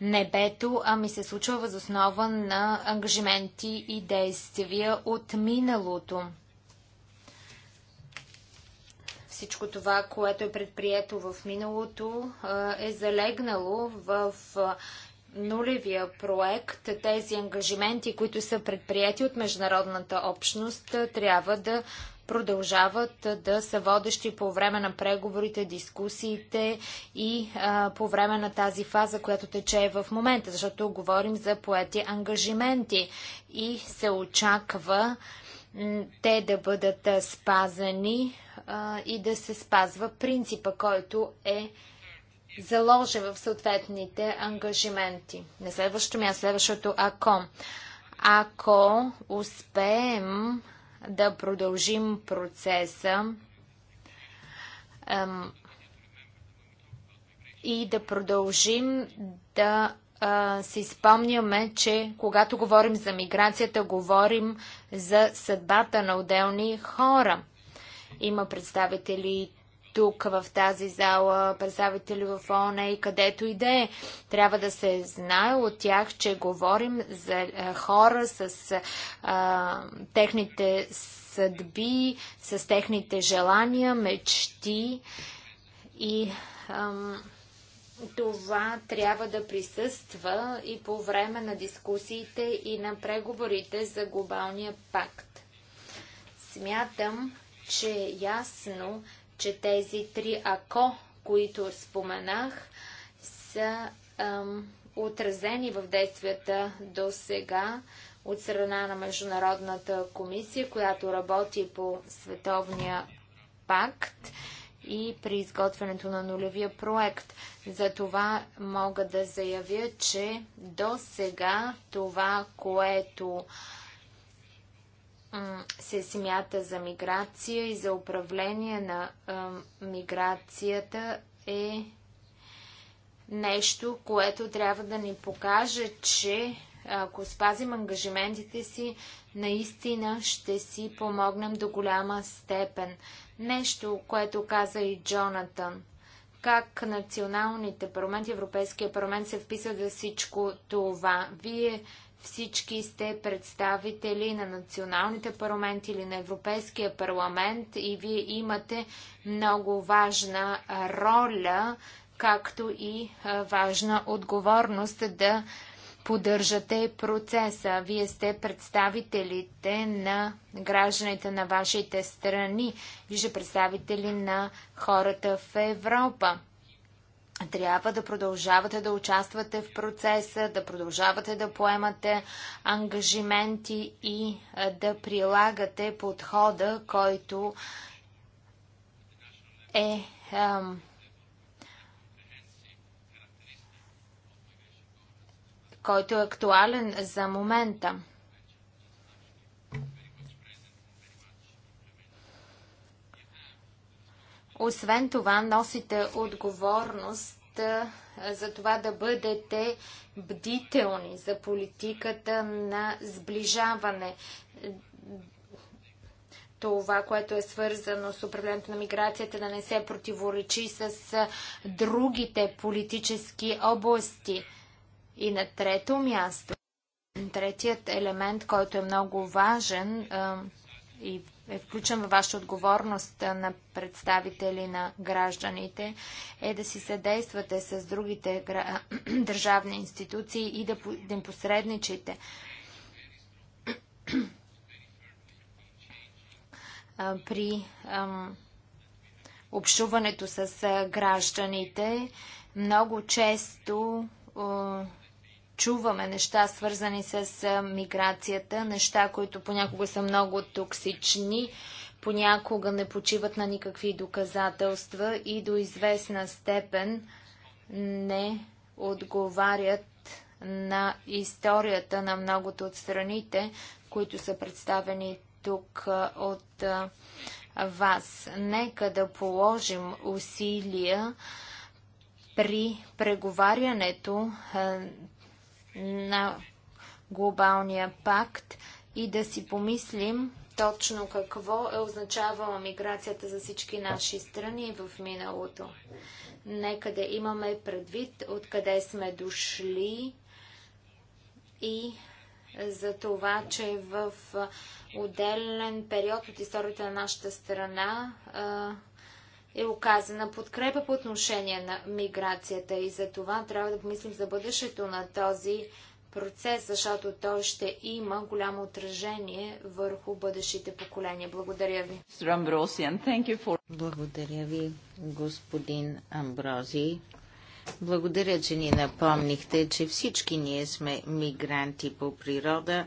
небето, а ми се случва възоснова на ангажименти и действия от миналото. Всичко това, което е предприето в миналото, е залегнало в нулевия проект. Тези ангажименти, които са предприяти от международната общност, трябва да продължават да са водещи по време на преговорите, дискусиите и а, по време на тази фаза, която тече в момента, защото говорим за поети ангажименти и се очаква те да бъдат спазани а, и да се спазва принципа, който е заложен в съответните ангажименти. На следващото място, следващото АКО. Ако успеем да продължим процеса и да продължим да си спомняме, че когато говорим за миграцията, говорим за съдбата на отделни хора. Има представители тук в тази зала, представители в ООН и където и да е. Трябва да се знае от тях, че говорим за е, хора с е, а, техните съдби, с техните желания, мечти и ам, това трябва да присъства и по време на дискусиите и на преговорите за глобалния пакт. Смятам, че е ясно, че тези три ако, които споменах, са ам, отразени в действията до сега от страна на Международната комисия, която работи по Световния пакт и при изготвянето на нулевия проект. За това мога да заявя, че до сега това, което се смята за миграция и за управление на миграцията е нещо, което трябва да ни покаже, че ако спазим ангажиментите си, наистина ще си помогнем до голяма степен. Нещо, което каза и Джонатан. Как националните парламенти, Европейския парламент се вписват за всичко това. Вие всички сте представители на националните парламенти или на Европейския парламент и вие имате много важна роля, както и важна отговорност да поддържате процеса. Вие сте представителите на гражданите на вашите страни, виже представители на хората в Европа трябва да продължавате да участвате в процеса, да продължавате да поемате ангажименти и да прилагате подхода, който е ам, който е актуален за момента. Освен това, носите отговорност за това да бъдете бдителни за политиката на сближаване. Това, което е свързано с управлението на миграцията, да не се противоречи с другите политически области. И на трето място, третият елемент, който е много важен и е включен във ваша отговорност на представители на гражданите, е да си съдействате с другите гра... държавни институции и да, да им посредничите. При ам, общуването с гражданите много често чуваме неща, свързани с миграцията, неща, които понякога са много токсични, понякога не почиват на никакви доказателства и до известна степен не отговарят на историята на многото от страните, които са представени тук от вас. Нека да положим усилия при преговарянето на глобалния пакт и да си помислим точно какво е означавала миграцията за всички наши страни в миналото. Нека да имаме предвид откъде сме дошли и за това, че в отделен период от историята на нашата страна е оказана подкрепа по отношение на миграцията и за това трябва да помислим за бъдещето на този процес, защото той ще има голямо отражение върху бъдещите поколения. Благодаря ви. Благодаря ви, господин Амбрози. Благодаря, че ни напомнихте, че всички ние сме мигранти по природа.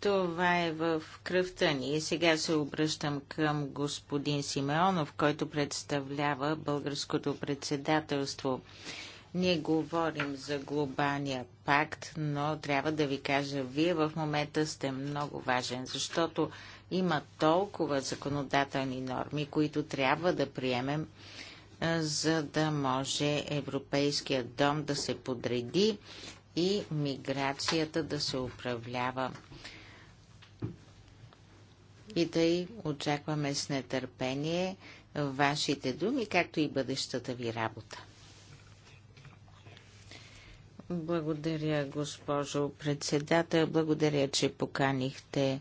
Това е в кръвта ни. И сега се обръщам към господин Симеонов, който представлява българското председателство. Ние говорим за глобалния пакт, но трябва да ви кажа, вие в момента сте много важен, защото има толкова законодателни норми, които трябва да приемем, за да може Европейският дом да се подреди и миграцията да се управлява и тъй очакваме с нетърпение вашите думи, както и бъдещата ви работа. Благодаря, госпожо председател. Благодаря, че поканихте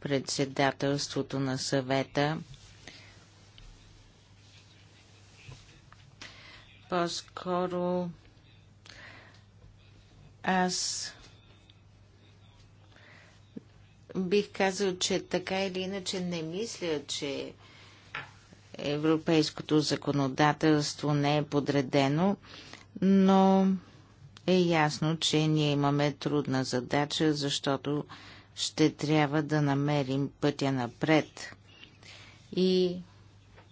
председателството на съвета. По-скоро аз бих казал, че така или иначе не мисля, че европейското законодателство не е подредено, но е ясно, че ние имаме трудна задача, защото ще трябва да намерим пътя напред. И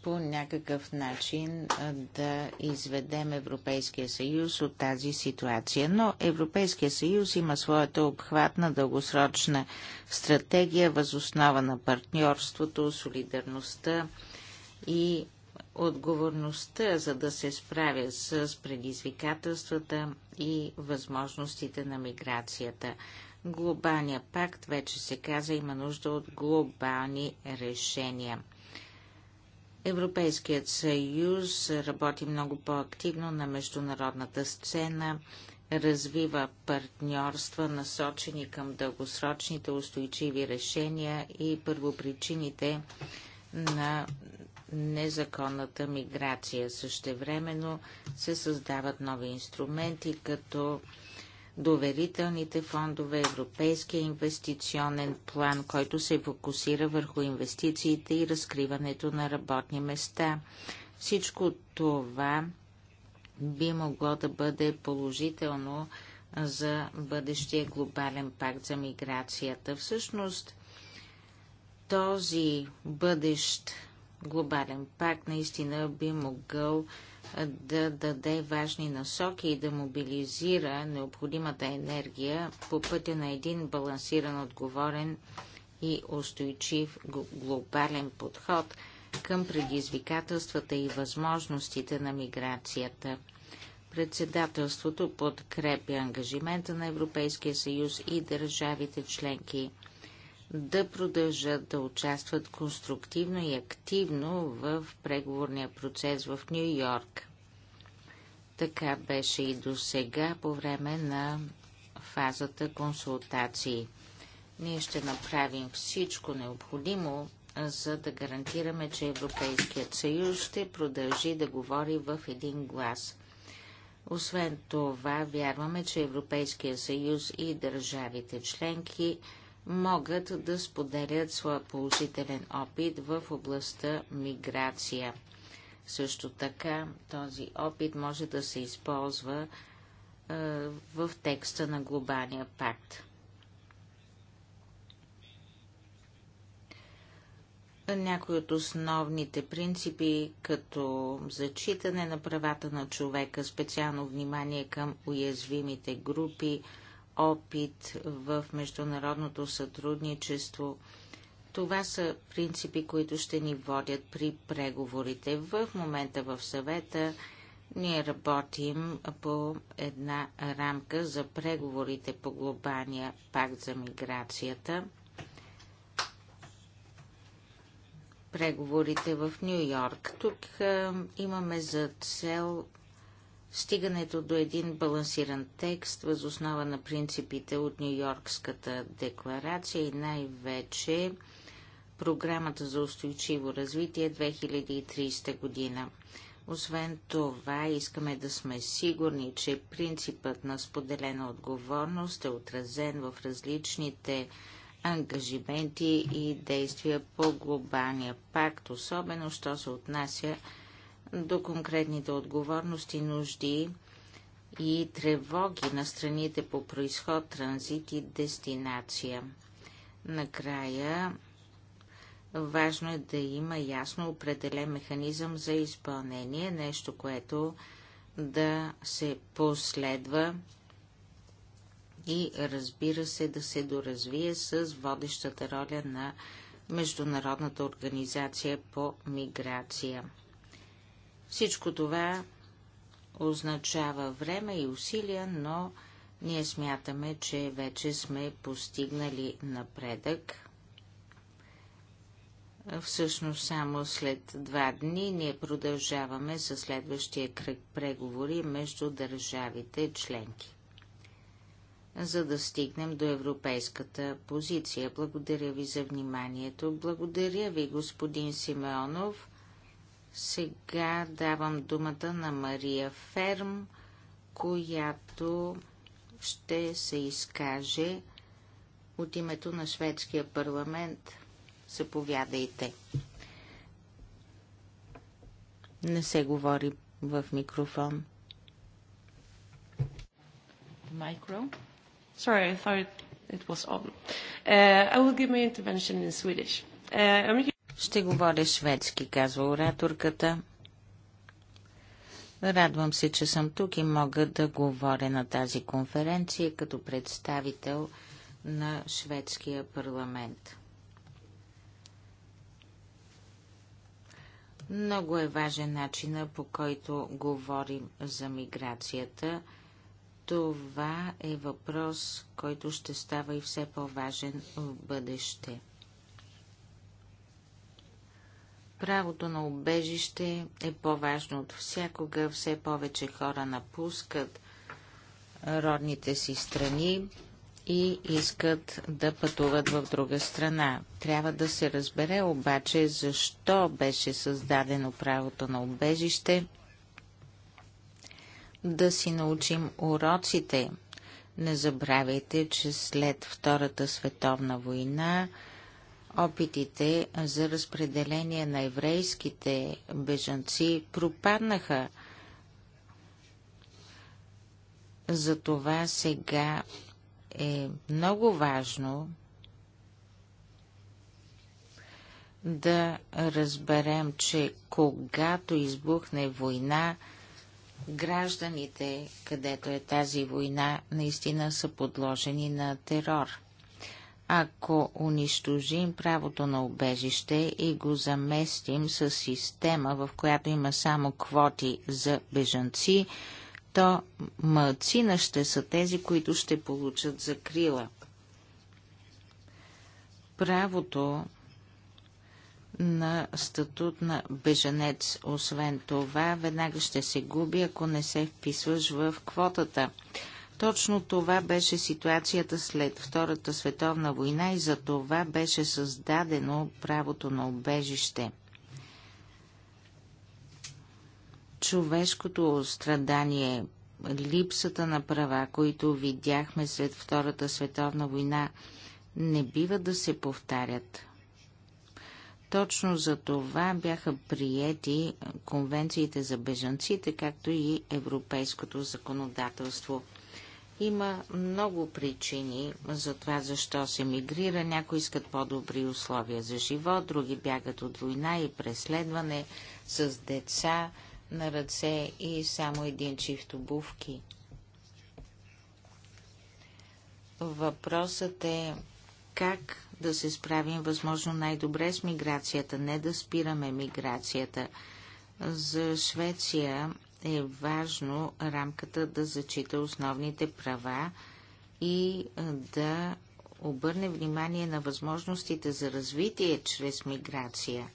по някакъв начин да изведем Европейския съюз от тази ситуация. Но Европейския съюз има своята обхватна дългосрочна стратегия, възоснова на партньорството, солидарността и отговорността, за да се справя с предизвикателствата и възможностите на миграцията. Глобалния пакт, вече се каза, има нужда от глобални решения. Европейският съюз работи много по-активно на международната сцена, развива партньорства, насочени към дългосрочните устойчиви решения и първопричините на незаконната миграция. Същевременно се създават нови инструменти, като доверителните фондове, Европейския инвестиционен план, който се фокусира върху инвестициите и разкриването на работни места. Всичко това би могло да бъде положително за бъдещия глобален пакт за миграцията. Всъщност, този бъдещ глобален пакт наистина би могъл да даде важни насоки и да мобилизира необходимата енергия по пътя на един балансиран, отговорен и устойчив глобален подход към предизвикателствата и възможностите на миграцията. Председателството подкрепя ангажимента на Европейския съюз и държавите членки – да продължат да участват конструктивно и активно в преговорния процес в Нью Йорк. Така беше и до сега по време на фазата консултации. Ние ще направим всичко необходимо, за да гарантираме, че Европейският съюз ще продължи да говори в един глас. Освен това, вярваме, че Европейския съюз и държавите членки – могат да споделят своя положителен опит в областта миграция. Също така този опит може да се използва в текста на глобалния пакт. Някои от основните принципи, като зачитане на правата на човека, специално внимание към уязвимите групи, опит в международното сътрудничество. Това са принципи, които ще ни водят при преговорите. В момента в съвета ние работим по една рамка за преговорите по глобалния пакт за миграцията. Преговорите в Нью Йорк. Тук а, имаме за цел стигането до един балансиран текст възоснова на принципите от Нью-Йоркската декларация и най-вече програмата за устойчиво развитие 2030 година. Освен това, искаме да сме сигурни, че принципът на споделена отговорност е отразен в различните ангажименти и действия по глобалния пакт, особено що се отнася до конкретните отговорности, нужди и тревоги на страните по происход, транзит и дестинация. Накрая важно е да има ясно определен механизъм за изпълнение, нещо, което да се последва и разбира се да се доразвие с водещата роля на Международната организация по миграция. Всичко това означава време и усилия, но ние смятаме, че вече сме постигнали напредък. Всъщност само след два дни ние продължаваме със следващия кръг преговори между държавите членки, за да стигнем до европейската позиция. Благодаря ви за вниманието. Благодаря ви, господин Симеонов. Сега давам думата на Мария Ферм, която ще се изкаже от името на шведския парламент. Заповядайте. Не се говори в микрофон. Micro? Sorry, I thought it was on. Uh, I will give my intervention in Swedish. Uh, ще говоря шведски, казва ораторката. Радвам се, че съм тук и мога да говоря на тази конференция като представител на шведския парламент. Много е важен начина по който говорим за миграцията. Това е въпрос, който ще става и все по-важен в бъдеще. Правото на убежище е по-важно от всякога. Все повече хора напускат родните си страни и искат да пътуват в друга страна. Трябва да се разбере обаче защо беше създадено правото на убежище, да си научим уроците. Не забравяйте, че след Втората световна война Опитите за разпределение на еврейските бежанци пропаднаха. Затова сега е много важно да разберем, че когато избухне война, гражданите, където е тази война, наистина са подложени на терор. Ако унищожим правото на убежище и го заместим с система, в която има само квоти за бежанци, то мълцина ще са тези, които ще получат закрила. Правото на статут на беженец. Освен това, веднага ще се губи, ако не се вписваш в квотата. Точно това беше ситуацията след Втората световна война и за това беше създадено правото на обежище. Човешкото страдание, липсата на права, които видяхме след Втората световна война, не бива да се повтарят. Точно за това бяха приети конвенциите за бежанците, както и европейското законодателство – има много причини за това, защо се мигрира. Някои искат по-добри условия за живот, други бягат от война и преследване с деца на ръце и само един чифт обувки. Въпросът е как да се справим възможно най-добре с миграцията, не да спираме миграцията. За Швеция е важно рамката да зачита основните права и да обърне внимание на възможностите за развитие чрез миграция.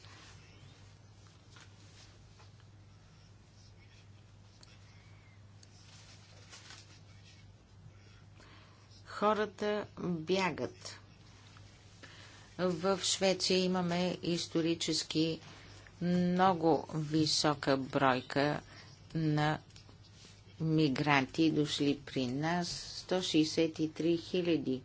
Хората бягат. В Швеция имаме исторически много висока бройка на мигранти, дошли при нас 163 хиляди.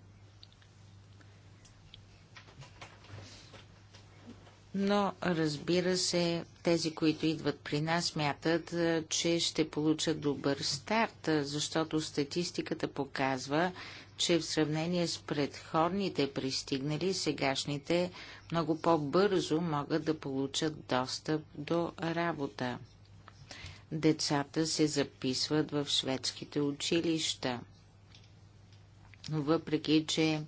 Но, разбира се, тези, които идват при нас, смятат, че ще получат добър старт, защото статистиката показва, че в сравнение с предходните пристигнали, сегашните много по-бързо могат да получат достъп до работа децата се записват в шведските училища. Въпреки, че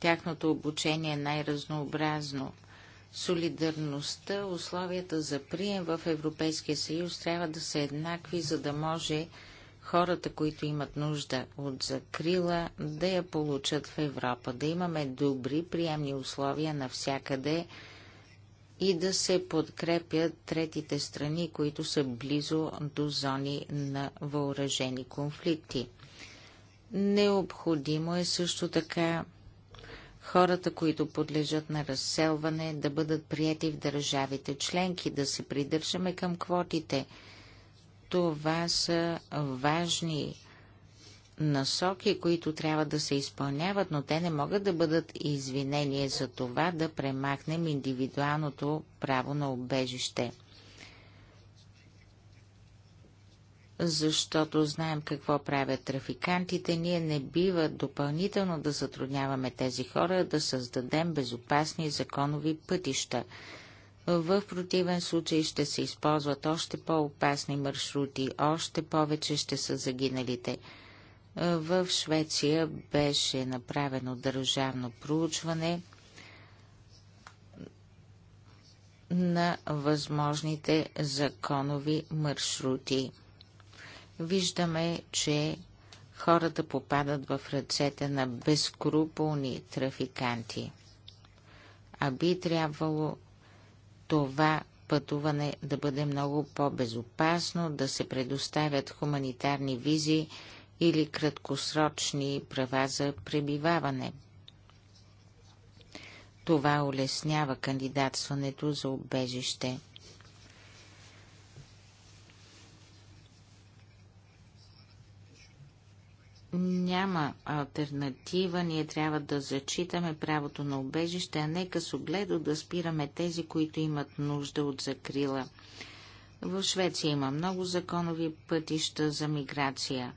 тяхното обучение е най-разнообразно. Солидарността, условията за прием в Европейския съюз трябва да са еднакви, за да може хората, които имат нужда от закрила, да я получат в Европа, да имаме добри приемни условия навсякъде, и да се подкрепят третите страни, които са близо до зони на въоръжени конфликти. Необходимо е също така хората, които подлежат на разселване, да бъдат прияти в държавите членки, да се придържаме към квотите. Това са важни насоки, които трябва да се изпълняват, но те не могат да бъдат извинение за това да премахнем индивидуалното право на обежище. Защото знаем какво правят трафикантите, ние не бива допълнително да затрудняваме тези хора да създадем безопасни законови пътища. В противен случай ще се използват още по-опасни маршрути, още повече ще са загиналите. В Швеция беше направено държавно проучване на възможните законови маршрути. Виждаме, че хората попадат в ръцете на безкруполни трафиканти. А би трябвало това пътуване да бъде много по-безопасно, да се предоставят хуманитарни визи или краткосрочни права за пребиваване. Това улеснява кандидатстването за убежище. няма альтернатива, ние трябва да зачитаме правото на убежище, а нека с огледо да спираме тези, които имат нужда от закрила. В Швеция има много законови пътища за миграция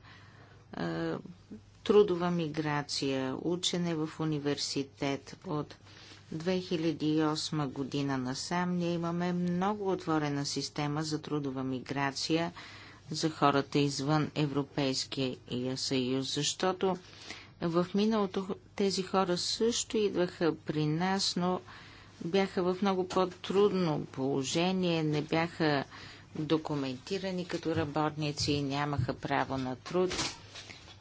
трудова миграция, учене в университет от 2008 година насам ние имаме много отворена система за трудова миграция за хората извън Европейския съюз, защото в миналото тези хора също идваха при нас, но бяха в много по-трудно положение, не бяха документирани като работници, нямаха право на труд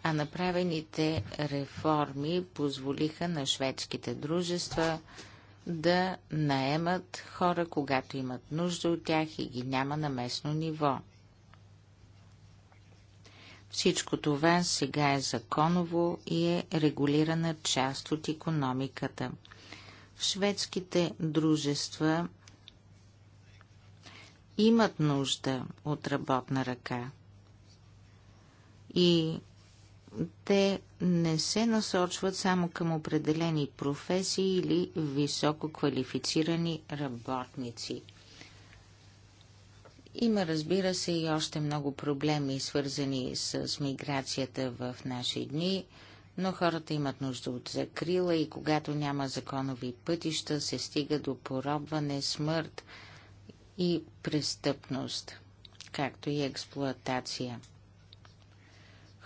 а направените реформи позволиха на шведските дружества да наемат хора, когато имат нужда от тях и ги няма на местно ниво. Всичко това сега е законово и е регулирана част от економиката. Шведските дружества имат нужда от работна ръка. И те не се насочват само към определени професии или високо квалифицирани работници. Има, разбира се, и още много проблеми, свързани с миграцията в наши дни, но хората имат нужда от закрила и когато няма законови пътища, се стига до поробване, смърт и престъпност, както и експлоатация.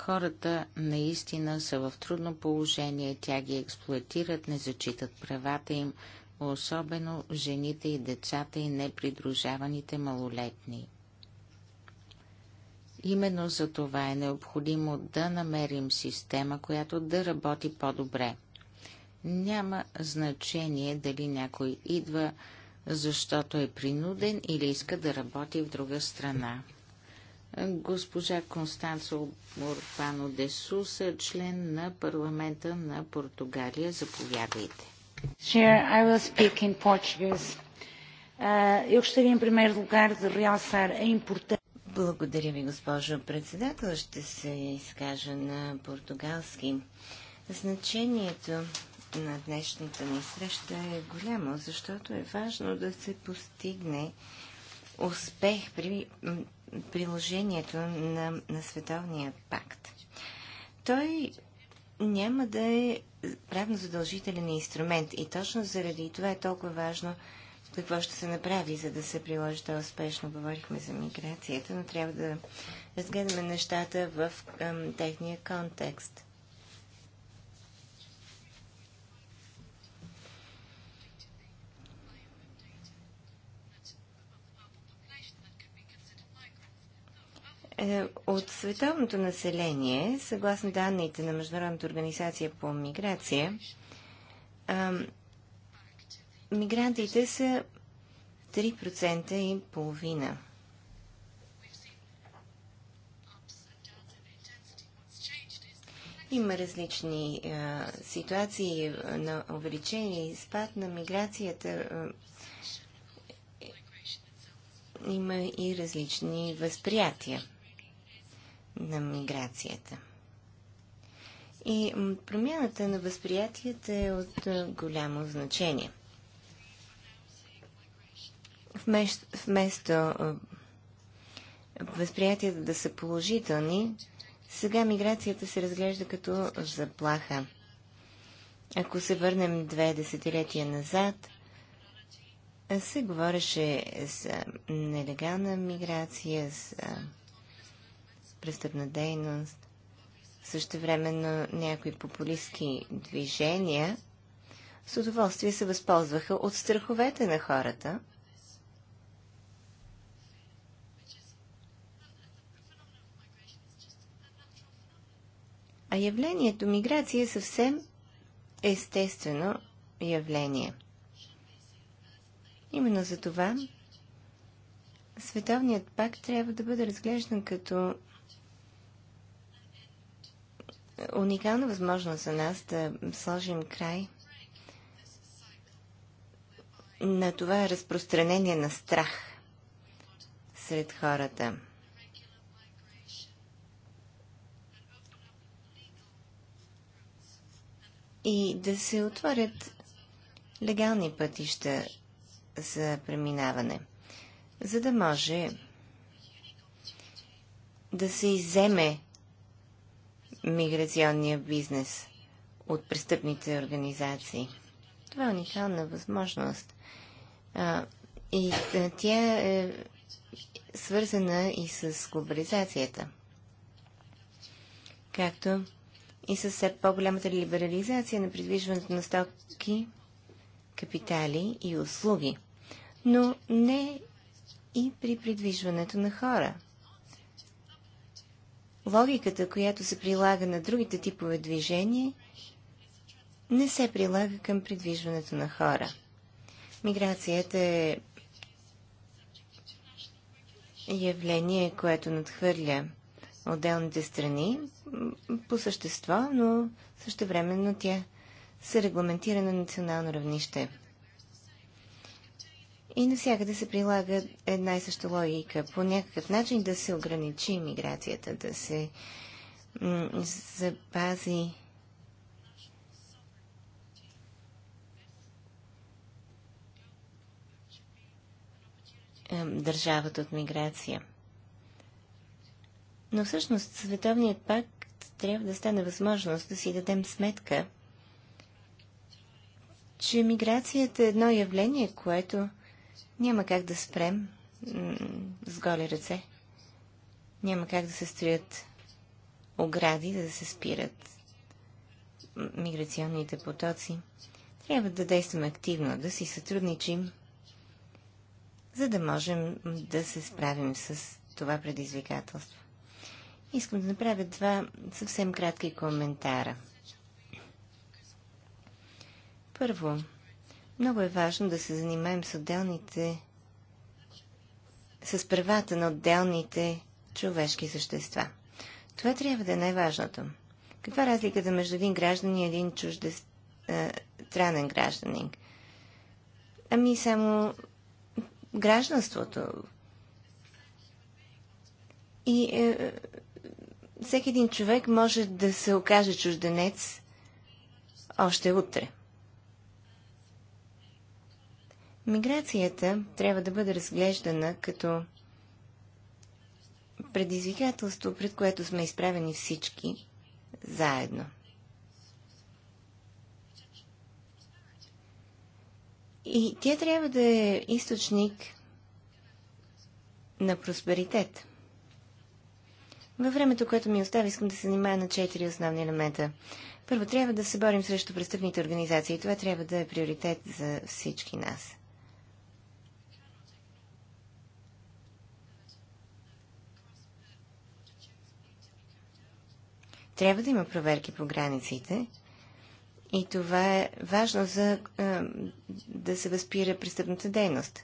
Хората наистина са в трудно положение, тя ги експлуатират, не зачитат правата им, особено жените и децата и непридружаваните малолетни. Именно за това е необходимо да намерим система, която да работи по-добре. Няма значение дали някой идва, защото е принуден или иска да работи в друга страна госпожа Констанцо Морпано де Суса, член на парламента на Португалия. Заповядайте. Chair, I will speak in Portuguese. Uh, eu gostaria, em primeiro lugar, de realçar a importância. Благодаря ви, госпожо председател. Ще се изкажа на португалски. Значението на днешната ни среща е голямо, защото е важно да се постигне успех при приложението на, на Световния пакт. Той няма да е правно задължителен инструмент и точно заради това е толкова важно какво ще се направи, за да се приложи то успешно. Говорихме за миграцията, но трябва да разгледаме нещата в към, техния контекст. Е, от световното население, съгласно данните на Международната организация по миграция, мигрантите са 3% и половина. Има различни ситуации на увеличение и спад на миграцията. Има и различни възприятия на миграцията. И промяната на възприятията е от голямо значение. Вместо, вместо възприятията да са положителни, сега миграцията се разглежда като заплаха. Ако се върнем две десетилетия назад, се говореше за нелегална миграция, за престъпна дейност, също на някои популистски движения, с удоволствие се възползваха от страховете на хората. А явлението миграция е съвсем естествено явление. Именно за това Световният пакт трябва да бъде разглеждан като уникална възможност за нас да сложим край на това разпространение на страх сред хората. И да се отворят легални пътища за преминаване, за да може да се иземе миграционния бизнес от престъпните организации. Това е уникална възможност. А, и тя е свързана и с глобализацията, както и с все по-голямата либерализация на придвижването на стоки, капитали и услуги, но не и при придвижването на хора – логиката, която се прилага на другите типове движение, не се прилага към придвижването на хора. Миграцията е явление, което надхвърля отделните страни по същество, но същевременно тя се регламентира на национално равнище. И навсякъде се прилага една и съща логика. По някакъв начин да се ограничи миграцията, да се запази държавата от миграция. Но всъщност Световният пакт трябва да стане възможност да си дадем сметка, че миграцията е едно явление, което няма как да спрем с голи ръце. Няма как да се строят огради, да се спират миграционните потоци. Трябва да действаме активно, да си сътрудничим, за да можем да се справим с това предизвикателство. Искам да направя два съвсем кратки коментара. Първо, много е важно да се занимаем с отделните с правата на отделните човешки същества. Това трябва да е най-важното. Каква е разликата между един гражданин и един чужде е, странен гражданин? Ами само гражданството. И е, всеки един човек може да се окаже чужденец още утре. Миграцията трябва да бъде разглеждана като предизвикателство, пред което сме изправени всички заедно. И тя трябва да е източник на просперитет. Във времето, което ми остави, искам да се занимая на четири основни елемента. Първо, трябва да се борим срещу престъпните организации. Това трябва да е приоритет за всички нас. Трябва да има проверки по границите и това е важно за е, да се възпира престъпната дейност.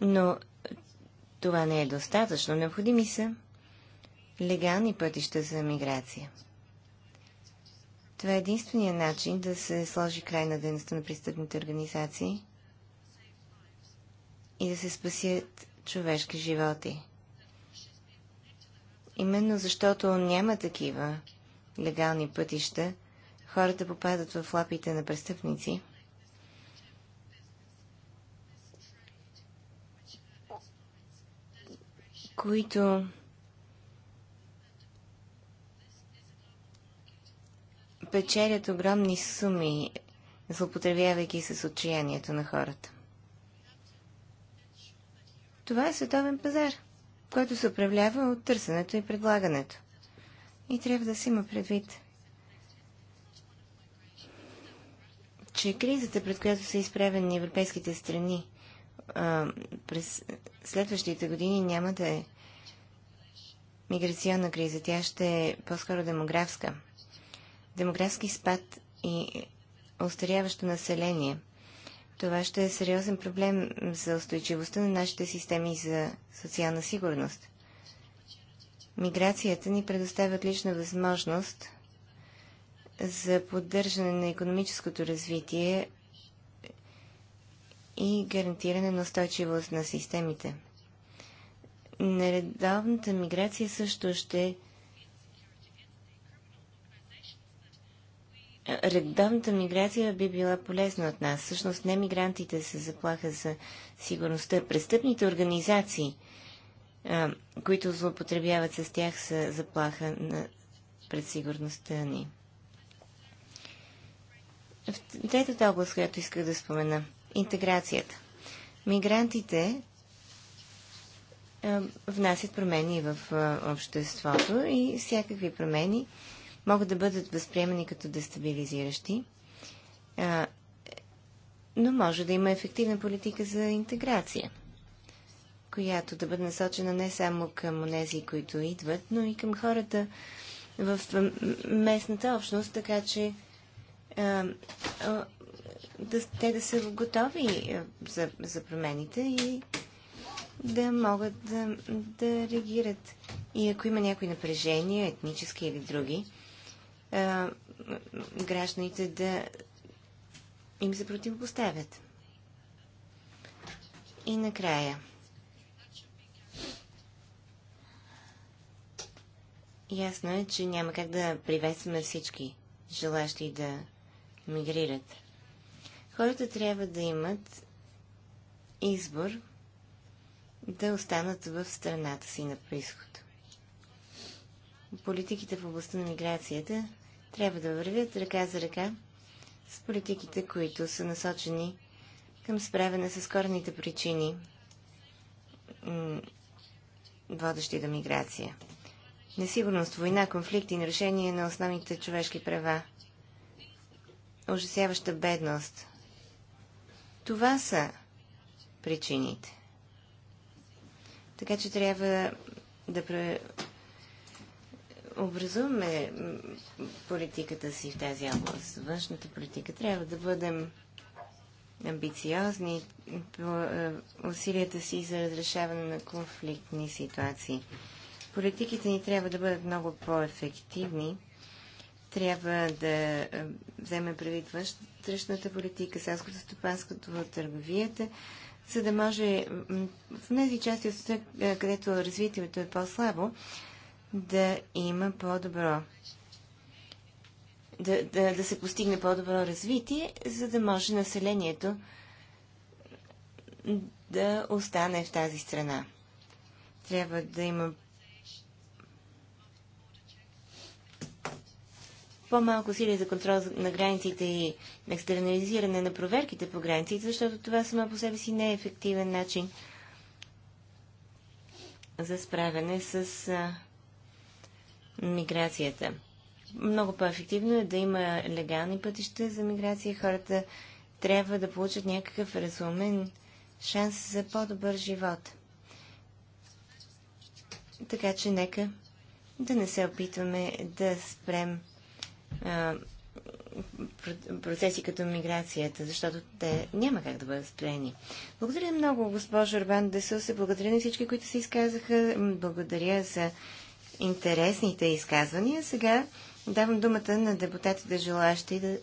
Но това не е достатъчно. Необходими са легални пътища за миграция. Това е единствения начин да се сложи край на дейността на престъпните организации – и да се спасят човешки животи. Именно защото няма такива легални пътища, хората попадат в лапите на престъпници. които печелят огромни суми, злоупотребявайки с отчаянието на хората. Това е световен пазар, който се управлява от търсенето и предлагането. И трябва да се има предвид, че кризата, пред която са изправени европейските страни през следващите години, няма да е миграционна криза. Тя ще е по-скоро демографска. Демографски спад и остаряващо население – това ще е сериозен проблем за устойчивостта на нашите системи за социална сигурност. Миграцията ни предоставя отлична възможност за поддържане на економическото развитие и гарантиране на устойчивост на системите. Нередовната миграция също ще редовната миграция би била полезна от нас. Всъщност не мигрантите се заплаха за сигурността. Престъпните организации, а, които злоупотребяват с тях, са заплаха на, пред сигурността ни. В третата област, която исках да спомена – интеграцията. Мигрантите а, внасят промени в а, обществото и всякакви промени – могат да бъдат възприемани като дестабилизиращи, а, но може да има ефективна политика за интеграция, която да бъде насочена не само към тези, които идват, но и към хората в местната общност, така че а, а, да, те да са готови за, за промените и да могат да, да реагират. И ако има някои напрежения, етнически или други, а, гражданите да им се противопоставят. И накрая. Ясно е, че няма как да приветстваме всички желащи да мигрират. Хората трябва да имат избор да останат в страната си на происход политиките в областта на миграцията трябва да вървят ръка за ръка с политиките, които са насочени към справяне с корните причини, водещи до миграция. Несигурност, война, конфликти и нарушение на основните човешки права. Ужасяваща бедност. Това са причините. Така че трябва да образуваме политиката си в тази област, външната политика, трябва да бъдем амбициозни по е, усилията си за разрешаване на конфликтни ситуации. Политиките ни трябва да бъдат много по-ефективни. Трябва да е, вземе правит външната политика, селското стопанското, търговията, за да може в тези части, където развитието е по-слабо, да има по-добро. Да, да, да се постигне по-добро развитие, за да може населението да остане в тази страна. Трябва да има по-малко сили за контрол на границите и екстернализиране на проверките по границите, защото това само по себе си не е ефективен начин за справяне с а, миграцията. Много по-ефективно е да има легални пътища за миграция. Хората трябва да получат някакъв разумен шанс за по-добър живот. Така че нека да не се опитваме да спрем а, процеси като миграцията, защото те няма как да бъдат спрени. Благодаря много, госпожо Орбан Десус. Благодаря на всички, които се изказаха. Благодаря за интересните изказвания. Сега давам думата на депутатите, желащи да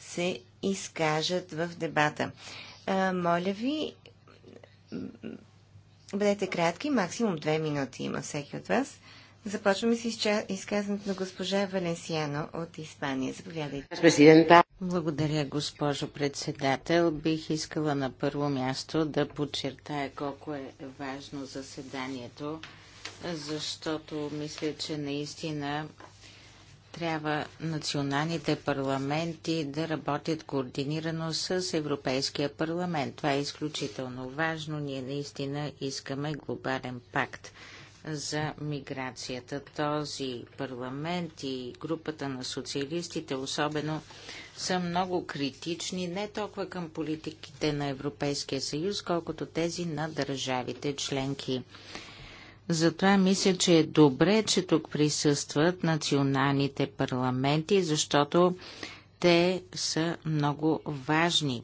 се изкажат в дебата. А, моля ви, бъдете кратки, максимум две минути има всеки от вас. Започваме с изказването на госпожа Валенсиано от Испания. Заповядайте. Благодаря, госпожо председател. Бих искала на първо място да подчертая колко е важно заседанието защото мисля, че наистина трябва националните парламенти да работят координирано с Европейския парламент. Това е изключително важно. Ние наистина искаме глобален пакт за миграцията. Този парламент и групата на социалистите особено са много критични не толкова към политиките на Европейския съюз, колкото тези на държавите членки. Затова мисля, че е добре, че тук присъстват националните парламенти, защото те са много важни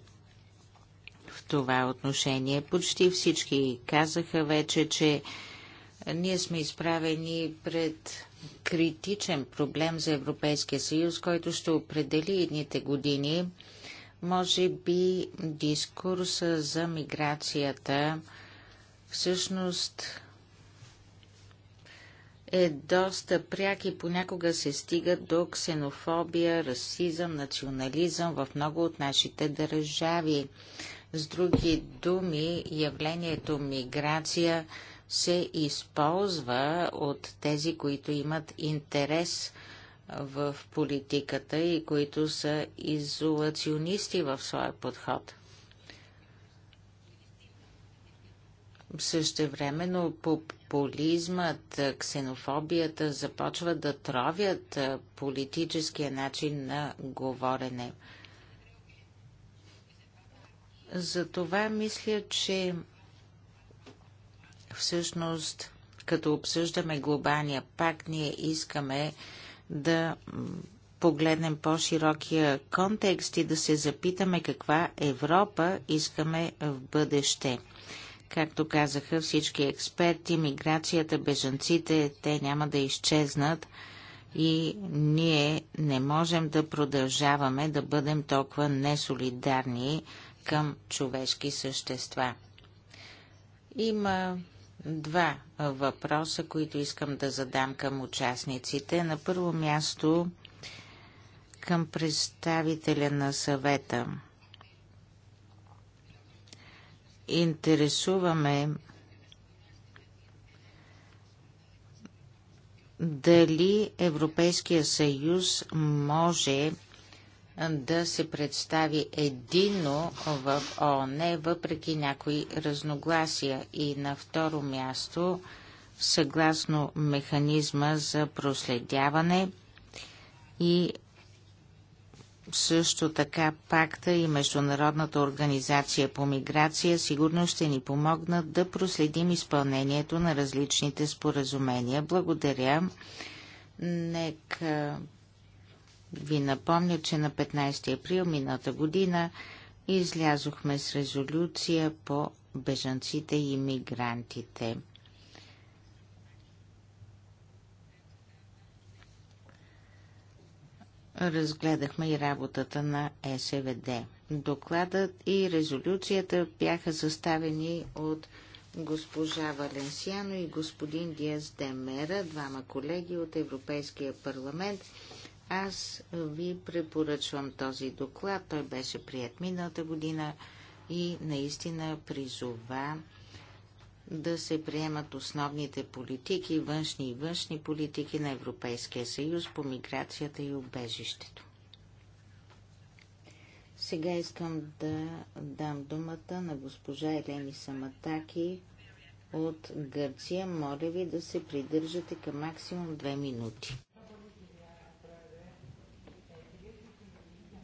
в това отношение. Почти всички казаха вече, че ние сме изправени пред критичен проблем за Европейския съюз, който ще определи едните години. Може би дискурса за миграцията всъщност е доста пряк и понякога се стига до ксенофобия, расизъм, национализъм в много от нашите държави. С други думи, явлението миграция се използва от тези, които имат интерес в политиката и които са изолационисти в своя подход. Също но популизмът, ксенофобията започват да тровят политическия начин на говорене. Затова мисля, че всъщност, като обсъждаме глобалния пакт, ние искаме да погледнем по-широкия контекст и да се запитаме каква Европа искаме в бъдеще. Както казаха всички експерти, миграцията, бежанците, те няма да изчезнат и ние не можем да продължаваме да бъдем толкова несолидарни към човешки същества. Има два въпроса, които искам да задам към участниците. На първо място към представителя на съвета интересуваме дали Европейския съюз може да се представи едино в ООН, въпреки някои разногласия. И на второ място, съгласно механизма за проследяване и също така пакта и Международната организация по миграция сигурно ще ни помогнат да проследим изпълнението на различните споразумения. Благодаря. Нека ви напомня, че на 15 април мината година излязохме с резолюция по бежанците и мигрантите. разгледахме и работата на СВД. Докладът и резолюцията бяха съставени от госпожа Валенсиано и господин Диас Демера, двама колеги от Европейския парламент. Аз ви препоръчвам този доклад. Той беше прият миналата година и наистина призова да се приемат основните политики, външни и външни политики на Европейския съюз по миграцията и убежището. Сега искам да дам думата на госпожа Елени Саматаки от Гърция. Моля ви да се придържате към максимум две минути.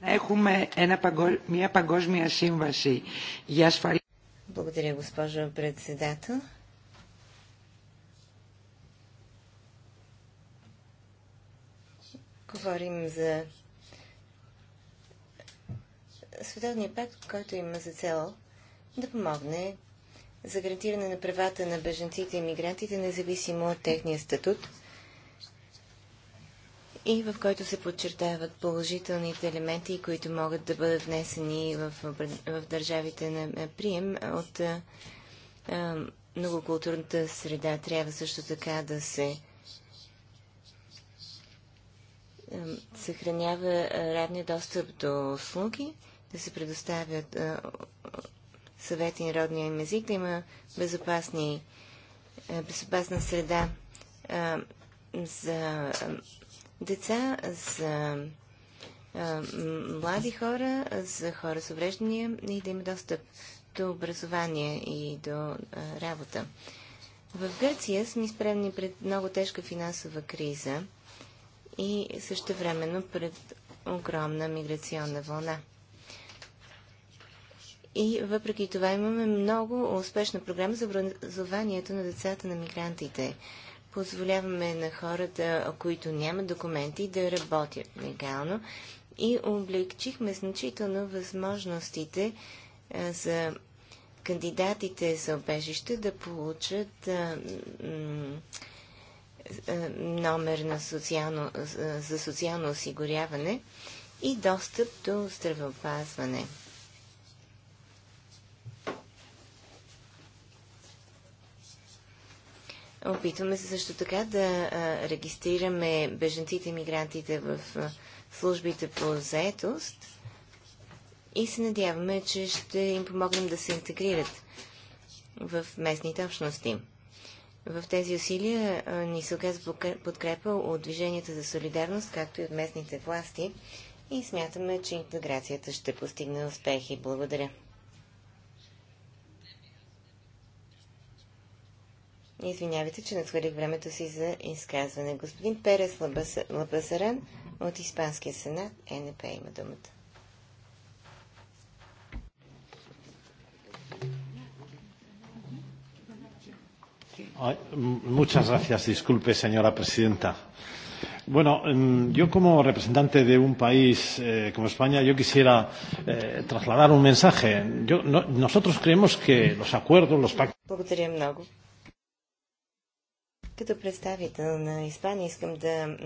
Έχουμε ένα, παγκόσμια σύμβαση για ασφαλή благодаря, госпожо председател. Говорим за Световния пакт, който има за цел да помогне за гарантиране на правата на беженците и мигрантите, независимо от техния статут и в който се подчертават положителните елементи, които могат да бъдат внесени в, в държавите на прием от а, многокултурната среда. Трябва също така да се а, съхранява равния достъп до услуги, да се предоставят а, съвети на родния им език, да има безопасни, безопасна среда за деца, за млади хора, за хора с увреждания и да има достъп до образование и до работа. В Гърция сме изправени пред много тежка финансова криза и също времено пред огромна миграционна вълна. И въпреки това имаме много успешна програма за образованието на децата на мигрантите позволяваме на хората, които нямат документи, да работят легално и облегчихме значително възможностите за кандидатите за обежище да получат номер на социално, за социално осигуряване и достъп до здравеопазване. Опитваме се също така да регистрираме беженците и мигрантите в службите по заетост и се надяваме, че ще им помогнем да се интегрират в местните общности. В тези усилия ни се оказва подкрепа от Движението за солидарност, както и от местните власти и смятаме, че интеграцията ще постигне успехи. Благодаря. Извинявайте, че надхвърлих времето си за изказване. Господин Перес Лабазаран от Испанския сенат, НП има думата. Muchas gracias. Disculpe, señora presidenta. Bueno, yo como representante de un país eh, como España, yo quisiera eh, trasladar un mensaje. Yo, no, nosotros creemos que los acuerdos, los pactos. Като представител на Испания искам да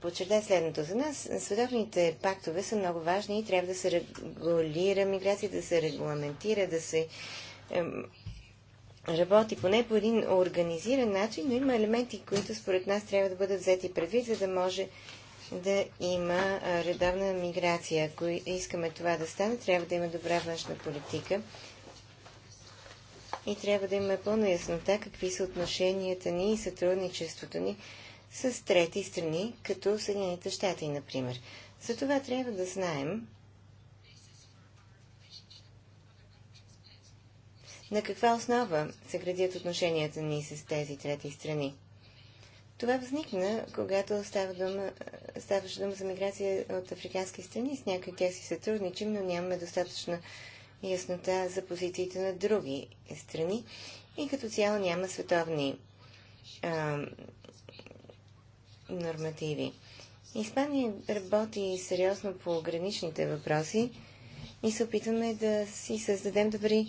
подчертая следното. За нас световните пактове са много важни и трябва да се регулира миграцията, да се регламентира, да се работи поне по един организиран начин, но има елементи, които според нас трябва да бъдат взети предвид, за да може да има редовна миграция. Ако искаме това да стане, трябва да има добра външна политика и трябва да имаме пълна яснота какви са отношенията ни и сътрудничеството ни с трети страни, като Съединените щати, например. За това трябва да знаем на каква основа се градят отношенията ни с тези трети страни. Това възникна, когато става дума, ставаше дума за миграция от африкански страни. С някои тях си сътрудничим, но нямаме достатъчна яснота за позициите на други страни и като цяло няма световни а, нормативи. Испания работи сериозно по граничните въпроси и се опитваме да си създадем добри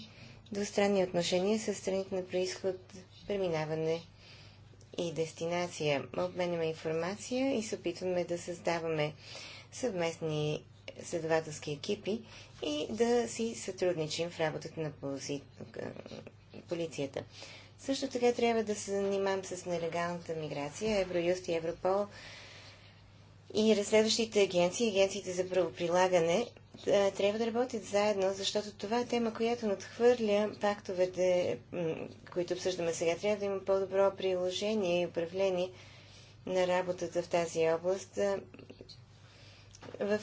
двустранни отношения с страните на происход, преминаване и дестинация. Обменяме информация и се опитваме да създаваме съвместни следователски екипи и да си сътрудничим в работата на полицията. Също така трябва да се занимавам с нелегалната миграция, Евроюст и Европол и разследващите агенции, агенциите за правоприлагане трябва да работят заедно, защото това е тема, която надхвърля пактовете, които обсъждаме сега. Трябва да има по-добро приложение и управление на работата в тази област в,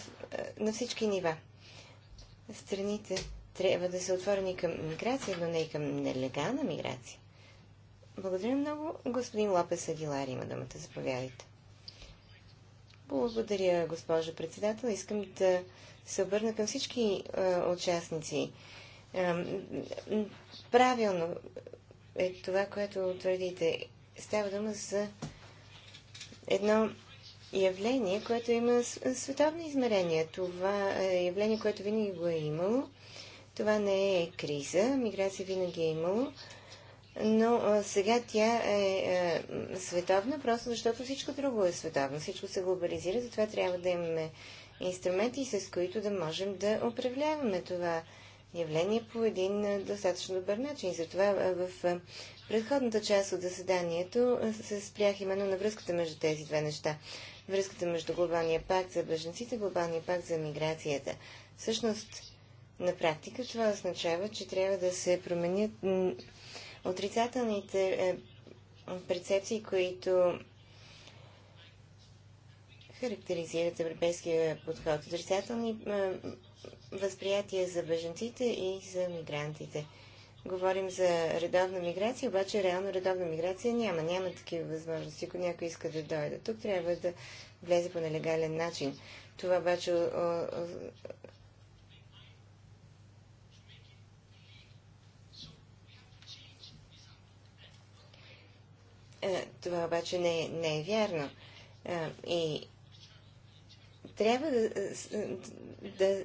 на всички нива страните трябва да са отворени към миграция, но не и към нелегална миграция. Благодаря много. Господин Лопес Агилар има думата. Заповядайте. Благодаря, госпожо председател. Искам да се обърна към всички е, участници. Е, правилно е това, което твърдите. Става дума за едно явление, което има е, световни измерения. Това е явление, което винаги го е имало. Това не е криза. Миграция винаги е имало. Но а, сега тя е а, е, световна, просто защото всичко друго е световно. Всичко се глобализира, затова трябва да имаме инструменти, с които да можем да управляваме това явление по един достатъчно добър начин. Затова в предходната част от заседанието се спрях именно на връзката между тези две неща връзката между глобалния пакт за беженците и глобалния пакт за миграцията. Всъщност, на практика това означава, че трябва да се променят отрицателните е, перцепции, които характеризират европейския подход. Отрицателни възприятия за беженците и за мигрантите говорим за редовна миграция, обаче реално редовна миграция няма. Няма такива възможности. Ако някой иска да дойде тук, трябва да влезе по нелегален начин. Това обаче о, о, е, Това обаче не, не е вярно. Е, и трябва да, да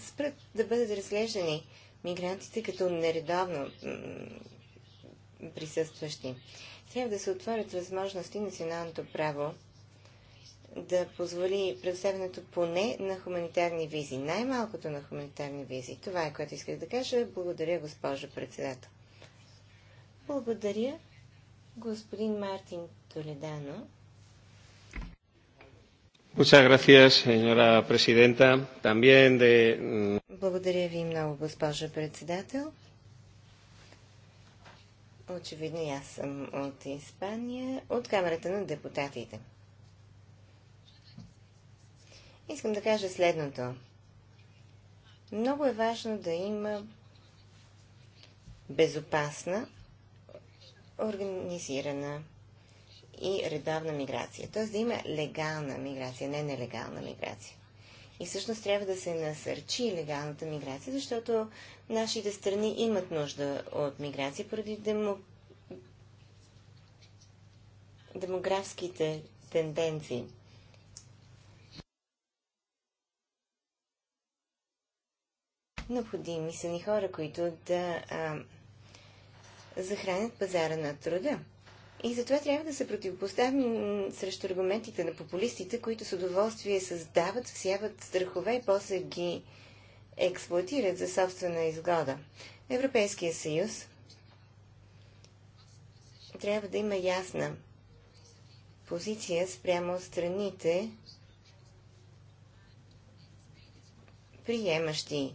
спрат да бъдат разглеждани мигрантите като нередовно присъстващи. Трябва да се отворят възможности националното право да позволи предоставянето поне на хуманитарни визи, най-малкото на хуманитарни визи. Това е което исках да кажа. Благодаря, госпожо председател. Благодаря, господин Мартин Толедано. Mm, Благодаря ви много, госпожа председател. Очевидно аз съм от Испания, от Камерата на депутатите. Искам да кажа следното. Много е важно да има безопасна, организирана и редовна миграция. Т.е. да има легална миграция, не нелегална миграция. И всъщност трябва да се насърчи легалната миграция, защото нашите страни имат нужда от миграция поради демо... демографските тенденции. Необходими са ни хора, които да а, захранят пазара на труда. И затова трябва да се противопоставим срещу аргументите на популистите, които с удоволствие създават, всяват страхове и после ги експлуатират за собствена изгода. Европейския съюз трябва да има ясна позиция спрямо страните, приемащи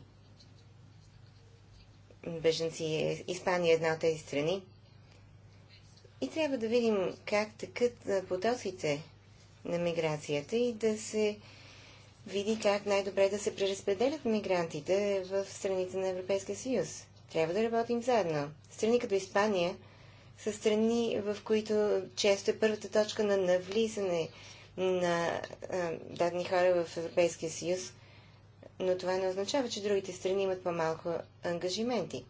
беженци. Испания е една от тези страни. И трябва да видим как такът потоците на миграцията и да се види как най-добре да се преразпределят мигрантите в страните на Европейския съюз. Трябва да работим заедно. Страни като Испания са страни, в които често е първата точка на навлизане на а, дадни хора в Европейския съюз, но това не означава, че другите страни имат по-малко ангажименти.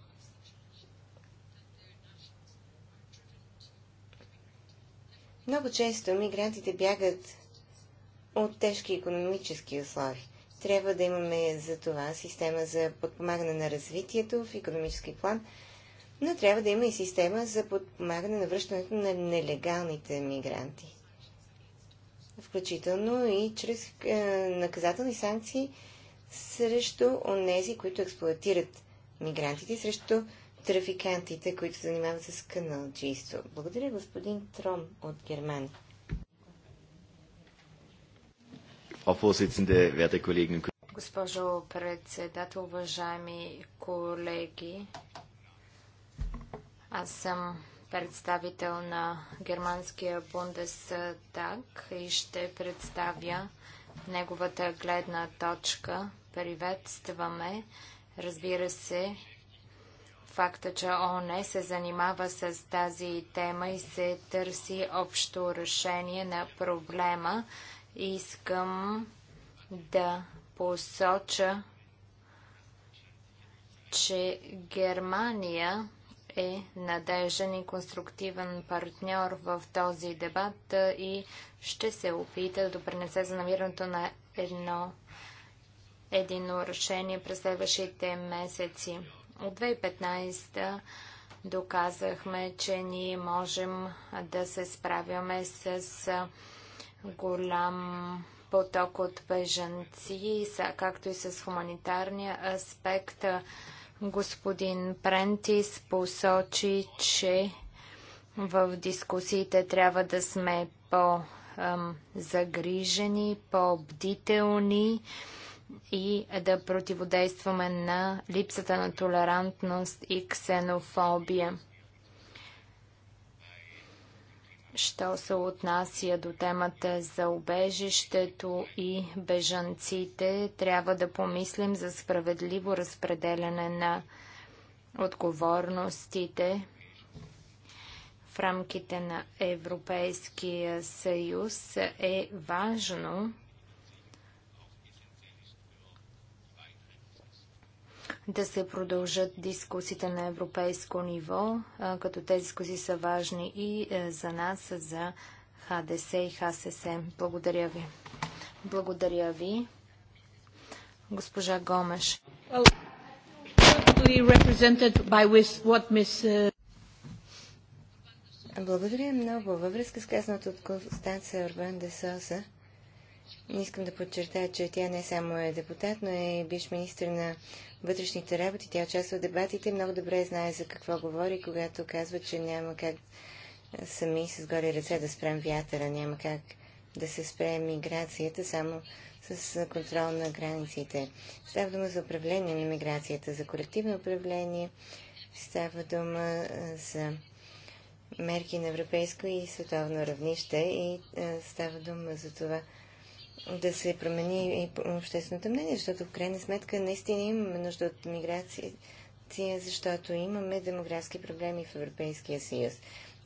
Много често мигрантите бягат от тежки економически услови. Трябва да имаме за това система за подпомагане на развитието в економически план, но трябва да има и система за подпомагане на връщането на нелегалните мигранти. Включително и чрез е, наказателни санкции срещу онези, които експлуатират мигрантите, срещу трафикантите, които занимават с каналчийство. Благодаря господин Тром от Германия. Госпожо председател, уважаеми колеги, аз съм представител на германския Бундестаг и ще представя неговата гледна точка. Приветстваме, разбира се, факта, че ООН се занимава с тази тема и се търси общо решение на проблема. Искам да посоча, че Германия е надежен и конструктивен партньор в този дебат и ще се опита да допринесе за намирането на едно едино решение през следващите месеци. От 2015 доказахме, че ние можем да се справяме с голям поток от бежанци, както и с хуманитарния аспект. Господин Прентис посочи, че в дискусиите трябва да сме по-загрижени, по-бдителни и да противодействаме на липсата на толерантност и ксенофобия. Що се отнася до темата за убежището и бежанците, трябва да помислим за справедливо разпределяне на отговорностите в рамките на Европейския съюз е важно да се продължат дискусите на европейско ниво, като тези дискусии са важни и е, за нас, за ХДС и ХСС. Благодаря ви. Благодаря ви. Госпожа Гомеш. Uh, Благодаря много. Във връзка с казаното от Констанция Орбан де Соса, Искам да подчертая, че тя не само е депутат, но е биш министр на вътрешните работи. Тя участва в дебатите и много добре знае за какво говори, когато казва, че няма как сами с горе ръце да спрем вятъра, няма как да се спре миграцията само с контрол на границите. Става дума за управление на миграцията, за колективно управление, става дума за мерки на европейско и световно равнище и става дума за това да се промени и общественото мнение, защото в крайна сметка наистина имаме нужда от миграция, защото имаме демографски проблеми в Европейския съюз.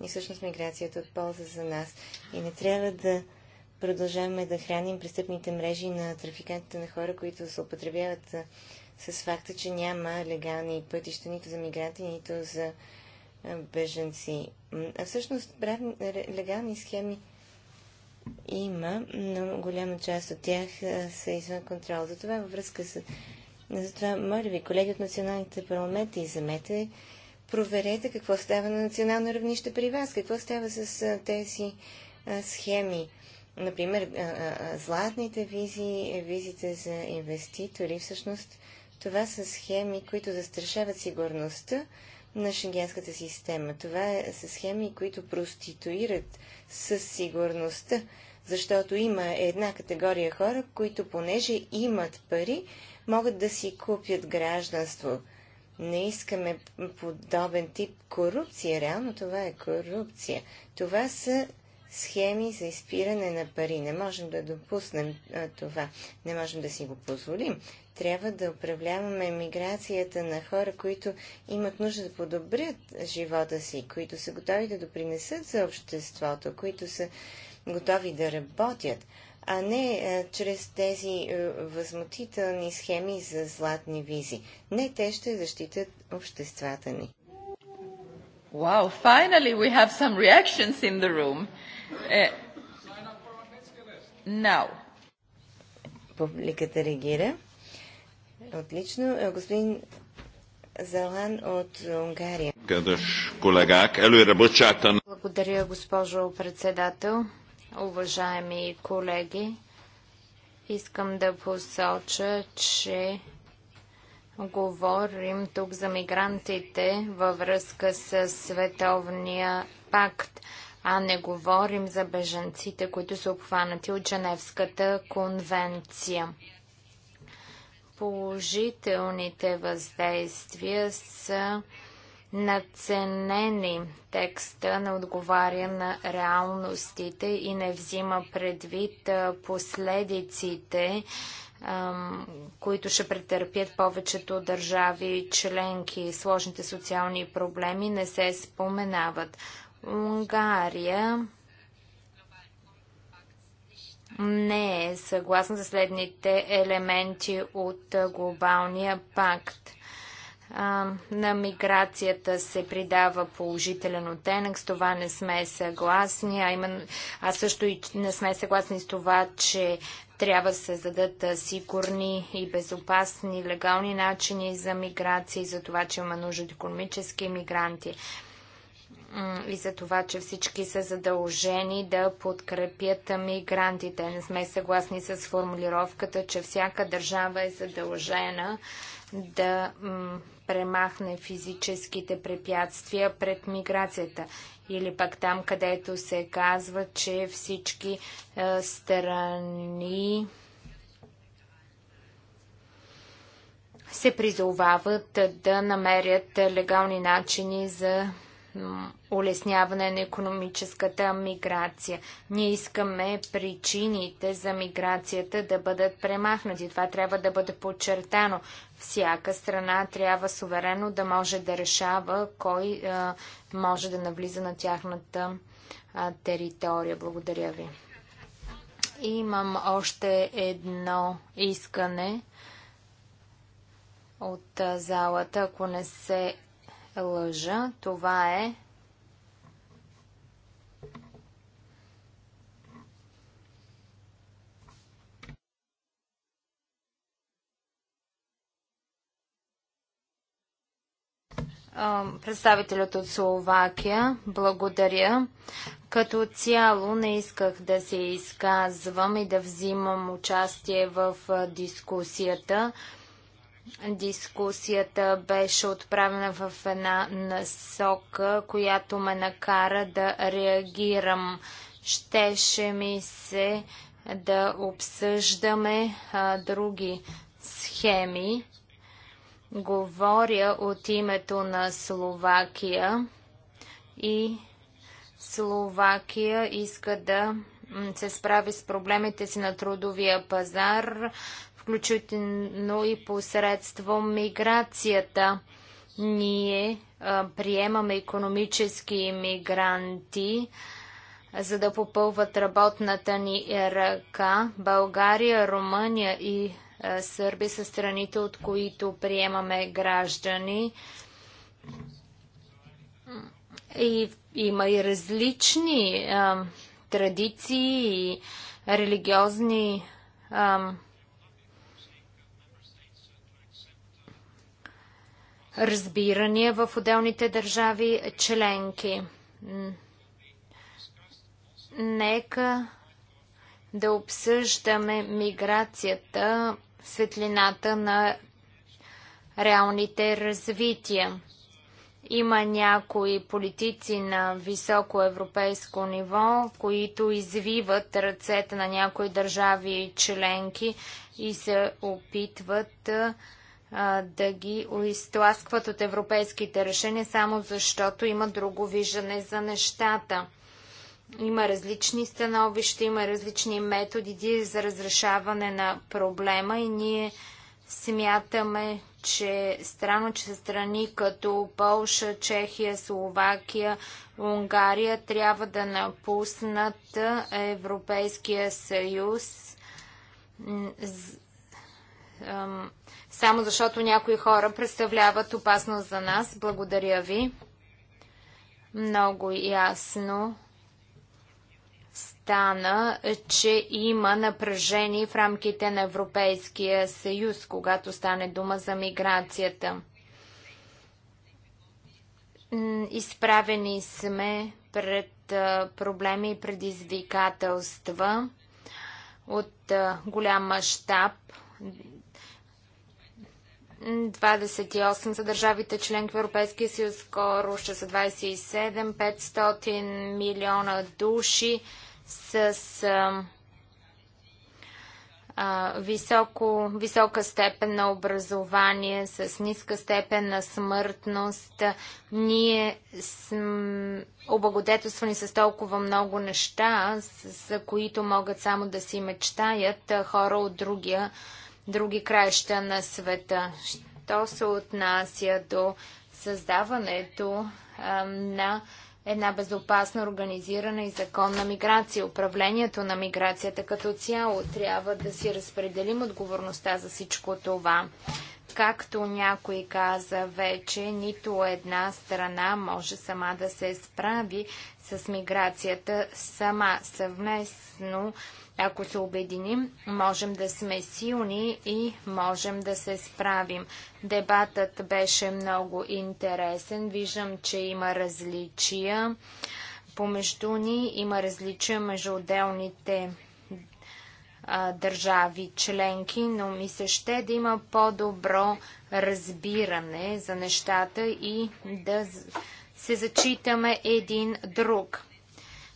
И всъщност миграцията е от полза за нас. И не трябва да продължаваме да храним престъпните мрежи на трафикантите на хора, които се употребяват с факта, че няма легални пътища нито за мигранти, нито за беженци. А всъщност правни, легални схеми има, но голяма част от тях са извън контрол. това във връзка с... Затова, моля ви, колеги от националните парламенти, замете, проверете какво става на национално равнище при вас, какво става с тези схеми. Например, златните визи, визите за инвеститори, всъщност това са схеми, които застрашават сигурността на шенгенската система. Това е, са схеми, които проституират със сигурността, защото има една категория хора, които понеже имат пари, могат да си купят гражданство. Не искаме подобен тип корупция. Реално това е корупция. Това са схеми за изпиране на пари. Не можем да допуснем а, това. Не можем да си го позволим трябва да управляваме миграцията на хора, които имат нужда да подобрят живота си, които са готови да допринесат за обществото, които са готови да работят, а не а, е, чрез тези а, е, възмутителни схеми за златни визи. Не, те ще защитат обществата ни. Wow, finally we have some reactions in the room. Uh, now. Публиката реагира. Отлично. Е, господин Залан от Унгария. Благодаря, госпожо председател. Уважаеми колеги, искам да посоча, че говорим тук за мигрантите във връзка с Световния пакт, а не говорим за беженците, които са обхванати от Женевската конвенция положителните въздействия са наценени. Текста не отговаря на реалностите и не взима предвид последиците, които ще претърпят повечето държави членки. Сложните социални проблеми не се споменават. Унгария не е съгласна за следните елементи от глобалния пакт. на миграцията се придава положителен оттенък, с това не сме съгласни, а, именно, а също и не сме съгласни с това, че трябва да се зададат сигурни и безопасни легални начини за миграция и за това, че има нужда от економически мигранти и за това, че всички са задължени да подкрепят мигрантите. Не сме съгласни с формулировката, че всяка държава е задължена да премахне физическите препятствия пред миграцията. Или пък там, където се казва, че всички е, страни се призовават да намерят легални начини за улесняване на економическата миграция. Ние искаме причините за миграцията да бъдат премахнати. Това трябва да бъде подчертано. Всяка страна трябва суверено да може да решава кой може да навлиза на тяхната територия. Благодаря ви. Имам още едно искане от залата, ако не се лъжа. Това е представителят от Словакия. Благодаря. Като цяло не исках да се изказвам и да взимам участие в дискусията. Дискусията беше отправена в една насока, която ме накара да реагирам. Щеше ми се да обсъждаме а, други схеми. Говоря от името на Словакия и Словакия иска да се справи с проблемите си на трудовия пазар включително и посредством миграцията. Ние а, приемаме економически мигранти, за да попълват работната ни ръка. България, Румъния и а, Сърби са страните, от които приемаме граждани. И има и различни а, традиции и религиозни а, разбирания в отделните държави членки. Нека да обсъждаме миграцията светлината на реалните развития. Има някои политици на високо европейско ниво, които извиват ръцете на някои държави и членки и се опитват да ги изтласкват от европейските решения, само защото има друго виждане за нещата. Има различни становища, има различни методи за разрешаване на проблема и ние смятаме, че е странно, че страни като Полша, Чехия, Словакия, Унгария трябва да напуснат Европейския съюз само защото някои хора представляват опасност за нас. Благодаря ви. Много ясно стана, че има напрежение в рамките на Европейския съюз, когато стане дума за миграцията. Изправени сме пред проблеми и предизвикателства от голям мащаб 28 за държавите член в Европейския съюз, скоро ще са 27, 500 милиона души с а, а, високо, висока степен на образование, с ниска степен на смъртност. Ние сме облагодетелствани с толкова много неща, за които могат само да си мечтаят хора от другия други краища на света. Що се отнася до създаването на една безопасна, организирана и законна миграция. Управлението на миграцията като цяло трябва да си разпределим отговорността за всичко това. Както някой каза вече, нито една страна може сама да се справи с миграцията сама съвместно ако се обединим, можем да сме силни и можем да се справим. Дебатът беше много интересен. Виждам, че има различия помежду ни, има различия между отделните а, държави членки, но ми се ще да има по-добро разбиране за нещата и да се зачитаме един друг.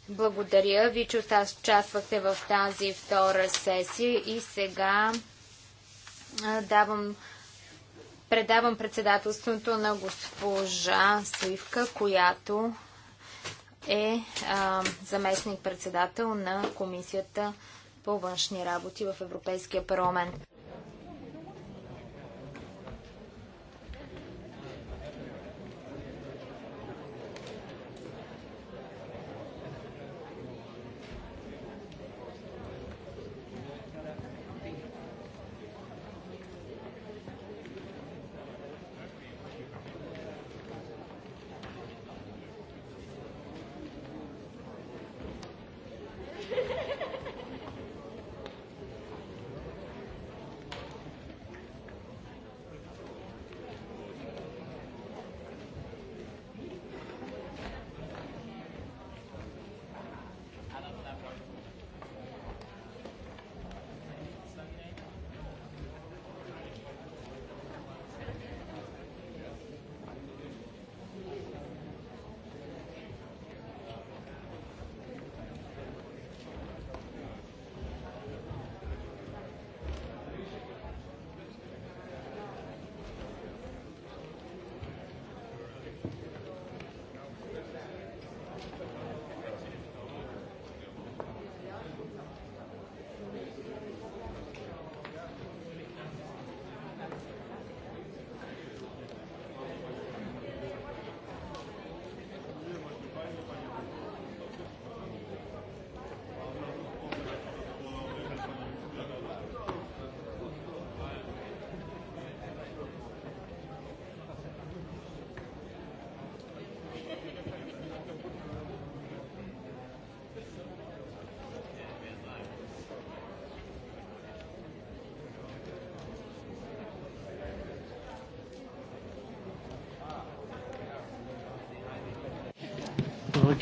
Благодаря ви, че участвахте в тази втора сесия и сега давам, предавам председателството на госпожа Сливка, която е заместник-председател на Комисията по външни работи в Европейския парламент.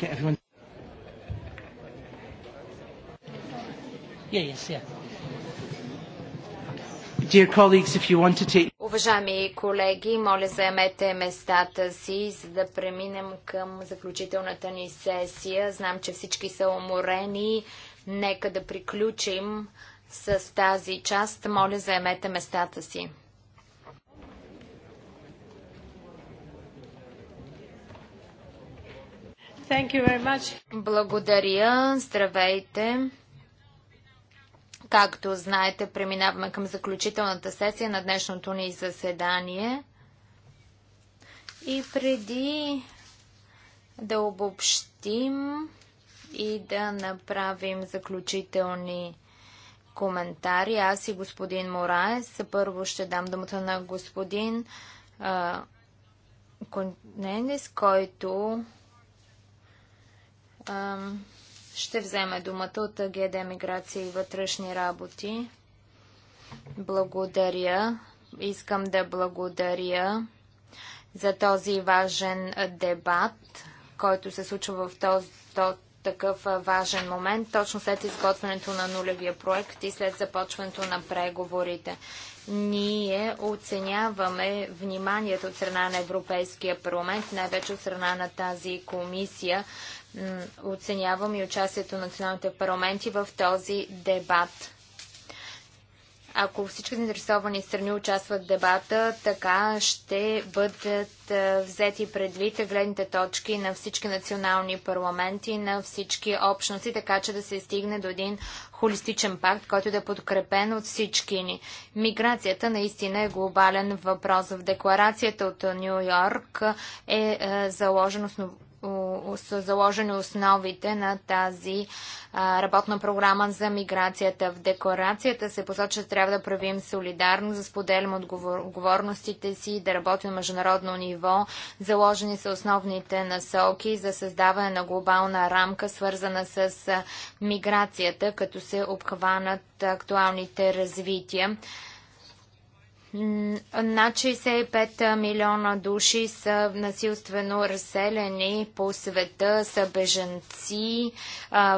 want get everyone. Yeah, yes, yeah. Dear colleagues, if you want to take... Уважаеми колеги, моля заемете местата си, за да преминем към заключителната ни сесия. Знам, че всички са уморени. Нека да приключим с тази част. Моля заемете местата си. Thank you very much. Благодаря. Здравейте. Както знаете, преминаваме към заключителната сесия на днешното ни заседание. И преди да обобщим и да направим заключителни коментари, аз и господин Мораес първо ще дам думата на господин а, който ще вземе думата от АГД Миграция и вътрешни работи. Благодаря. Искам да благодаря за този важен дебат, който се случва в този, този такъв важен момент, точно след изготвянето на нулевия проект и след започването на преговорите. Ние оценяваме вниманието от страна на Европейския парламент, най-вече от страна на тази комисия оценявам и участието на националните парламенти в този дебат. Ако всички заинтересовани страни участват в дебата, така ще бъдат взети предвид гледните точки на всички национални парламенти, на всички общности, така че да се стигне до един холистичен пакт, който да е подкрепен от всички ни. Миграцията наистина е глобален въпрос. В декларацията от Нью Йорк е, е заложен основ са заложени основите на тази работна програма за миграцията. В декларацията се посочва, че трябва да правим солидарност, да споделим отговорностите си, да работим на международно ниво. Заложени са основните насоки за създаване на глобална рамка, свързана с миграцията, като се обхванат актуалните развития. Над 65 милиона души са насилствено разселени по света, са бежанци,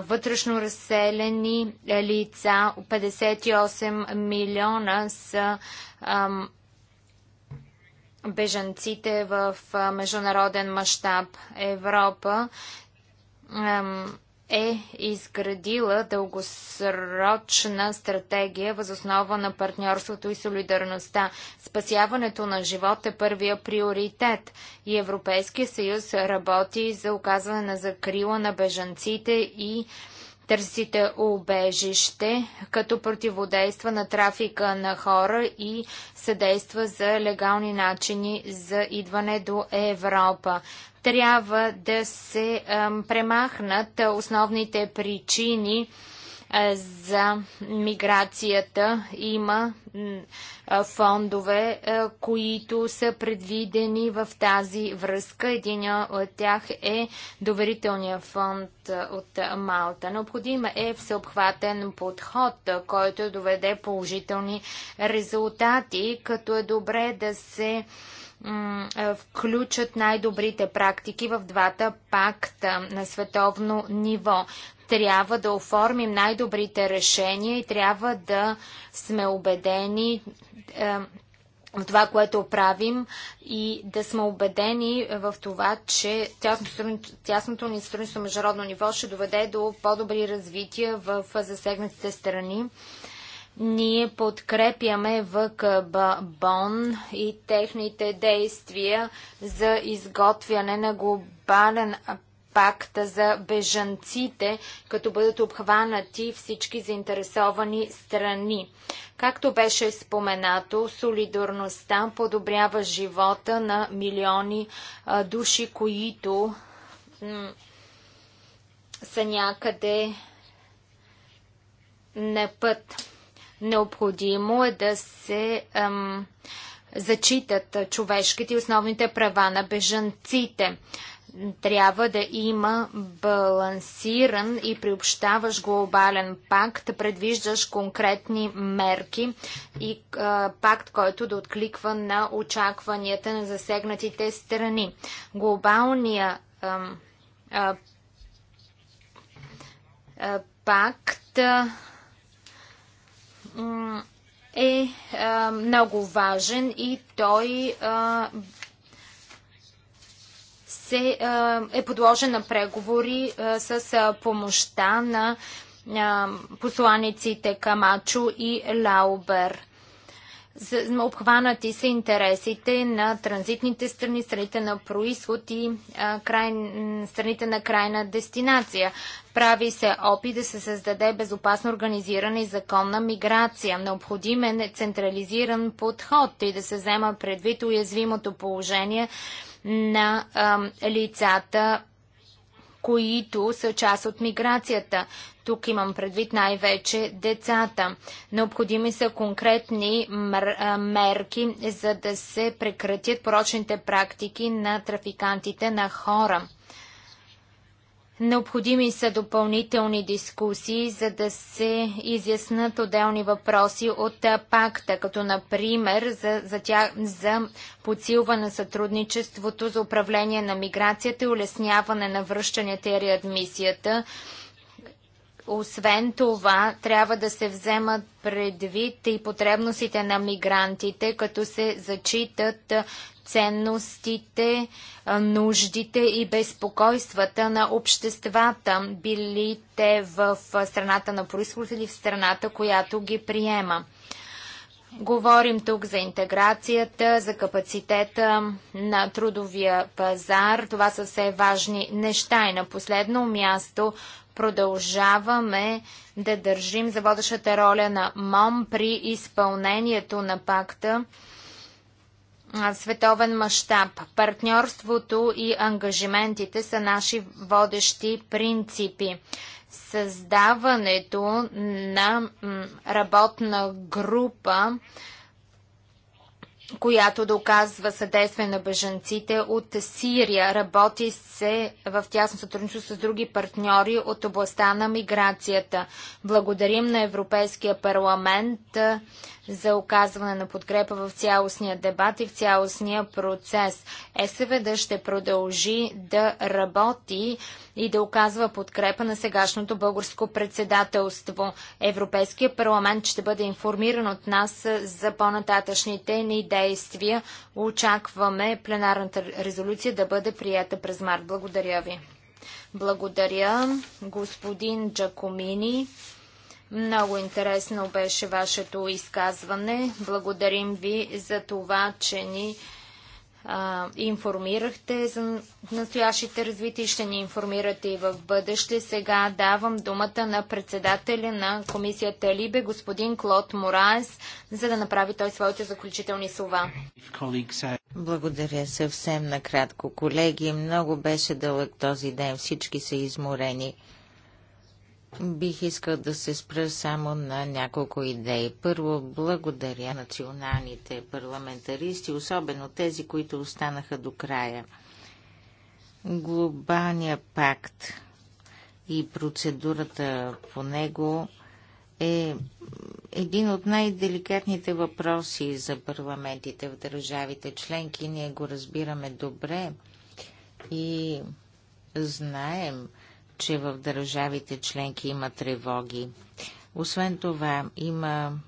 вътрешно разселени лица. 58 милиона са бежанците в международен мащаб. Европа е изградила дългосрочна стратегия възоснова на партньорството и солидарността. Спасяването на живот е първия приоритет и Европейския съюз работи за оказване на закрила на бежанците и търсите убежище, като противодейства на трафика на хора и съдейства за легални начини за идване до Европа. Трябва да се премахнат основните причини, е, за миграцията. Има фондове, е, които са предвидени в тази връзка. Един от тях е доверителният фонд е, от Малта. Необходим е всеобхватен подход, който доведе положителни резултати, като е добре да се е, включат най-добрите практики в двата пакта на световно ниво. Трябва да оформим най-добрите решения и трябва да сме убедени е, в това, което правим и да сме убедени в това, че тясното ни сътрудничество на международно ниво ще доведе до по-добри развития в засегнатите страни ние подкрепяме ВКБ БОН и техните действия за изготвяне на глобален пакта за бежанците, като бъдат обхванати всички заинтересовани страни. Както беше споменато, солидарността подобрява живота на милиони души, които са някъде на път. Необходимо е да се ам, зачитат човешките и основните права на бежанците. Трябва да има балансиран и приобщаващ глобален пакт, предвиждаш конкретни мерки и а, пакт, който да откликва на очакванията на засегнатите страни. Глобалния а, а, пакт е много важен и той се, е подложен на преговори с помощта на посланиците Камачо и Лаубер. Обхванати са интересите на транзитните страни, страните на происход и а, край, страните на крайна дестинация. Прави се опит да се създаде безопасно организирана и законна миграция. Необходим е централизиран подход и да се взема предвид уязвимото положение на а, лицата които са част от миграцията. Тук имам предвид най-вече децата. Необходими са конкретни мерки, за да се прекратят порочните практики на трафикантите на хора. Необходими са допълнителни дискусии, за да се изяснат отделни въпроси от пакта, като например за, за, тя, за подсилване на сътрудничеството за управление на миграцията и улесняване на връщанията и реадмисията, освен това, трябва да се вземат предвид и потребностите на мигрантите, като се зачитат ценностите, нуждите и безпокойствата на обществата, били те в страната на происход или в страната, която ги приема. Говорим тук за интеграцията, за капацитета на трудовия пазар. Това са все важни неща. И на последно място продължаваме да държим за водещата роля на МОМ при изпълнението на пакта световен мащаб. Партньорството и ангажиментите са наши водещи принципи. Създаването на работна група която да оказва съдействие на бежанците от Сирия. Работи се в тясно сътрудничество с други партньори от областта на миграцията. Благодарим на Европейския парламент за оказване на подкрепа в цялостния дебат и в цялостния процес. СВД ще продължи да работи и да оказва подкрепа на сегашното българско председателство. Европейския парламент ще бъде информиран от нас за по-нататъчните ни действия. Очакваме пленарната резолюция да бъде прията през март. Благодаря ви. Благодаря, господин Джакомини. Много интересно беше вашето изказване. Благодарим ви за това, че ни а, информирахте за настоящите развития и ще ни информирате и в бъдеще. Сега давам думата на председателя на комисията Либе, господин Клод Мораес, за да направи той своите заключителни слова. Благодаря съвсем накратко, колеги. Много беше дълъг този ден. Всички са изморени. Бих искал да се спра само на няколко идеи. Първо, благодаря националните парламентаристи, особено тези, които останаха до края. Глобалния пакт и процедурата по него е един от най-деликатните въпроси за парламентите в държавите членки. Ние го разбираме добре и знаем, че в държавите членки има тревоги. Освен това, има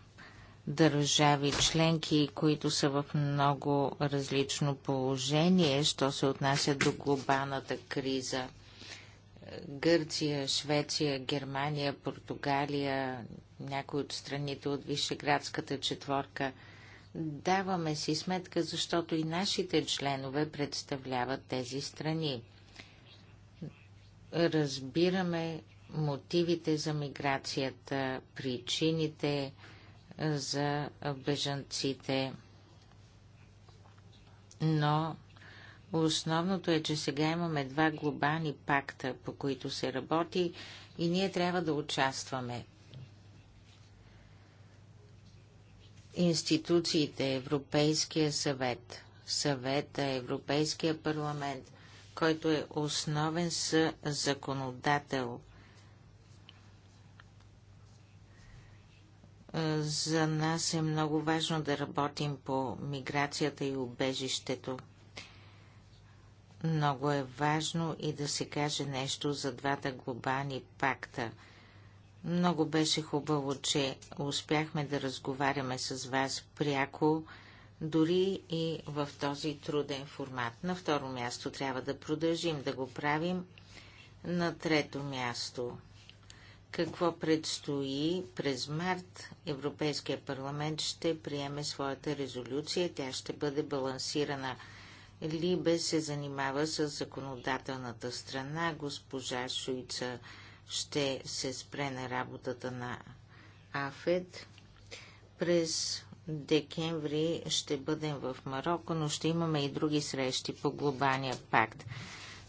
държави членки, които са в много различно положение, що се отнася до глобалната криза. Гърция, Швеция, Германия, Португалия, някои от страните от Вишеградската четворка. Даваме си сметка, защото и нашите членове представляват тези страни разбираме мотивите за миграцията, причините е, за бежанците. Но основното е, че сега имаме два глобални пакта, по които се работи и ние трябва да участваме. Институциите, Европейския съвет, Съвета, Европейския парламент – който е основен с законодател. Е, за нас е много важно да работим по миграцията и убежището. Много е важно и да се каже нещо за двата глобални пакта. Много беше хубаво, че успяхме да разговаряме с вас пряко дори и в този труден формат. На второ място трябва да продължим да го правим. На трето място какво предстои през март Европейския парламент ще приеме своята резолюция. Тя ще бъде балансирана. Либе се занимава с законодателната страна. Госпожа Шуица ще се спре на работата на АФЕД. През декември ще бъдем в Марокко, но ще имаме и други срещи по глобалния пакт.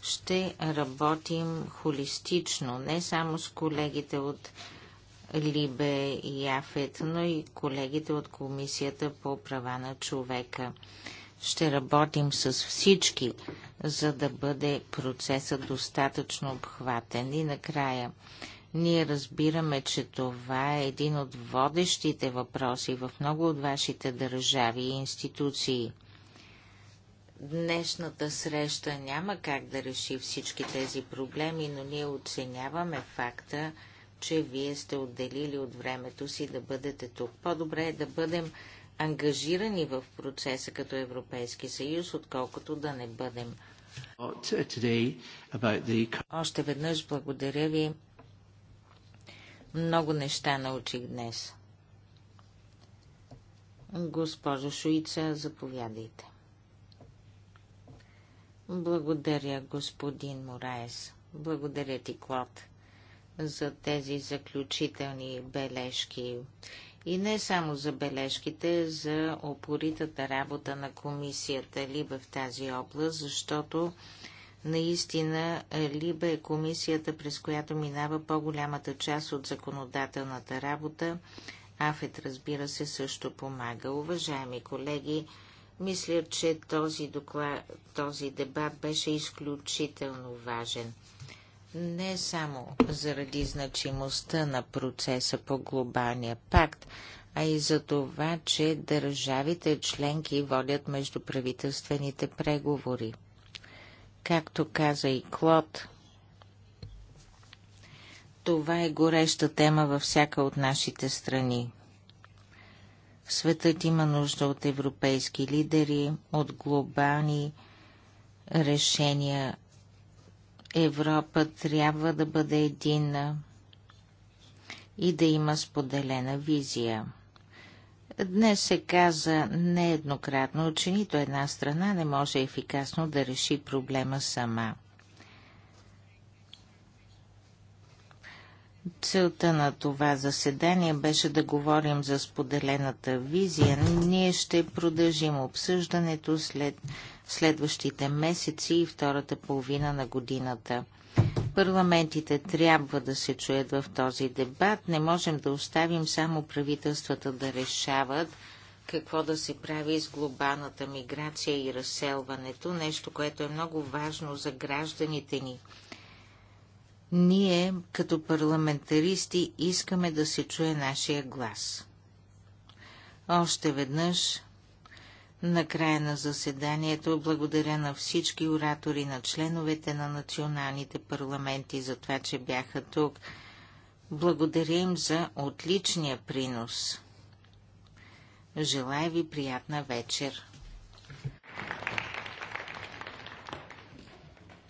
Ще работим холистично, не само с колегите от Либе и Афет, но и колегите от Комисията по права на човека. Ще работим с всички, за да бъде процесът достатъчно обхватен. И накрая, ние разбираме, че това е един от водещите въпроси в много от вашите държави и институции. Днешната среща няма как да реши всички тези проблеми, но ние оценяваме факта, че вие сте отделили от времето си да бъдете тук. По-добре е да бъдем ангажирани в процеса като Европейски съюз, отколкото да не бъдем. Още веднъж благодаря ви много неща научих днес. Госпожо Шуица, заповядайте. Благодаря, господин Мораес. Благодаря ти, Клод, за тези заключителни бележки. И не само за бележките, за опоритата работа на комисията ли в тази област, защото Наистина, е, Либа е комисията, през която минава по-голямата част от законодателната работа. Афет, разбира се, също помага. Уважаеми колеги, мисля, че този, доклад, този дебат беше изключително важен. Не само заради значимостта на процеса по глобалния пакт, а и за това, че държавите членки водят между правителствените преговори. Както каза и Клод, това е гореща тема във всяка от нашите страни. Светът има нужда от европейски лидери, от глобални решения. Европа трябва да бъде единна и да има споделена визия. Днес се каза нееднократно, че нито една страна не може ефикасно да реши проблема сама. Целта на това заседание беше да говорим за споделената визия. Ние ще продължим обсъждането след следващите месеци и втората половина на годината. Парламентите трябва да се чуят в този дебат. Не можем да оставим само правителствата да решават какво да се прави с глобалната миграция и разселването, нещо, което е много важно за гражданите ни. Ние, като парламентаристи, искаме да се чуе нашия глас. Още веднъж на края на заседанието. Благодаря на всички оратори, на членовете на националните парламенти за това, че бяха тук. Благодаря им за отличния принос. Желая ви приятна вечер!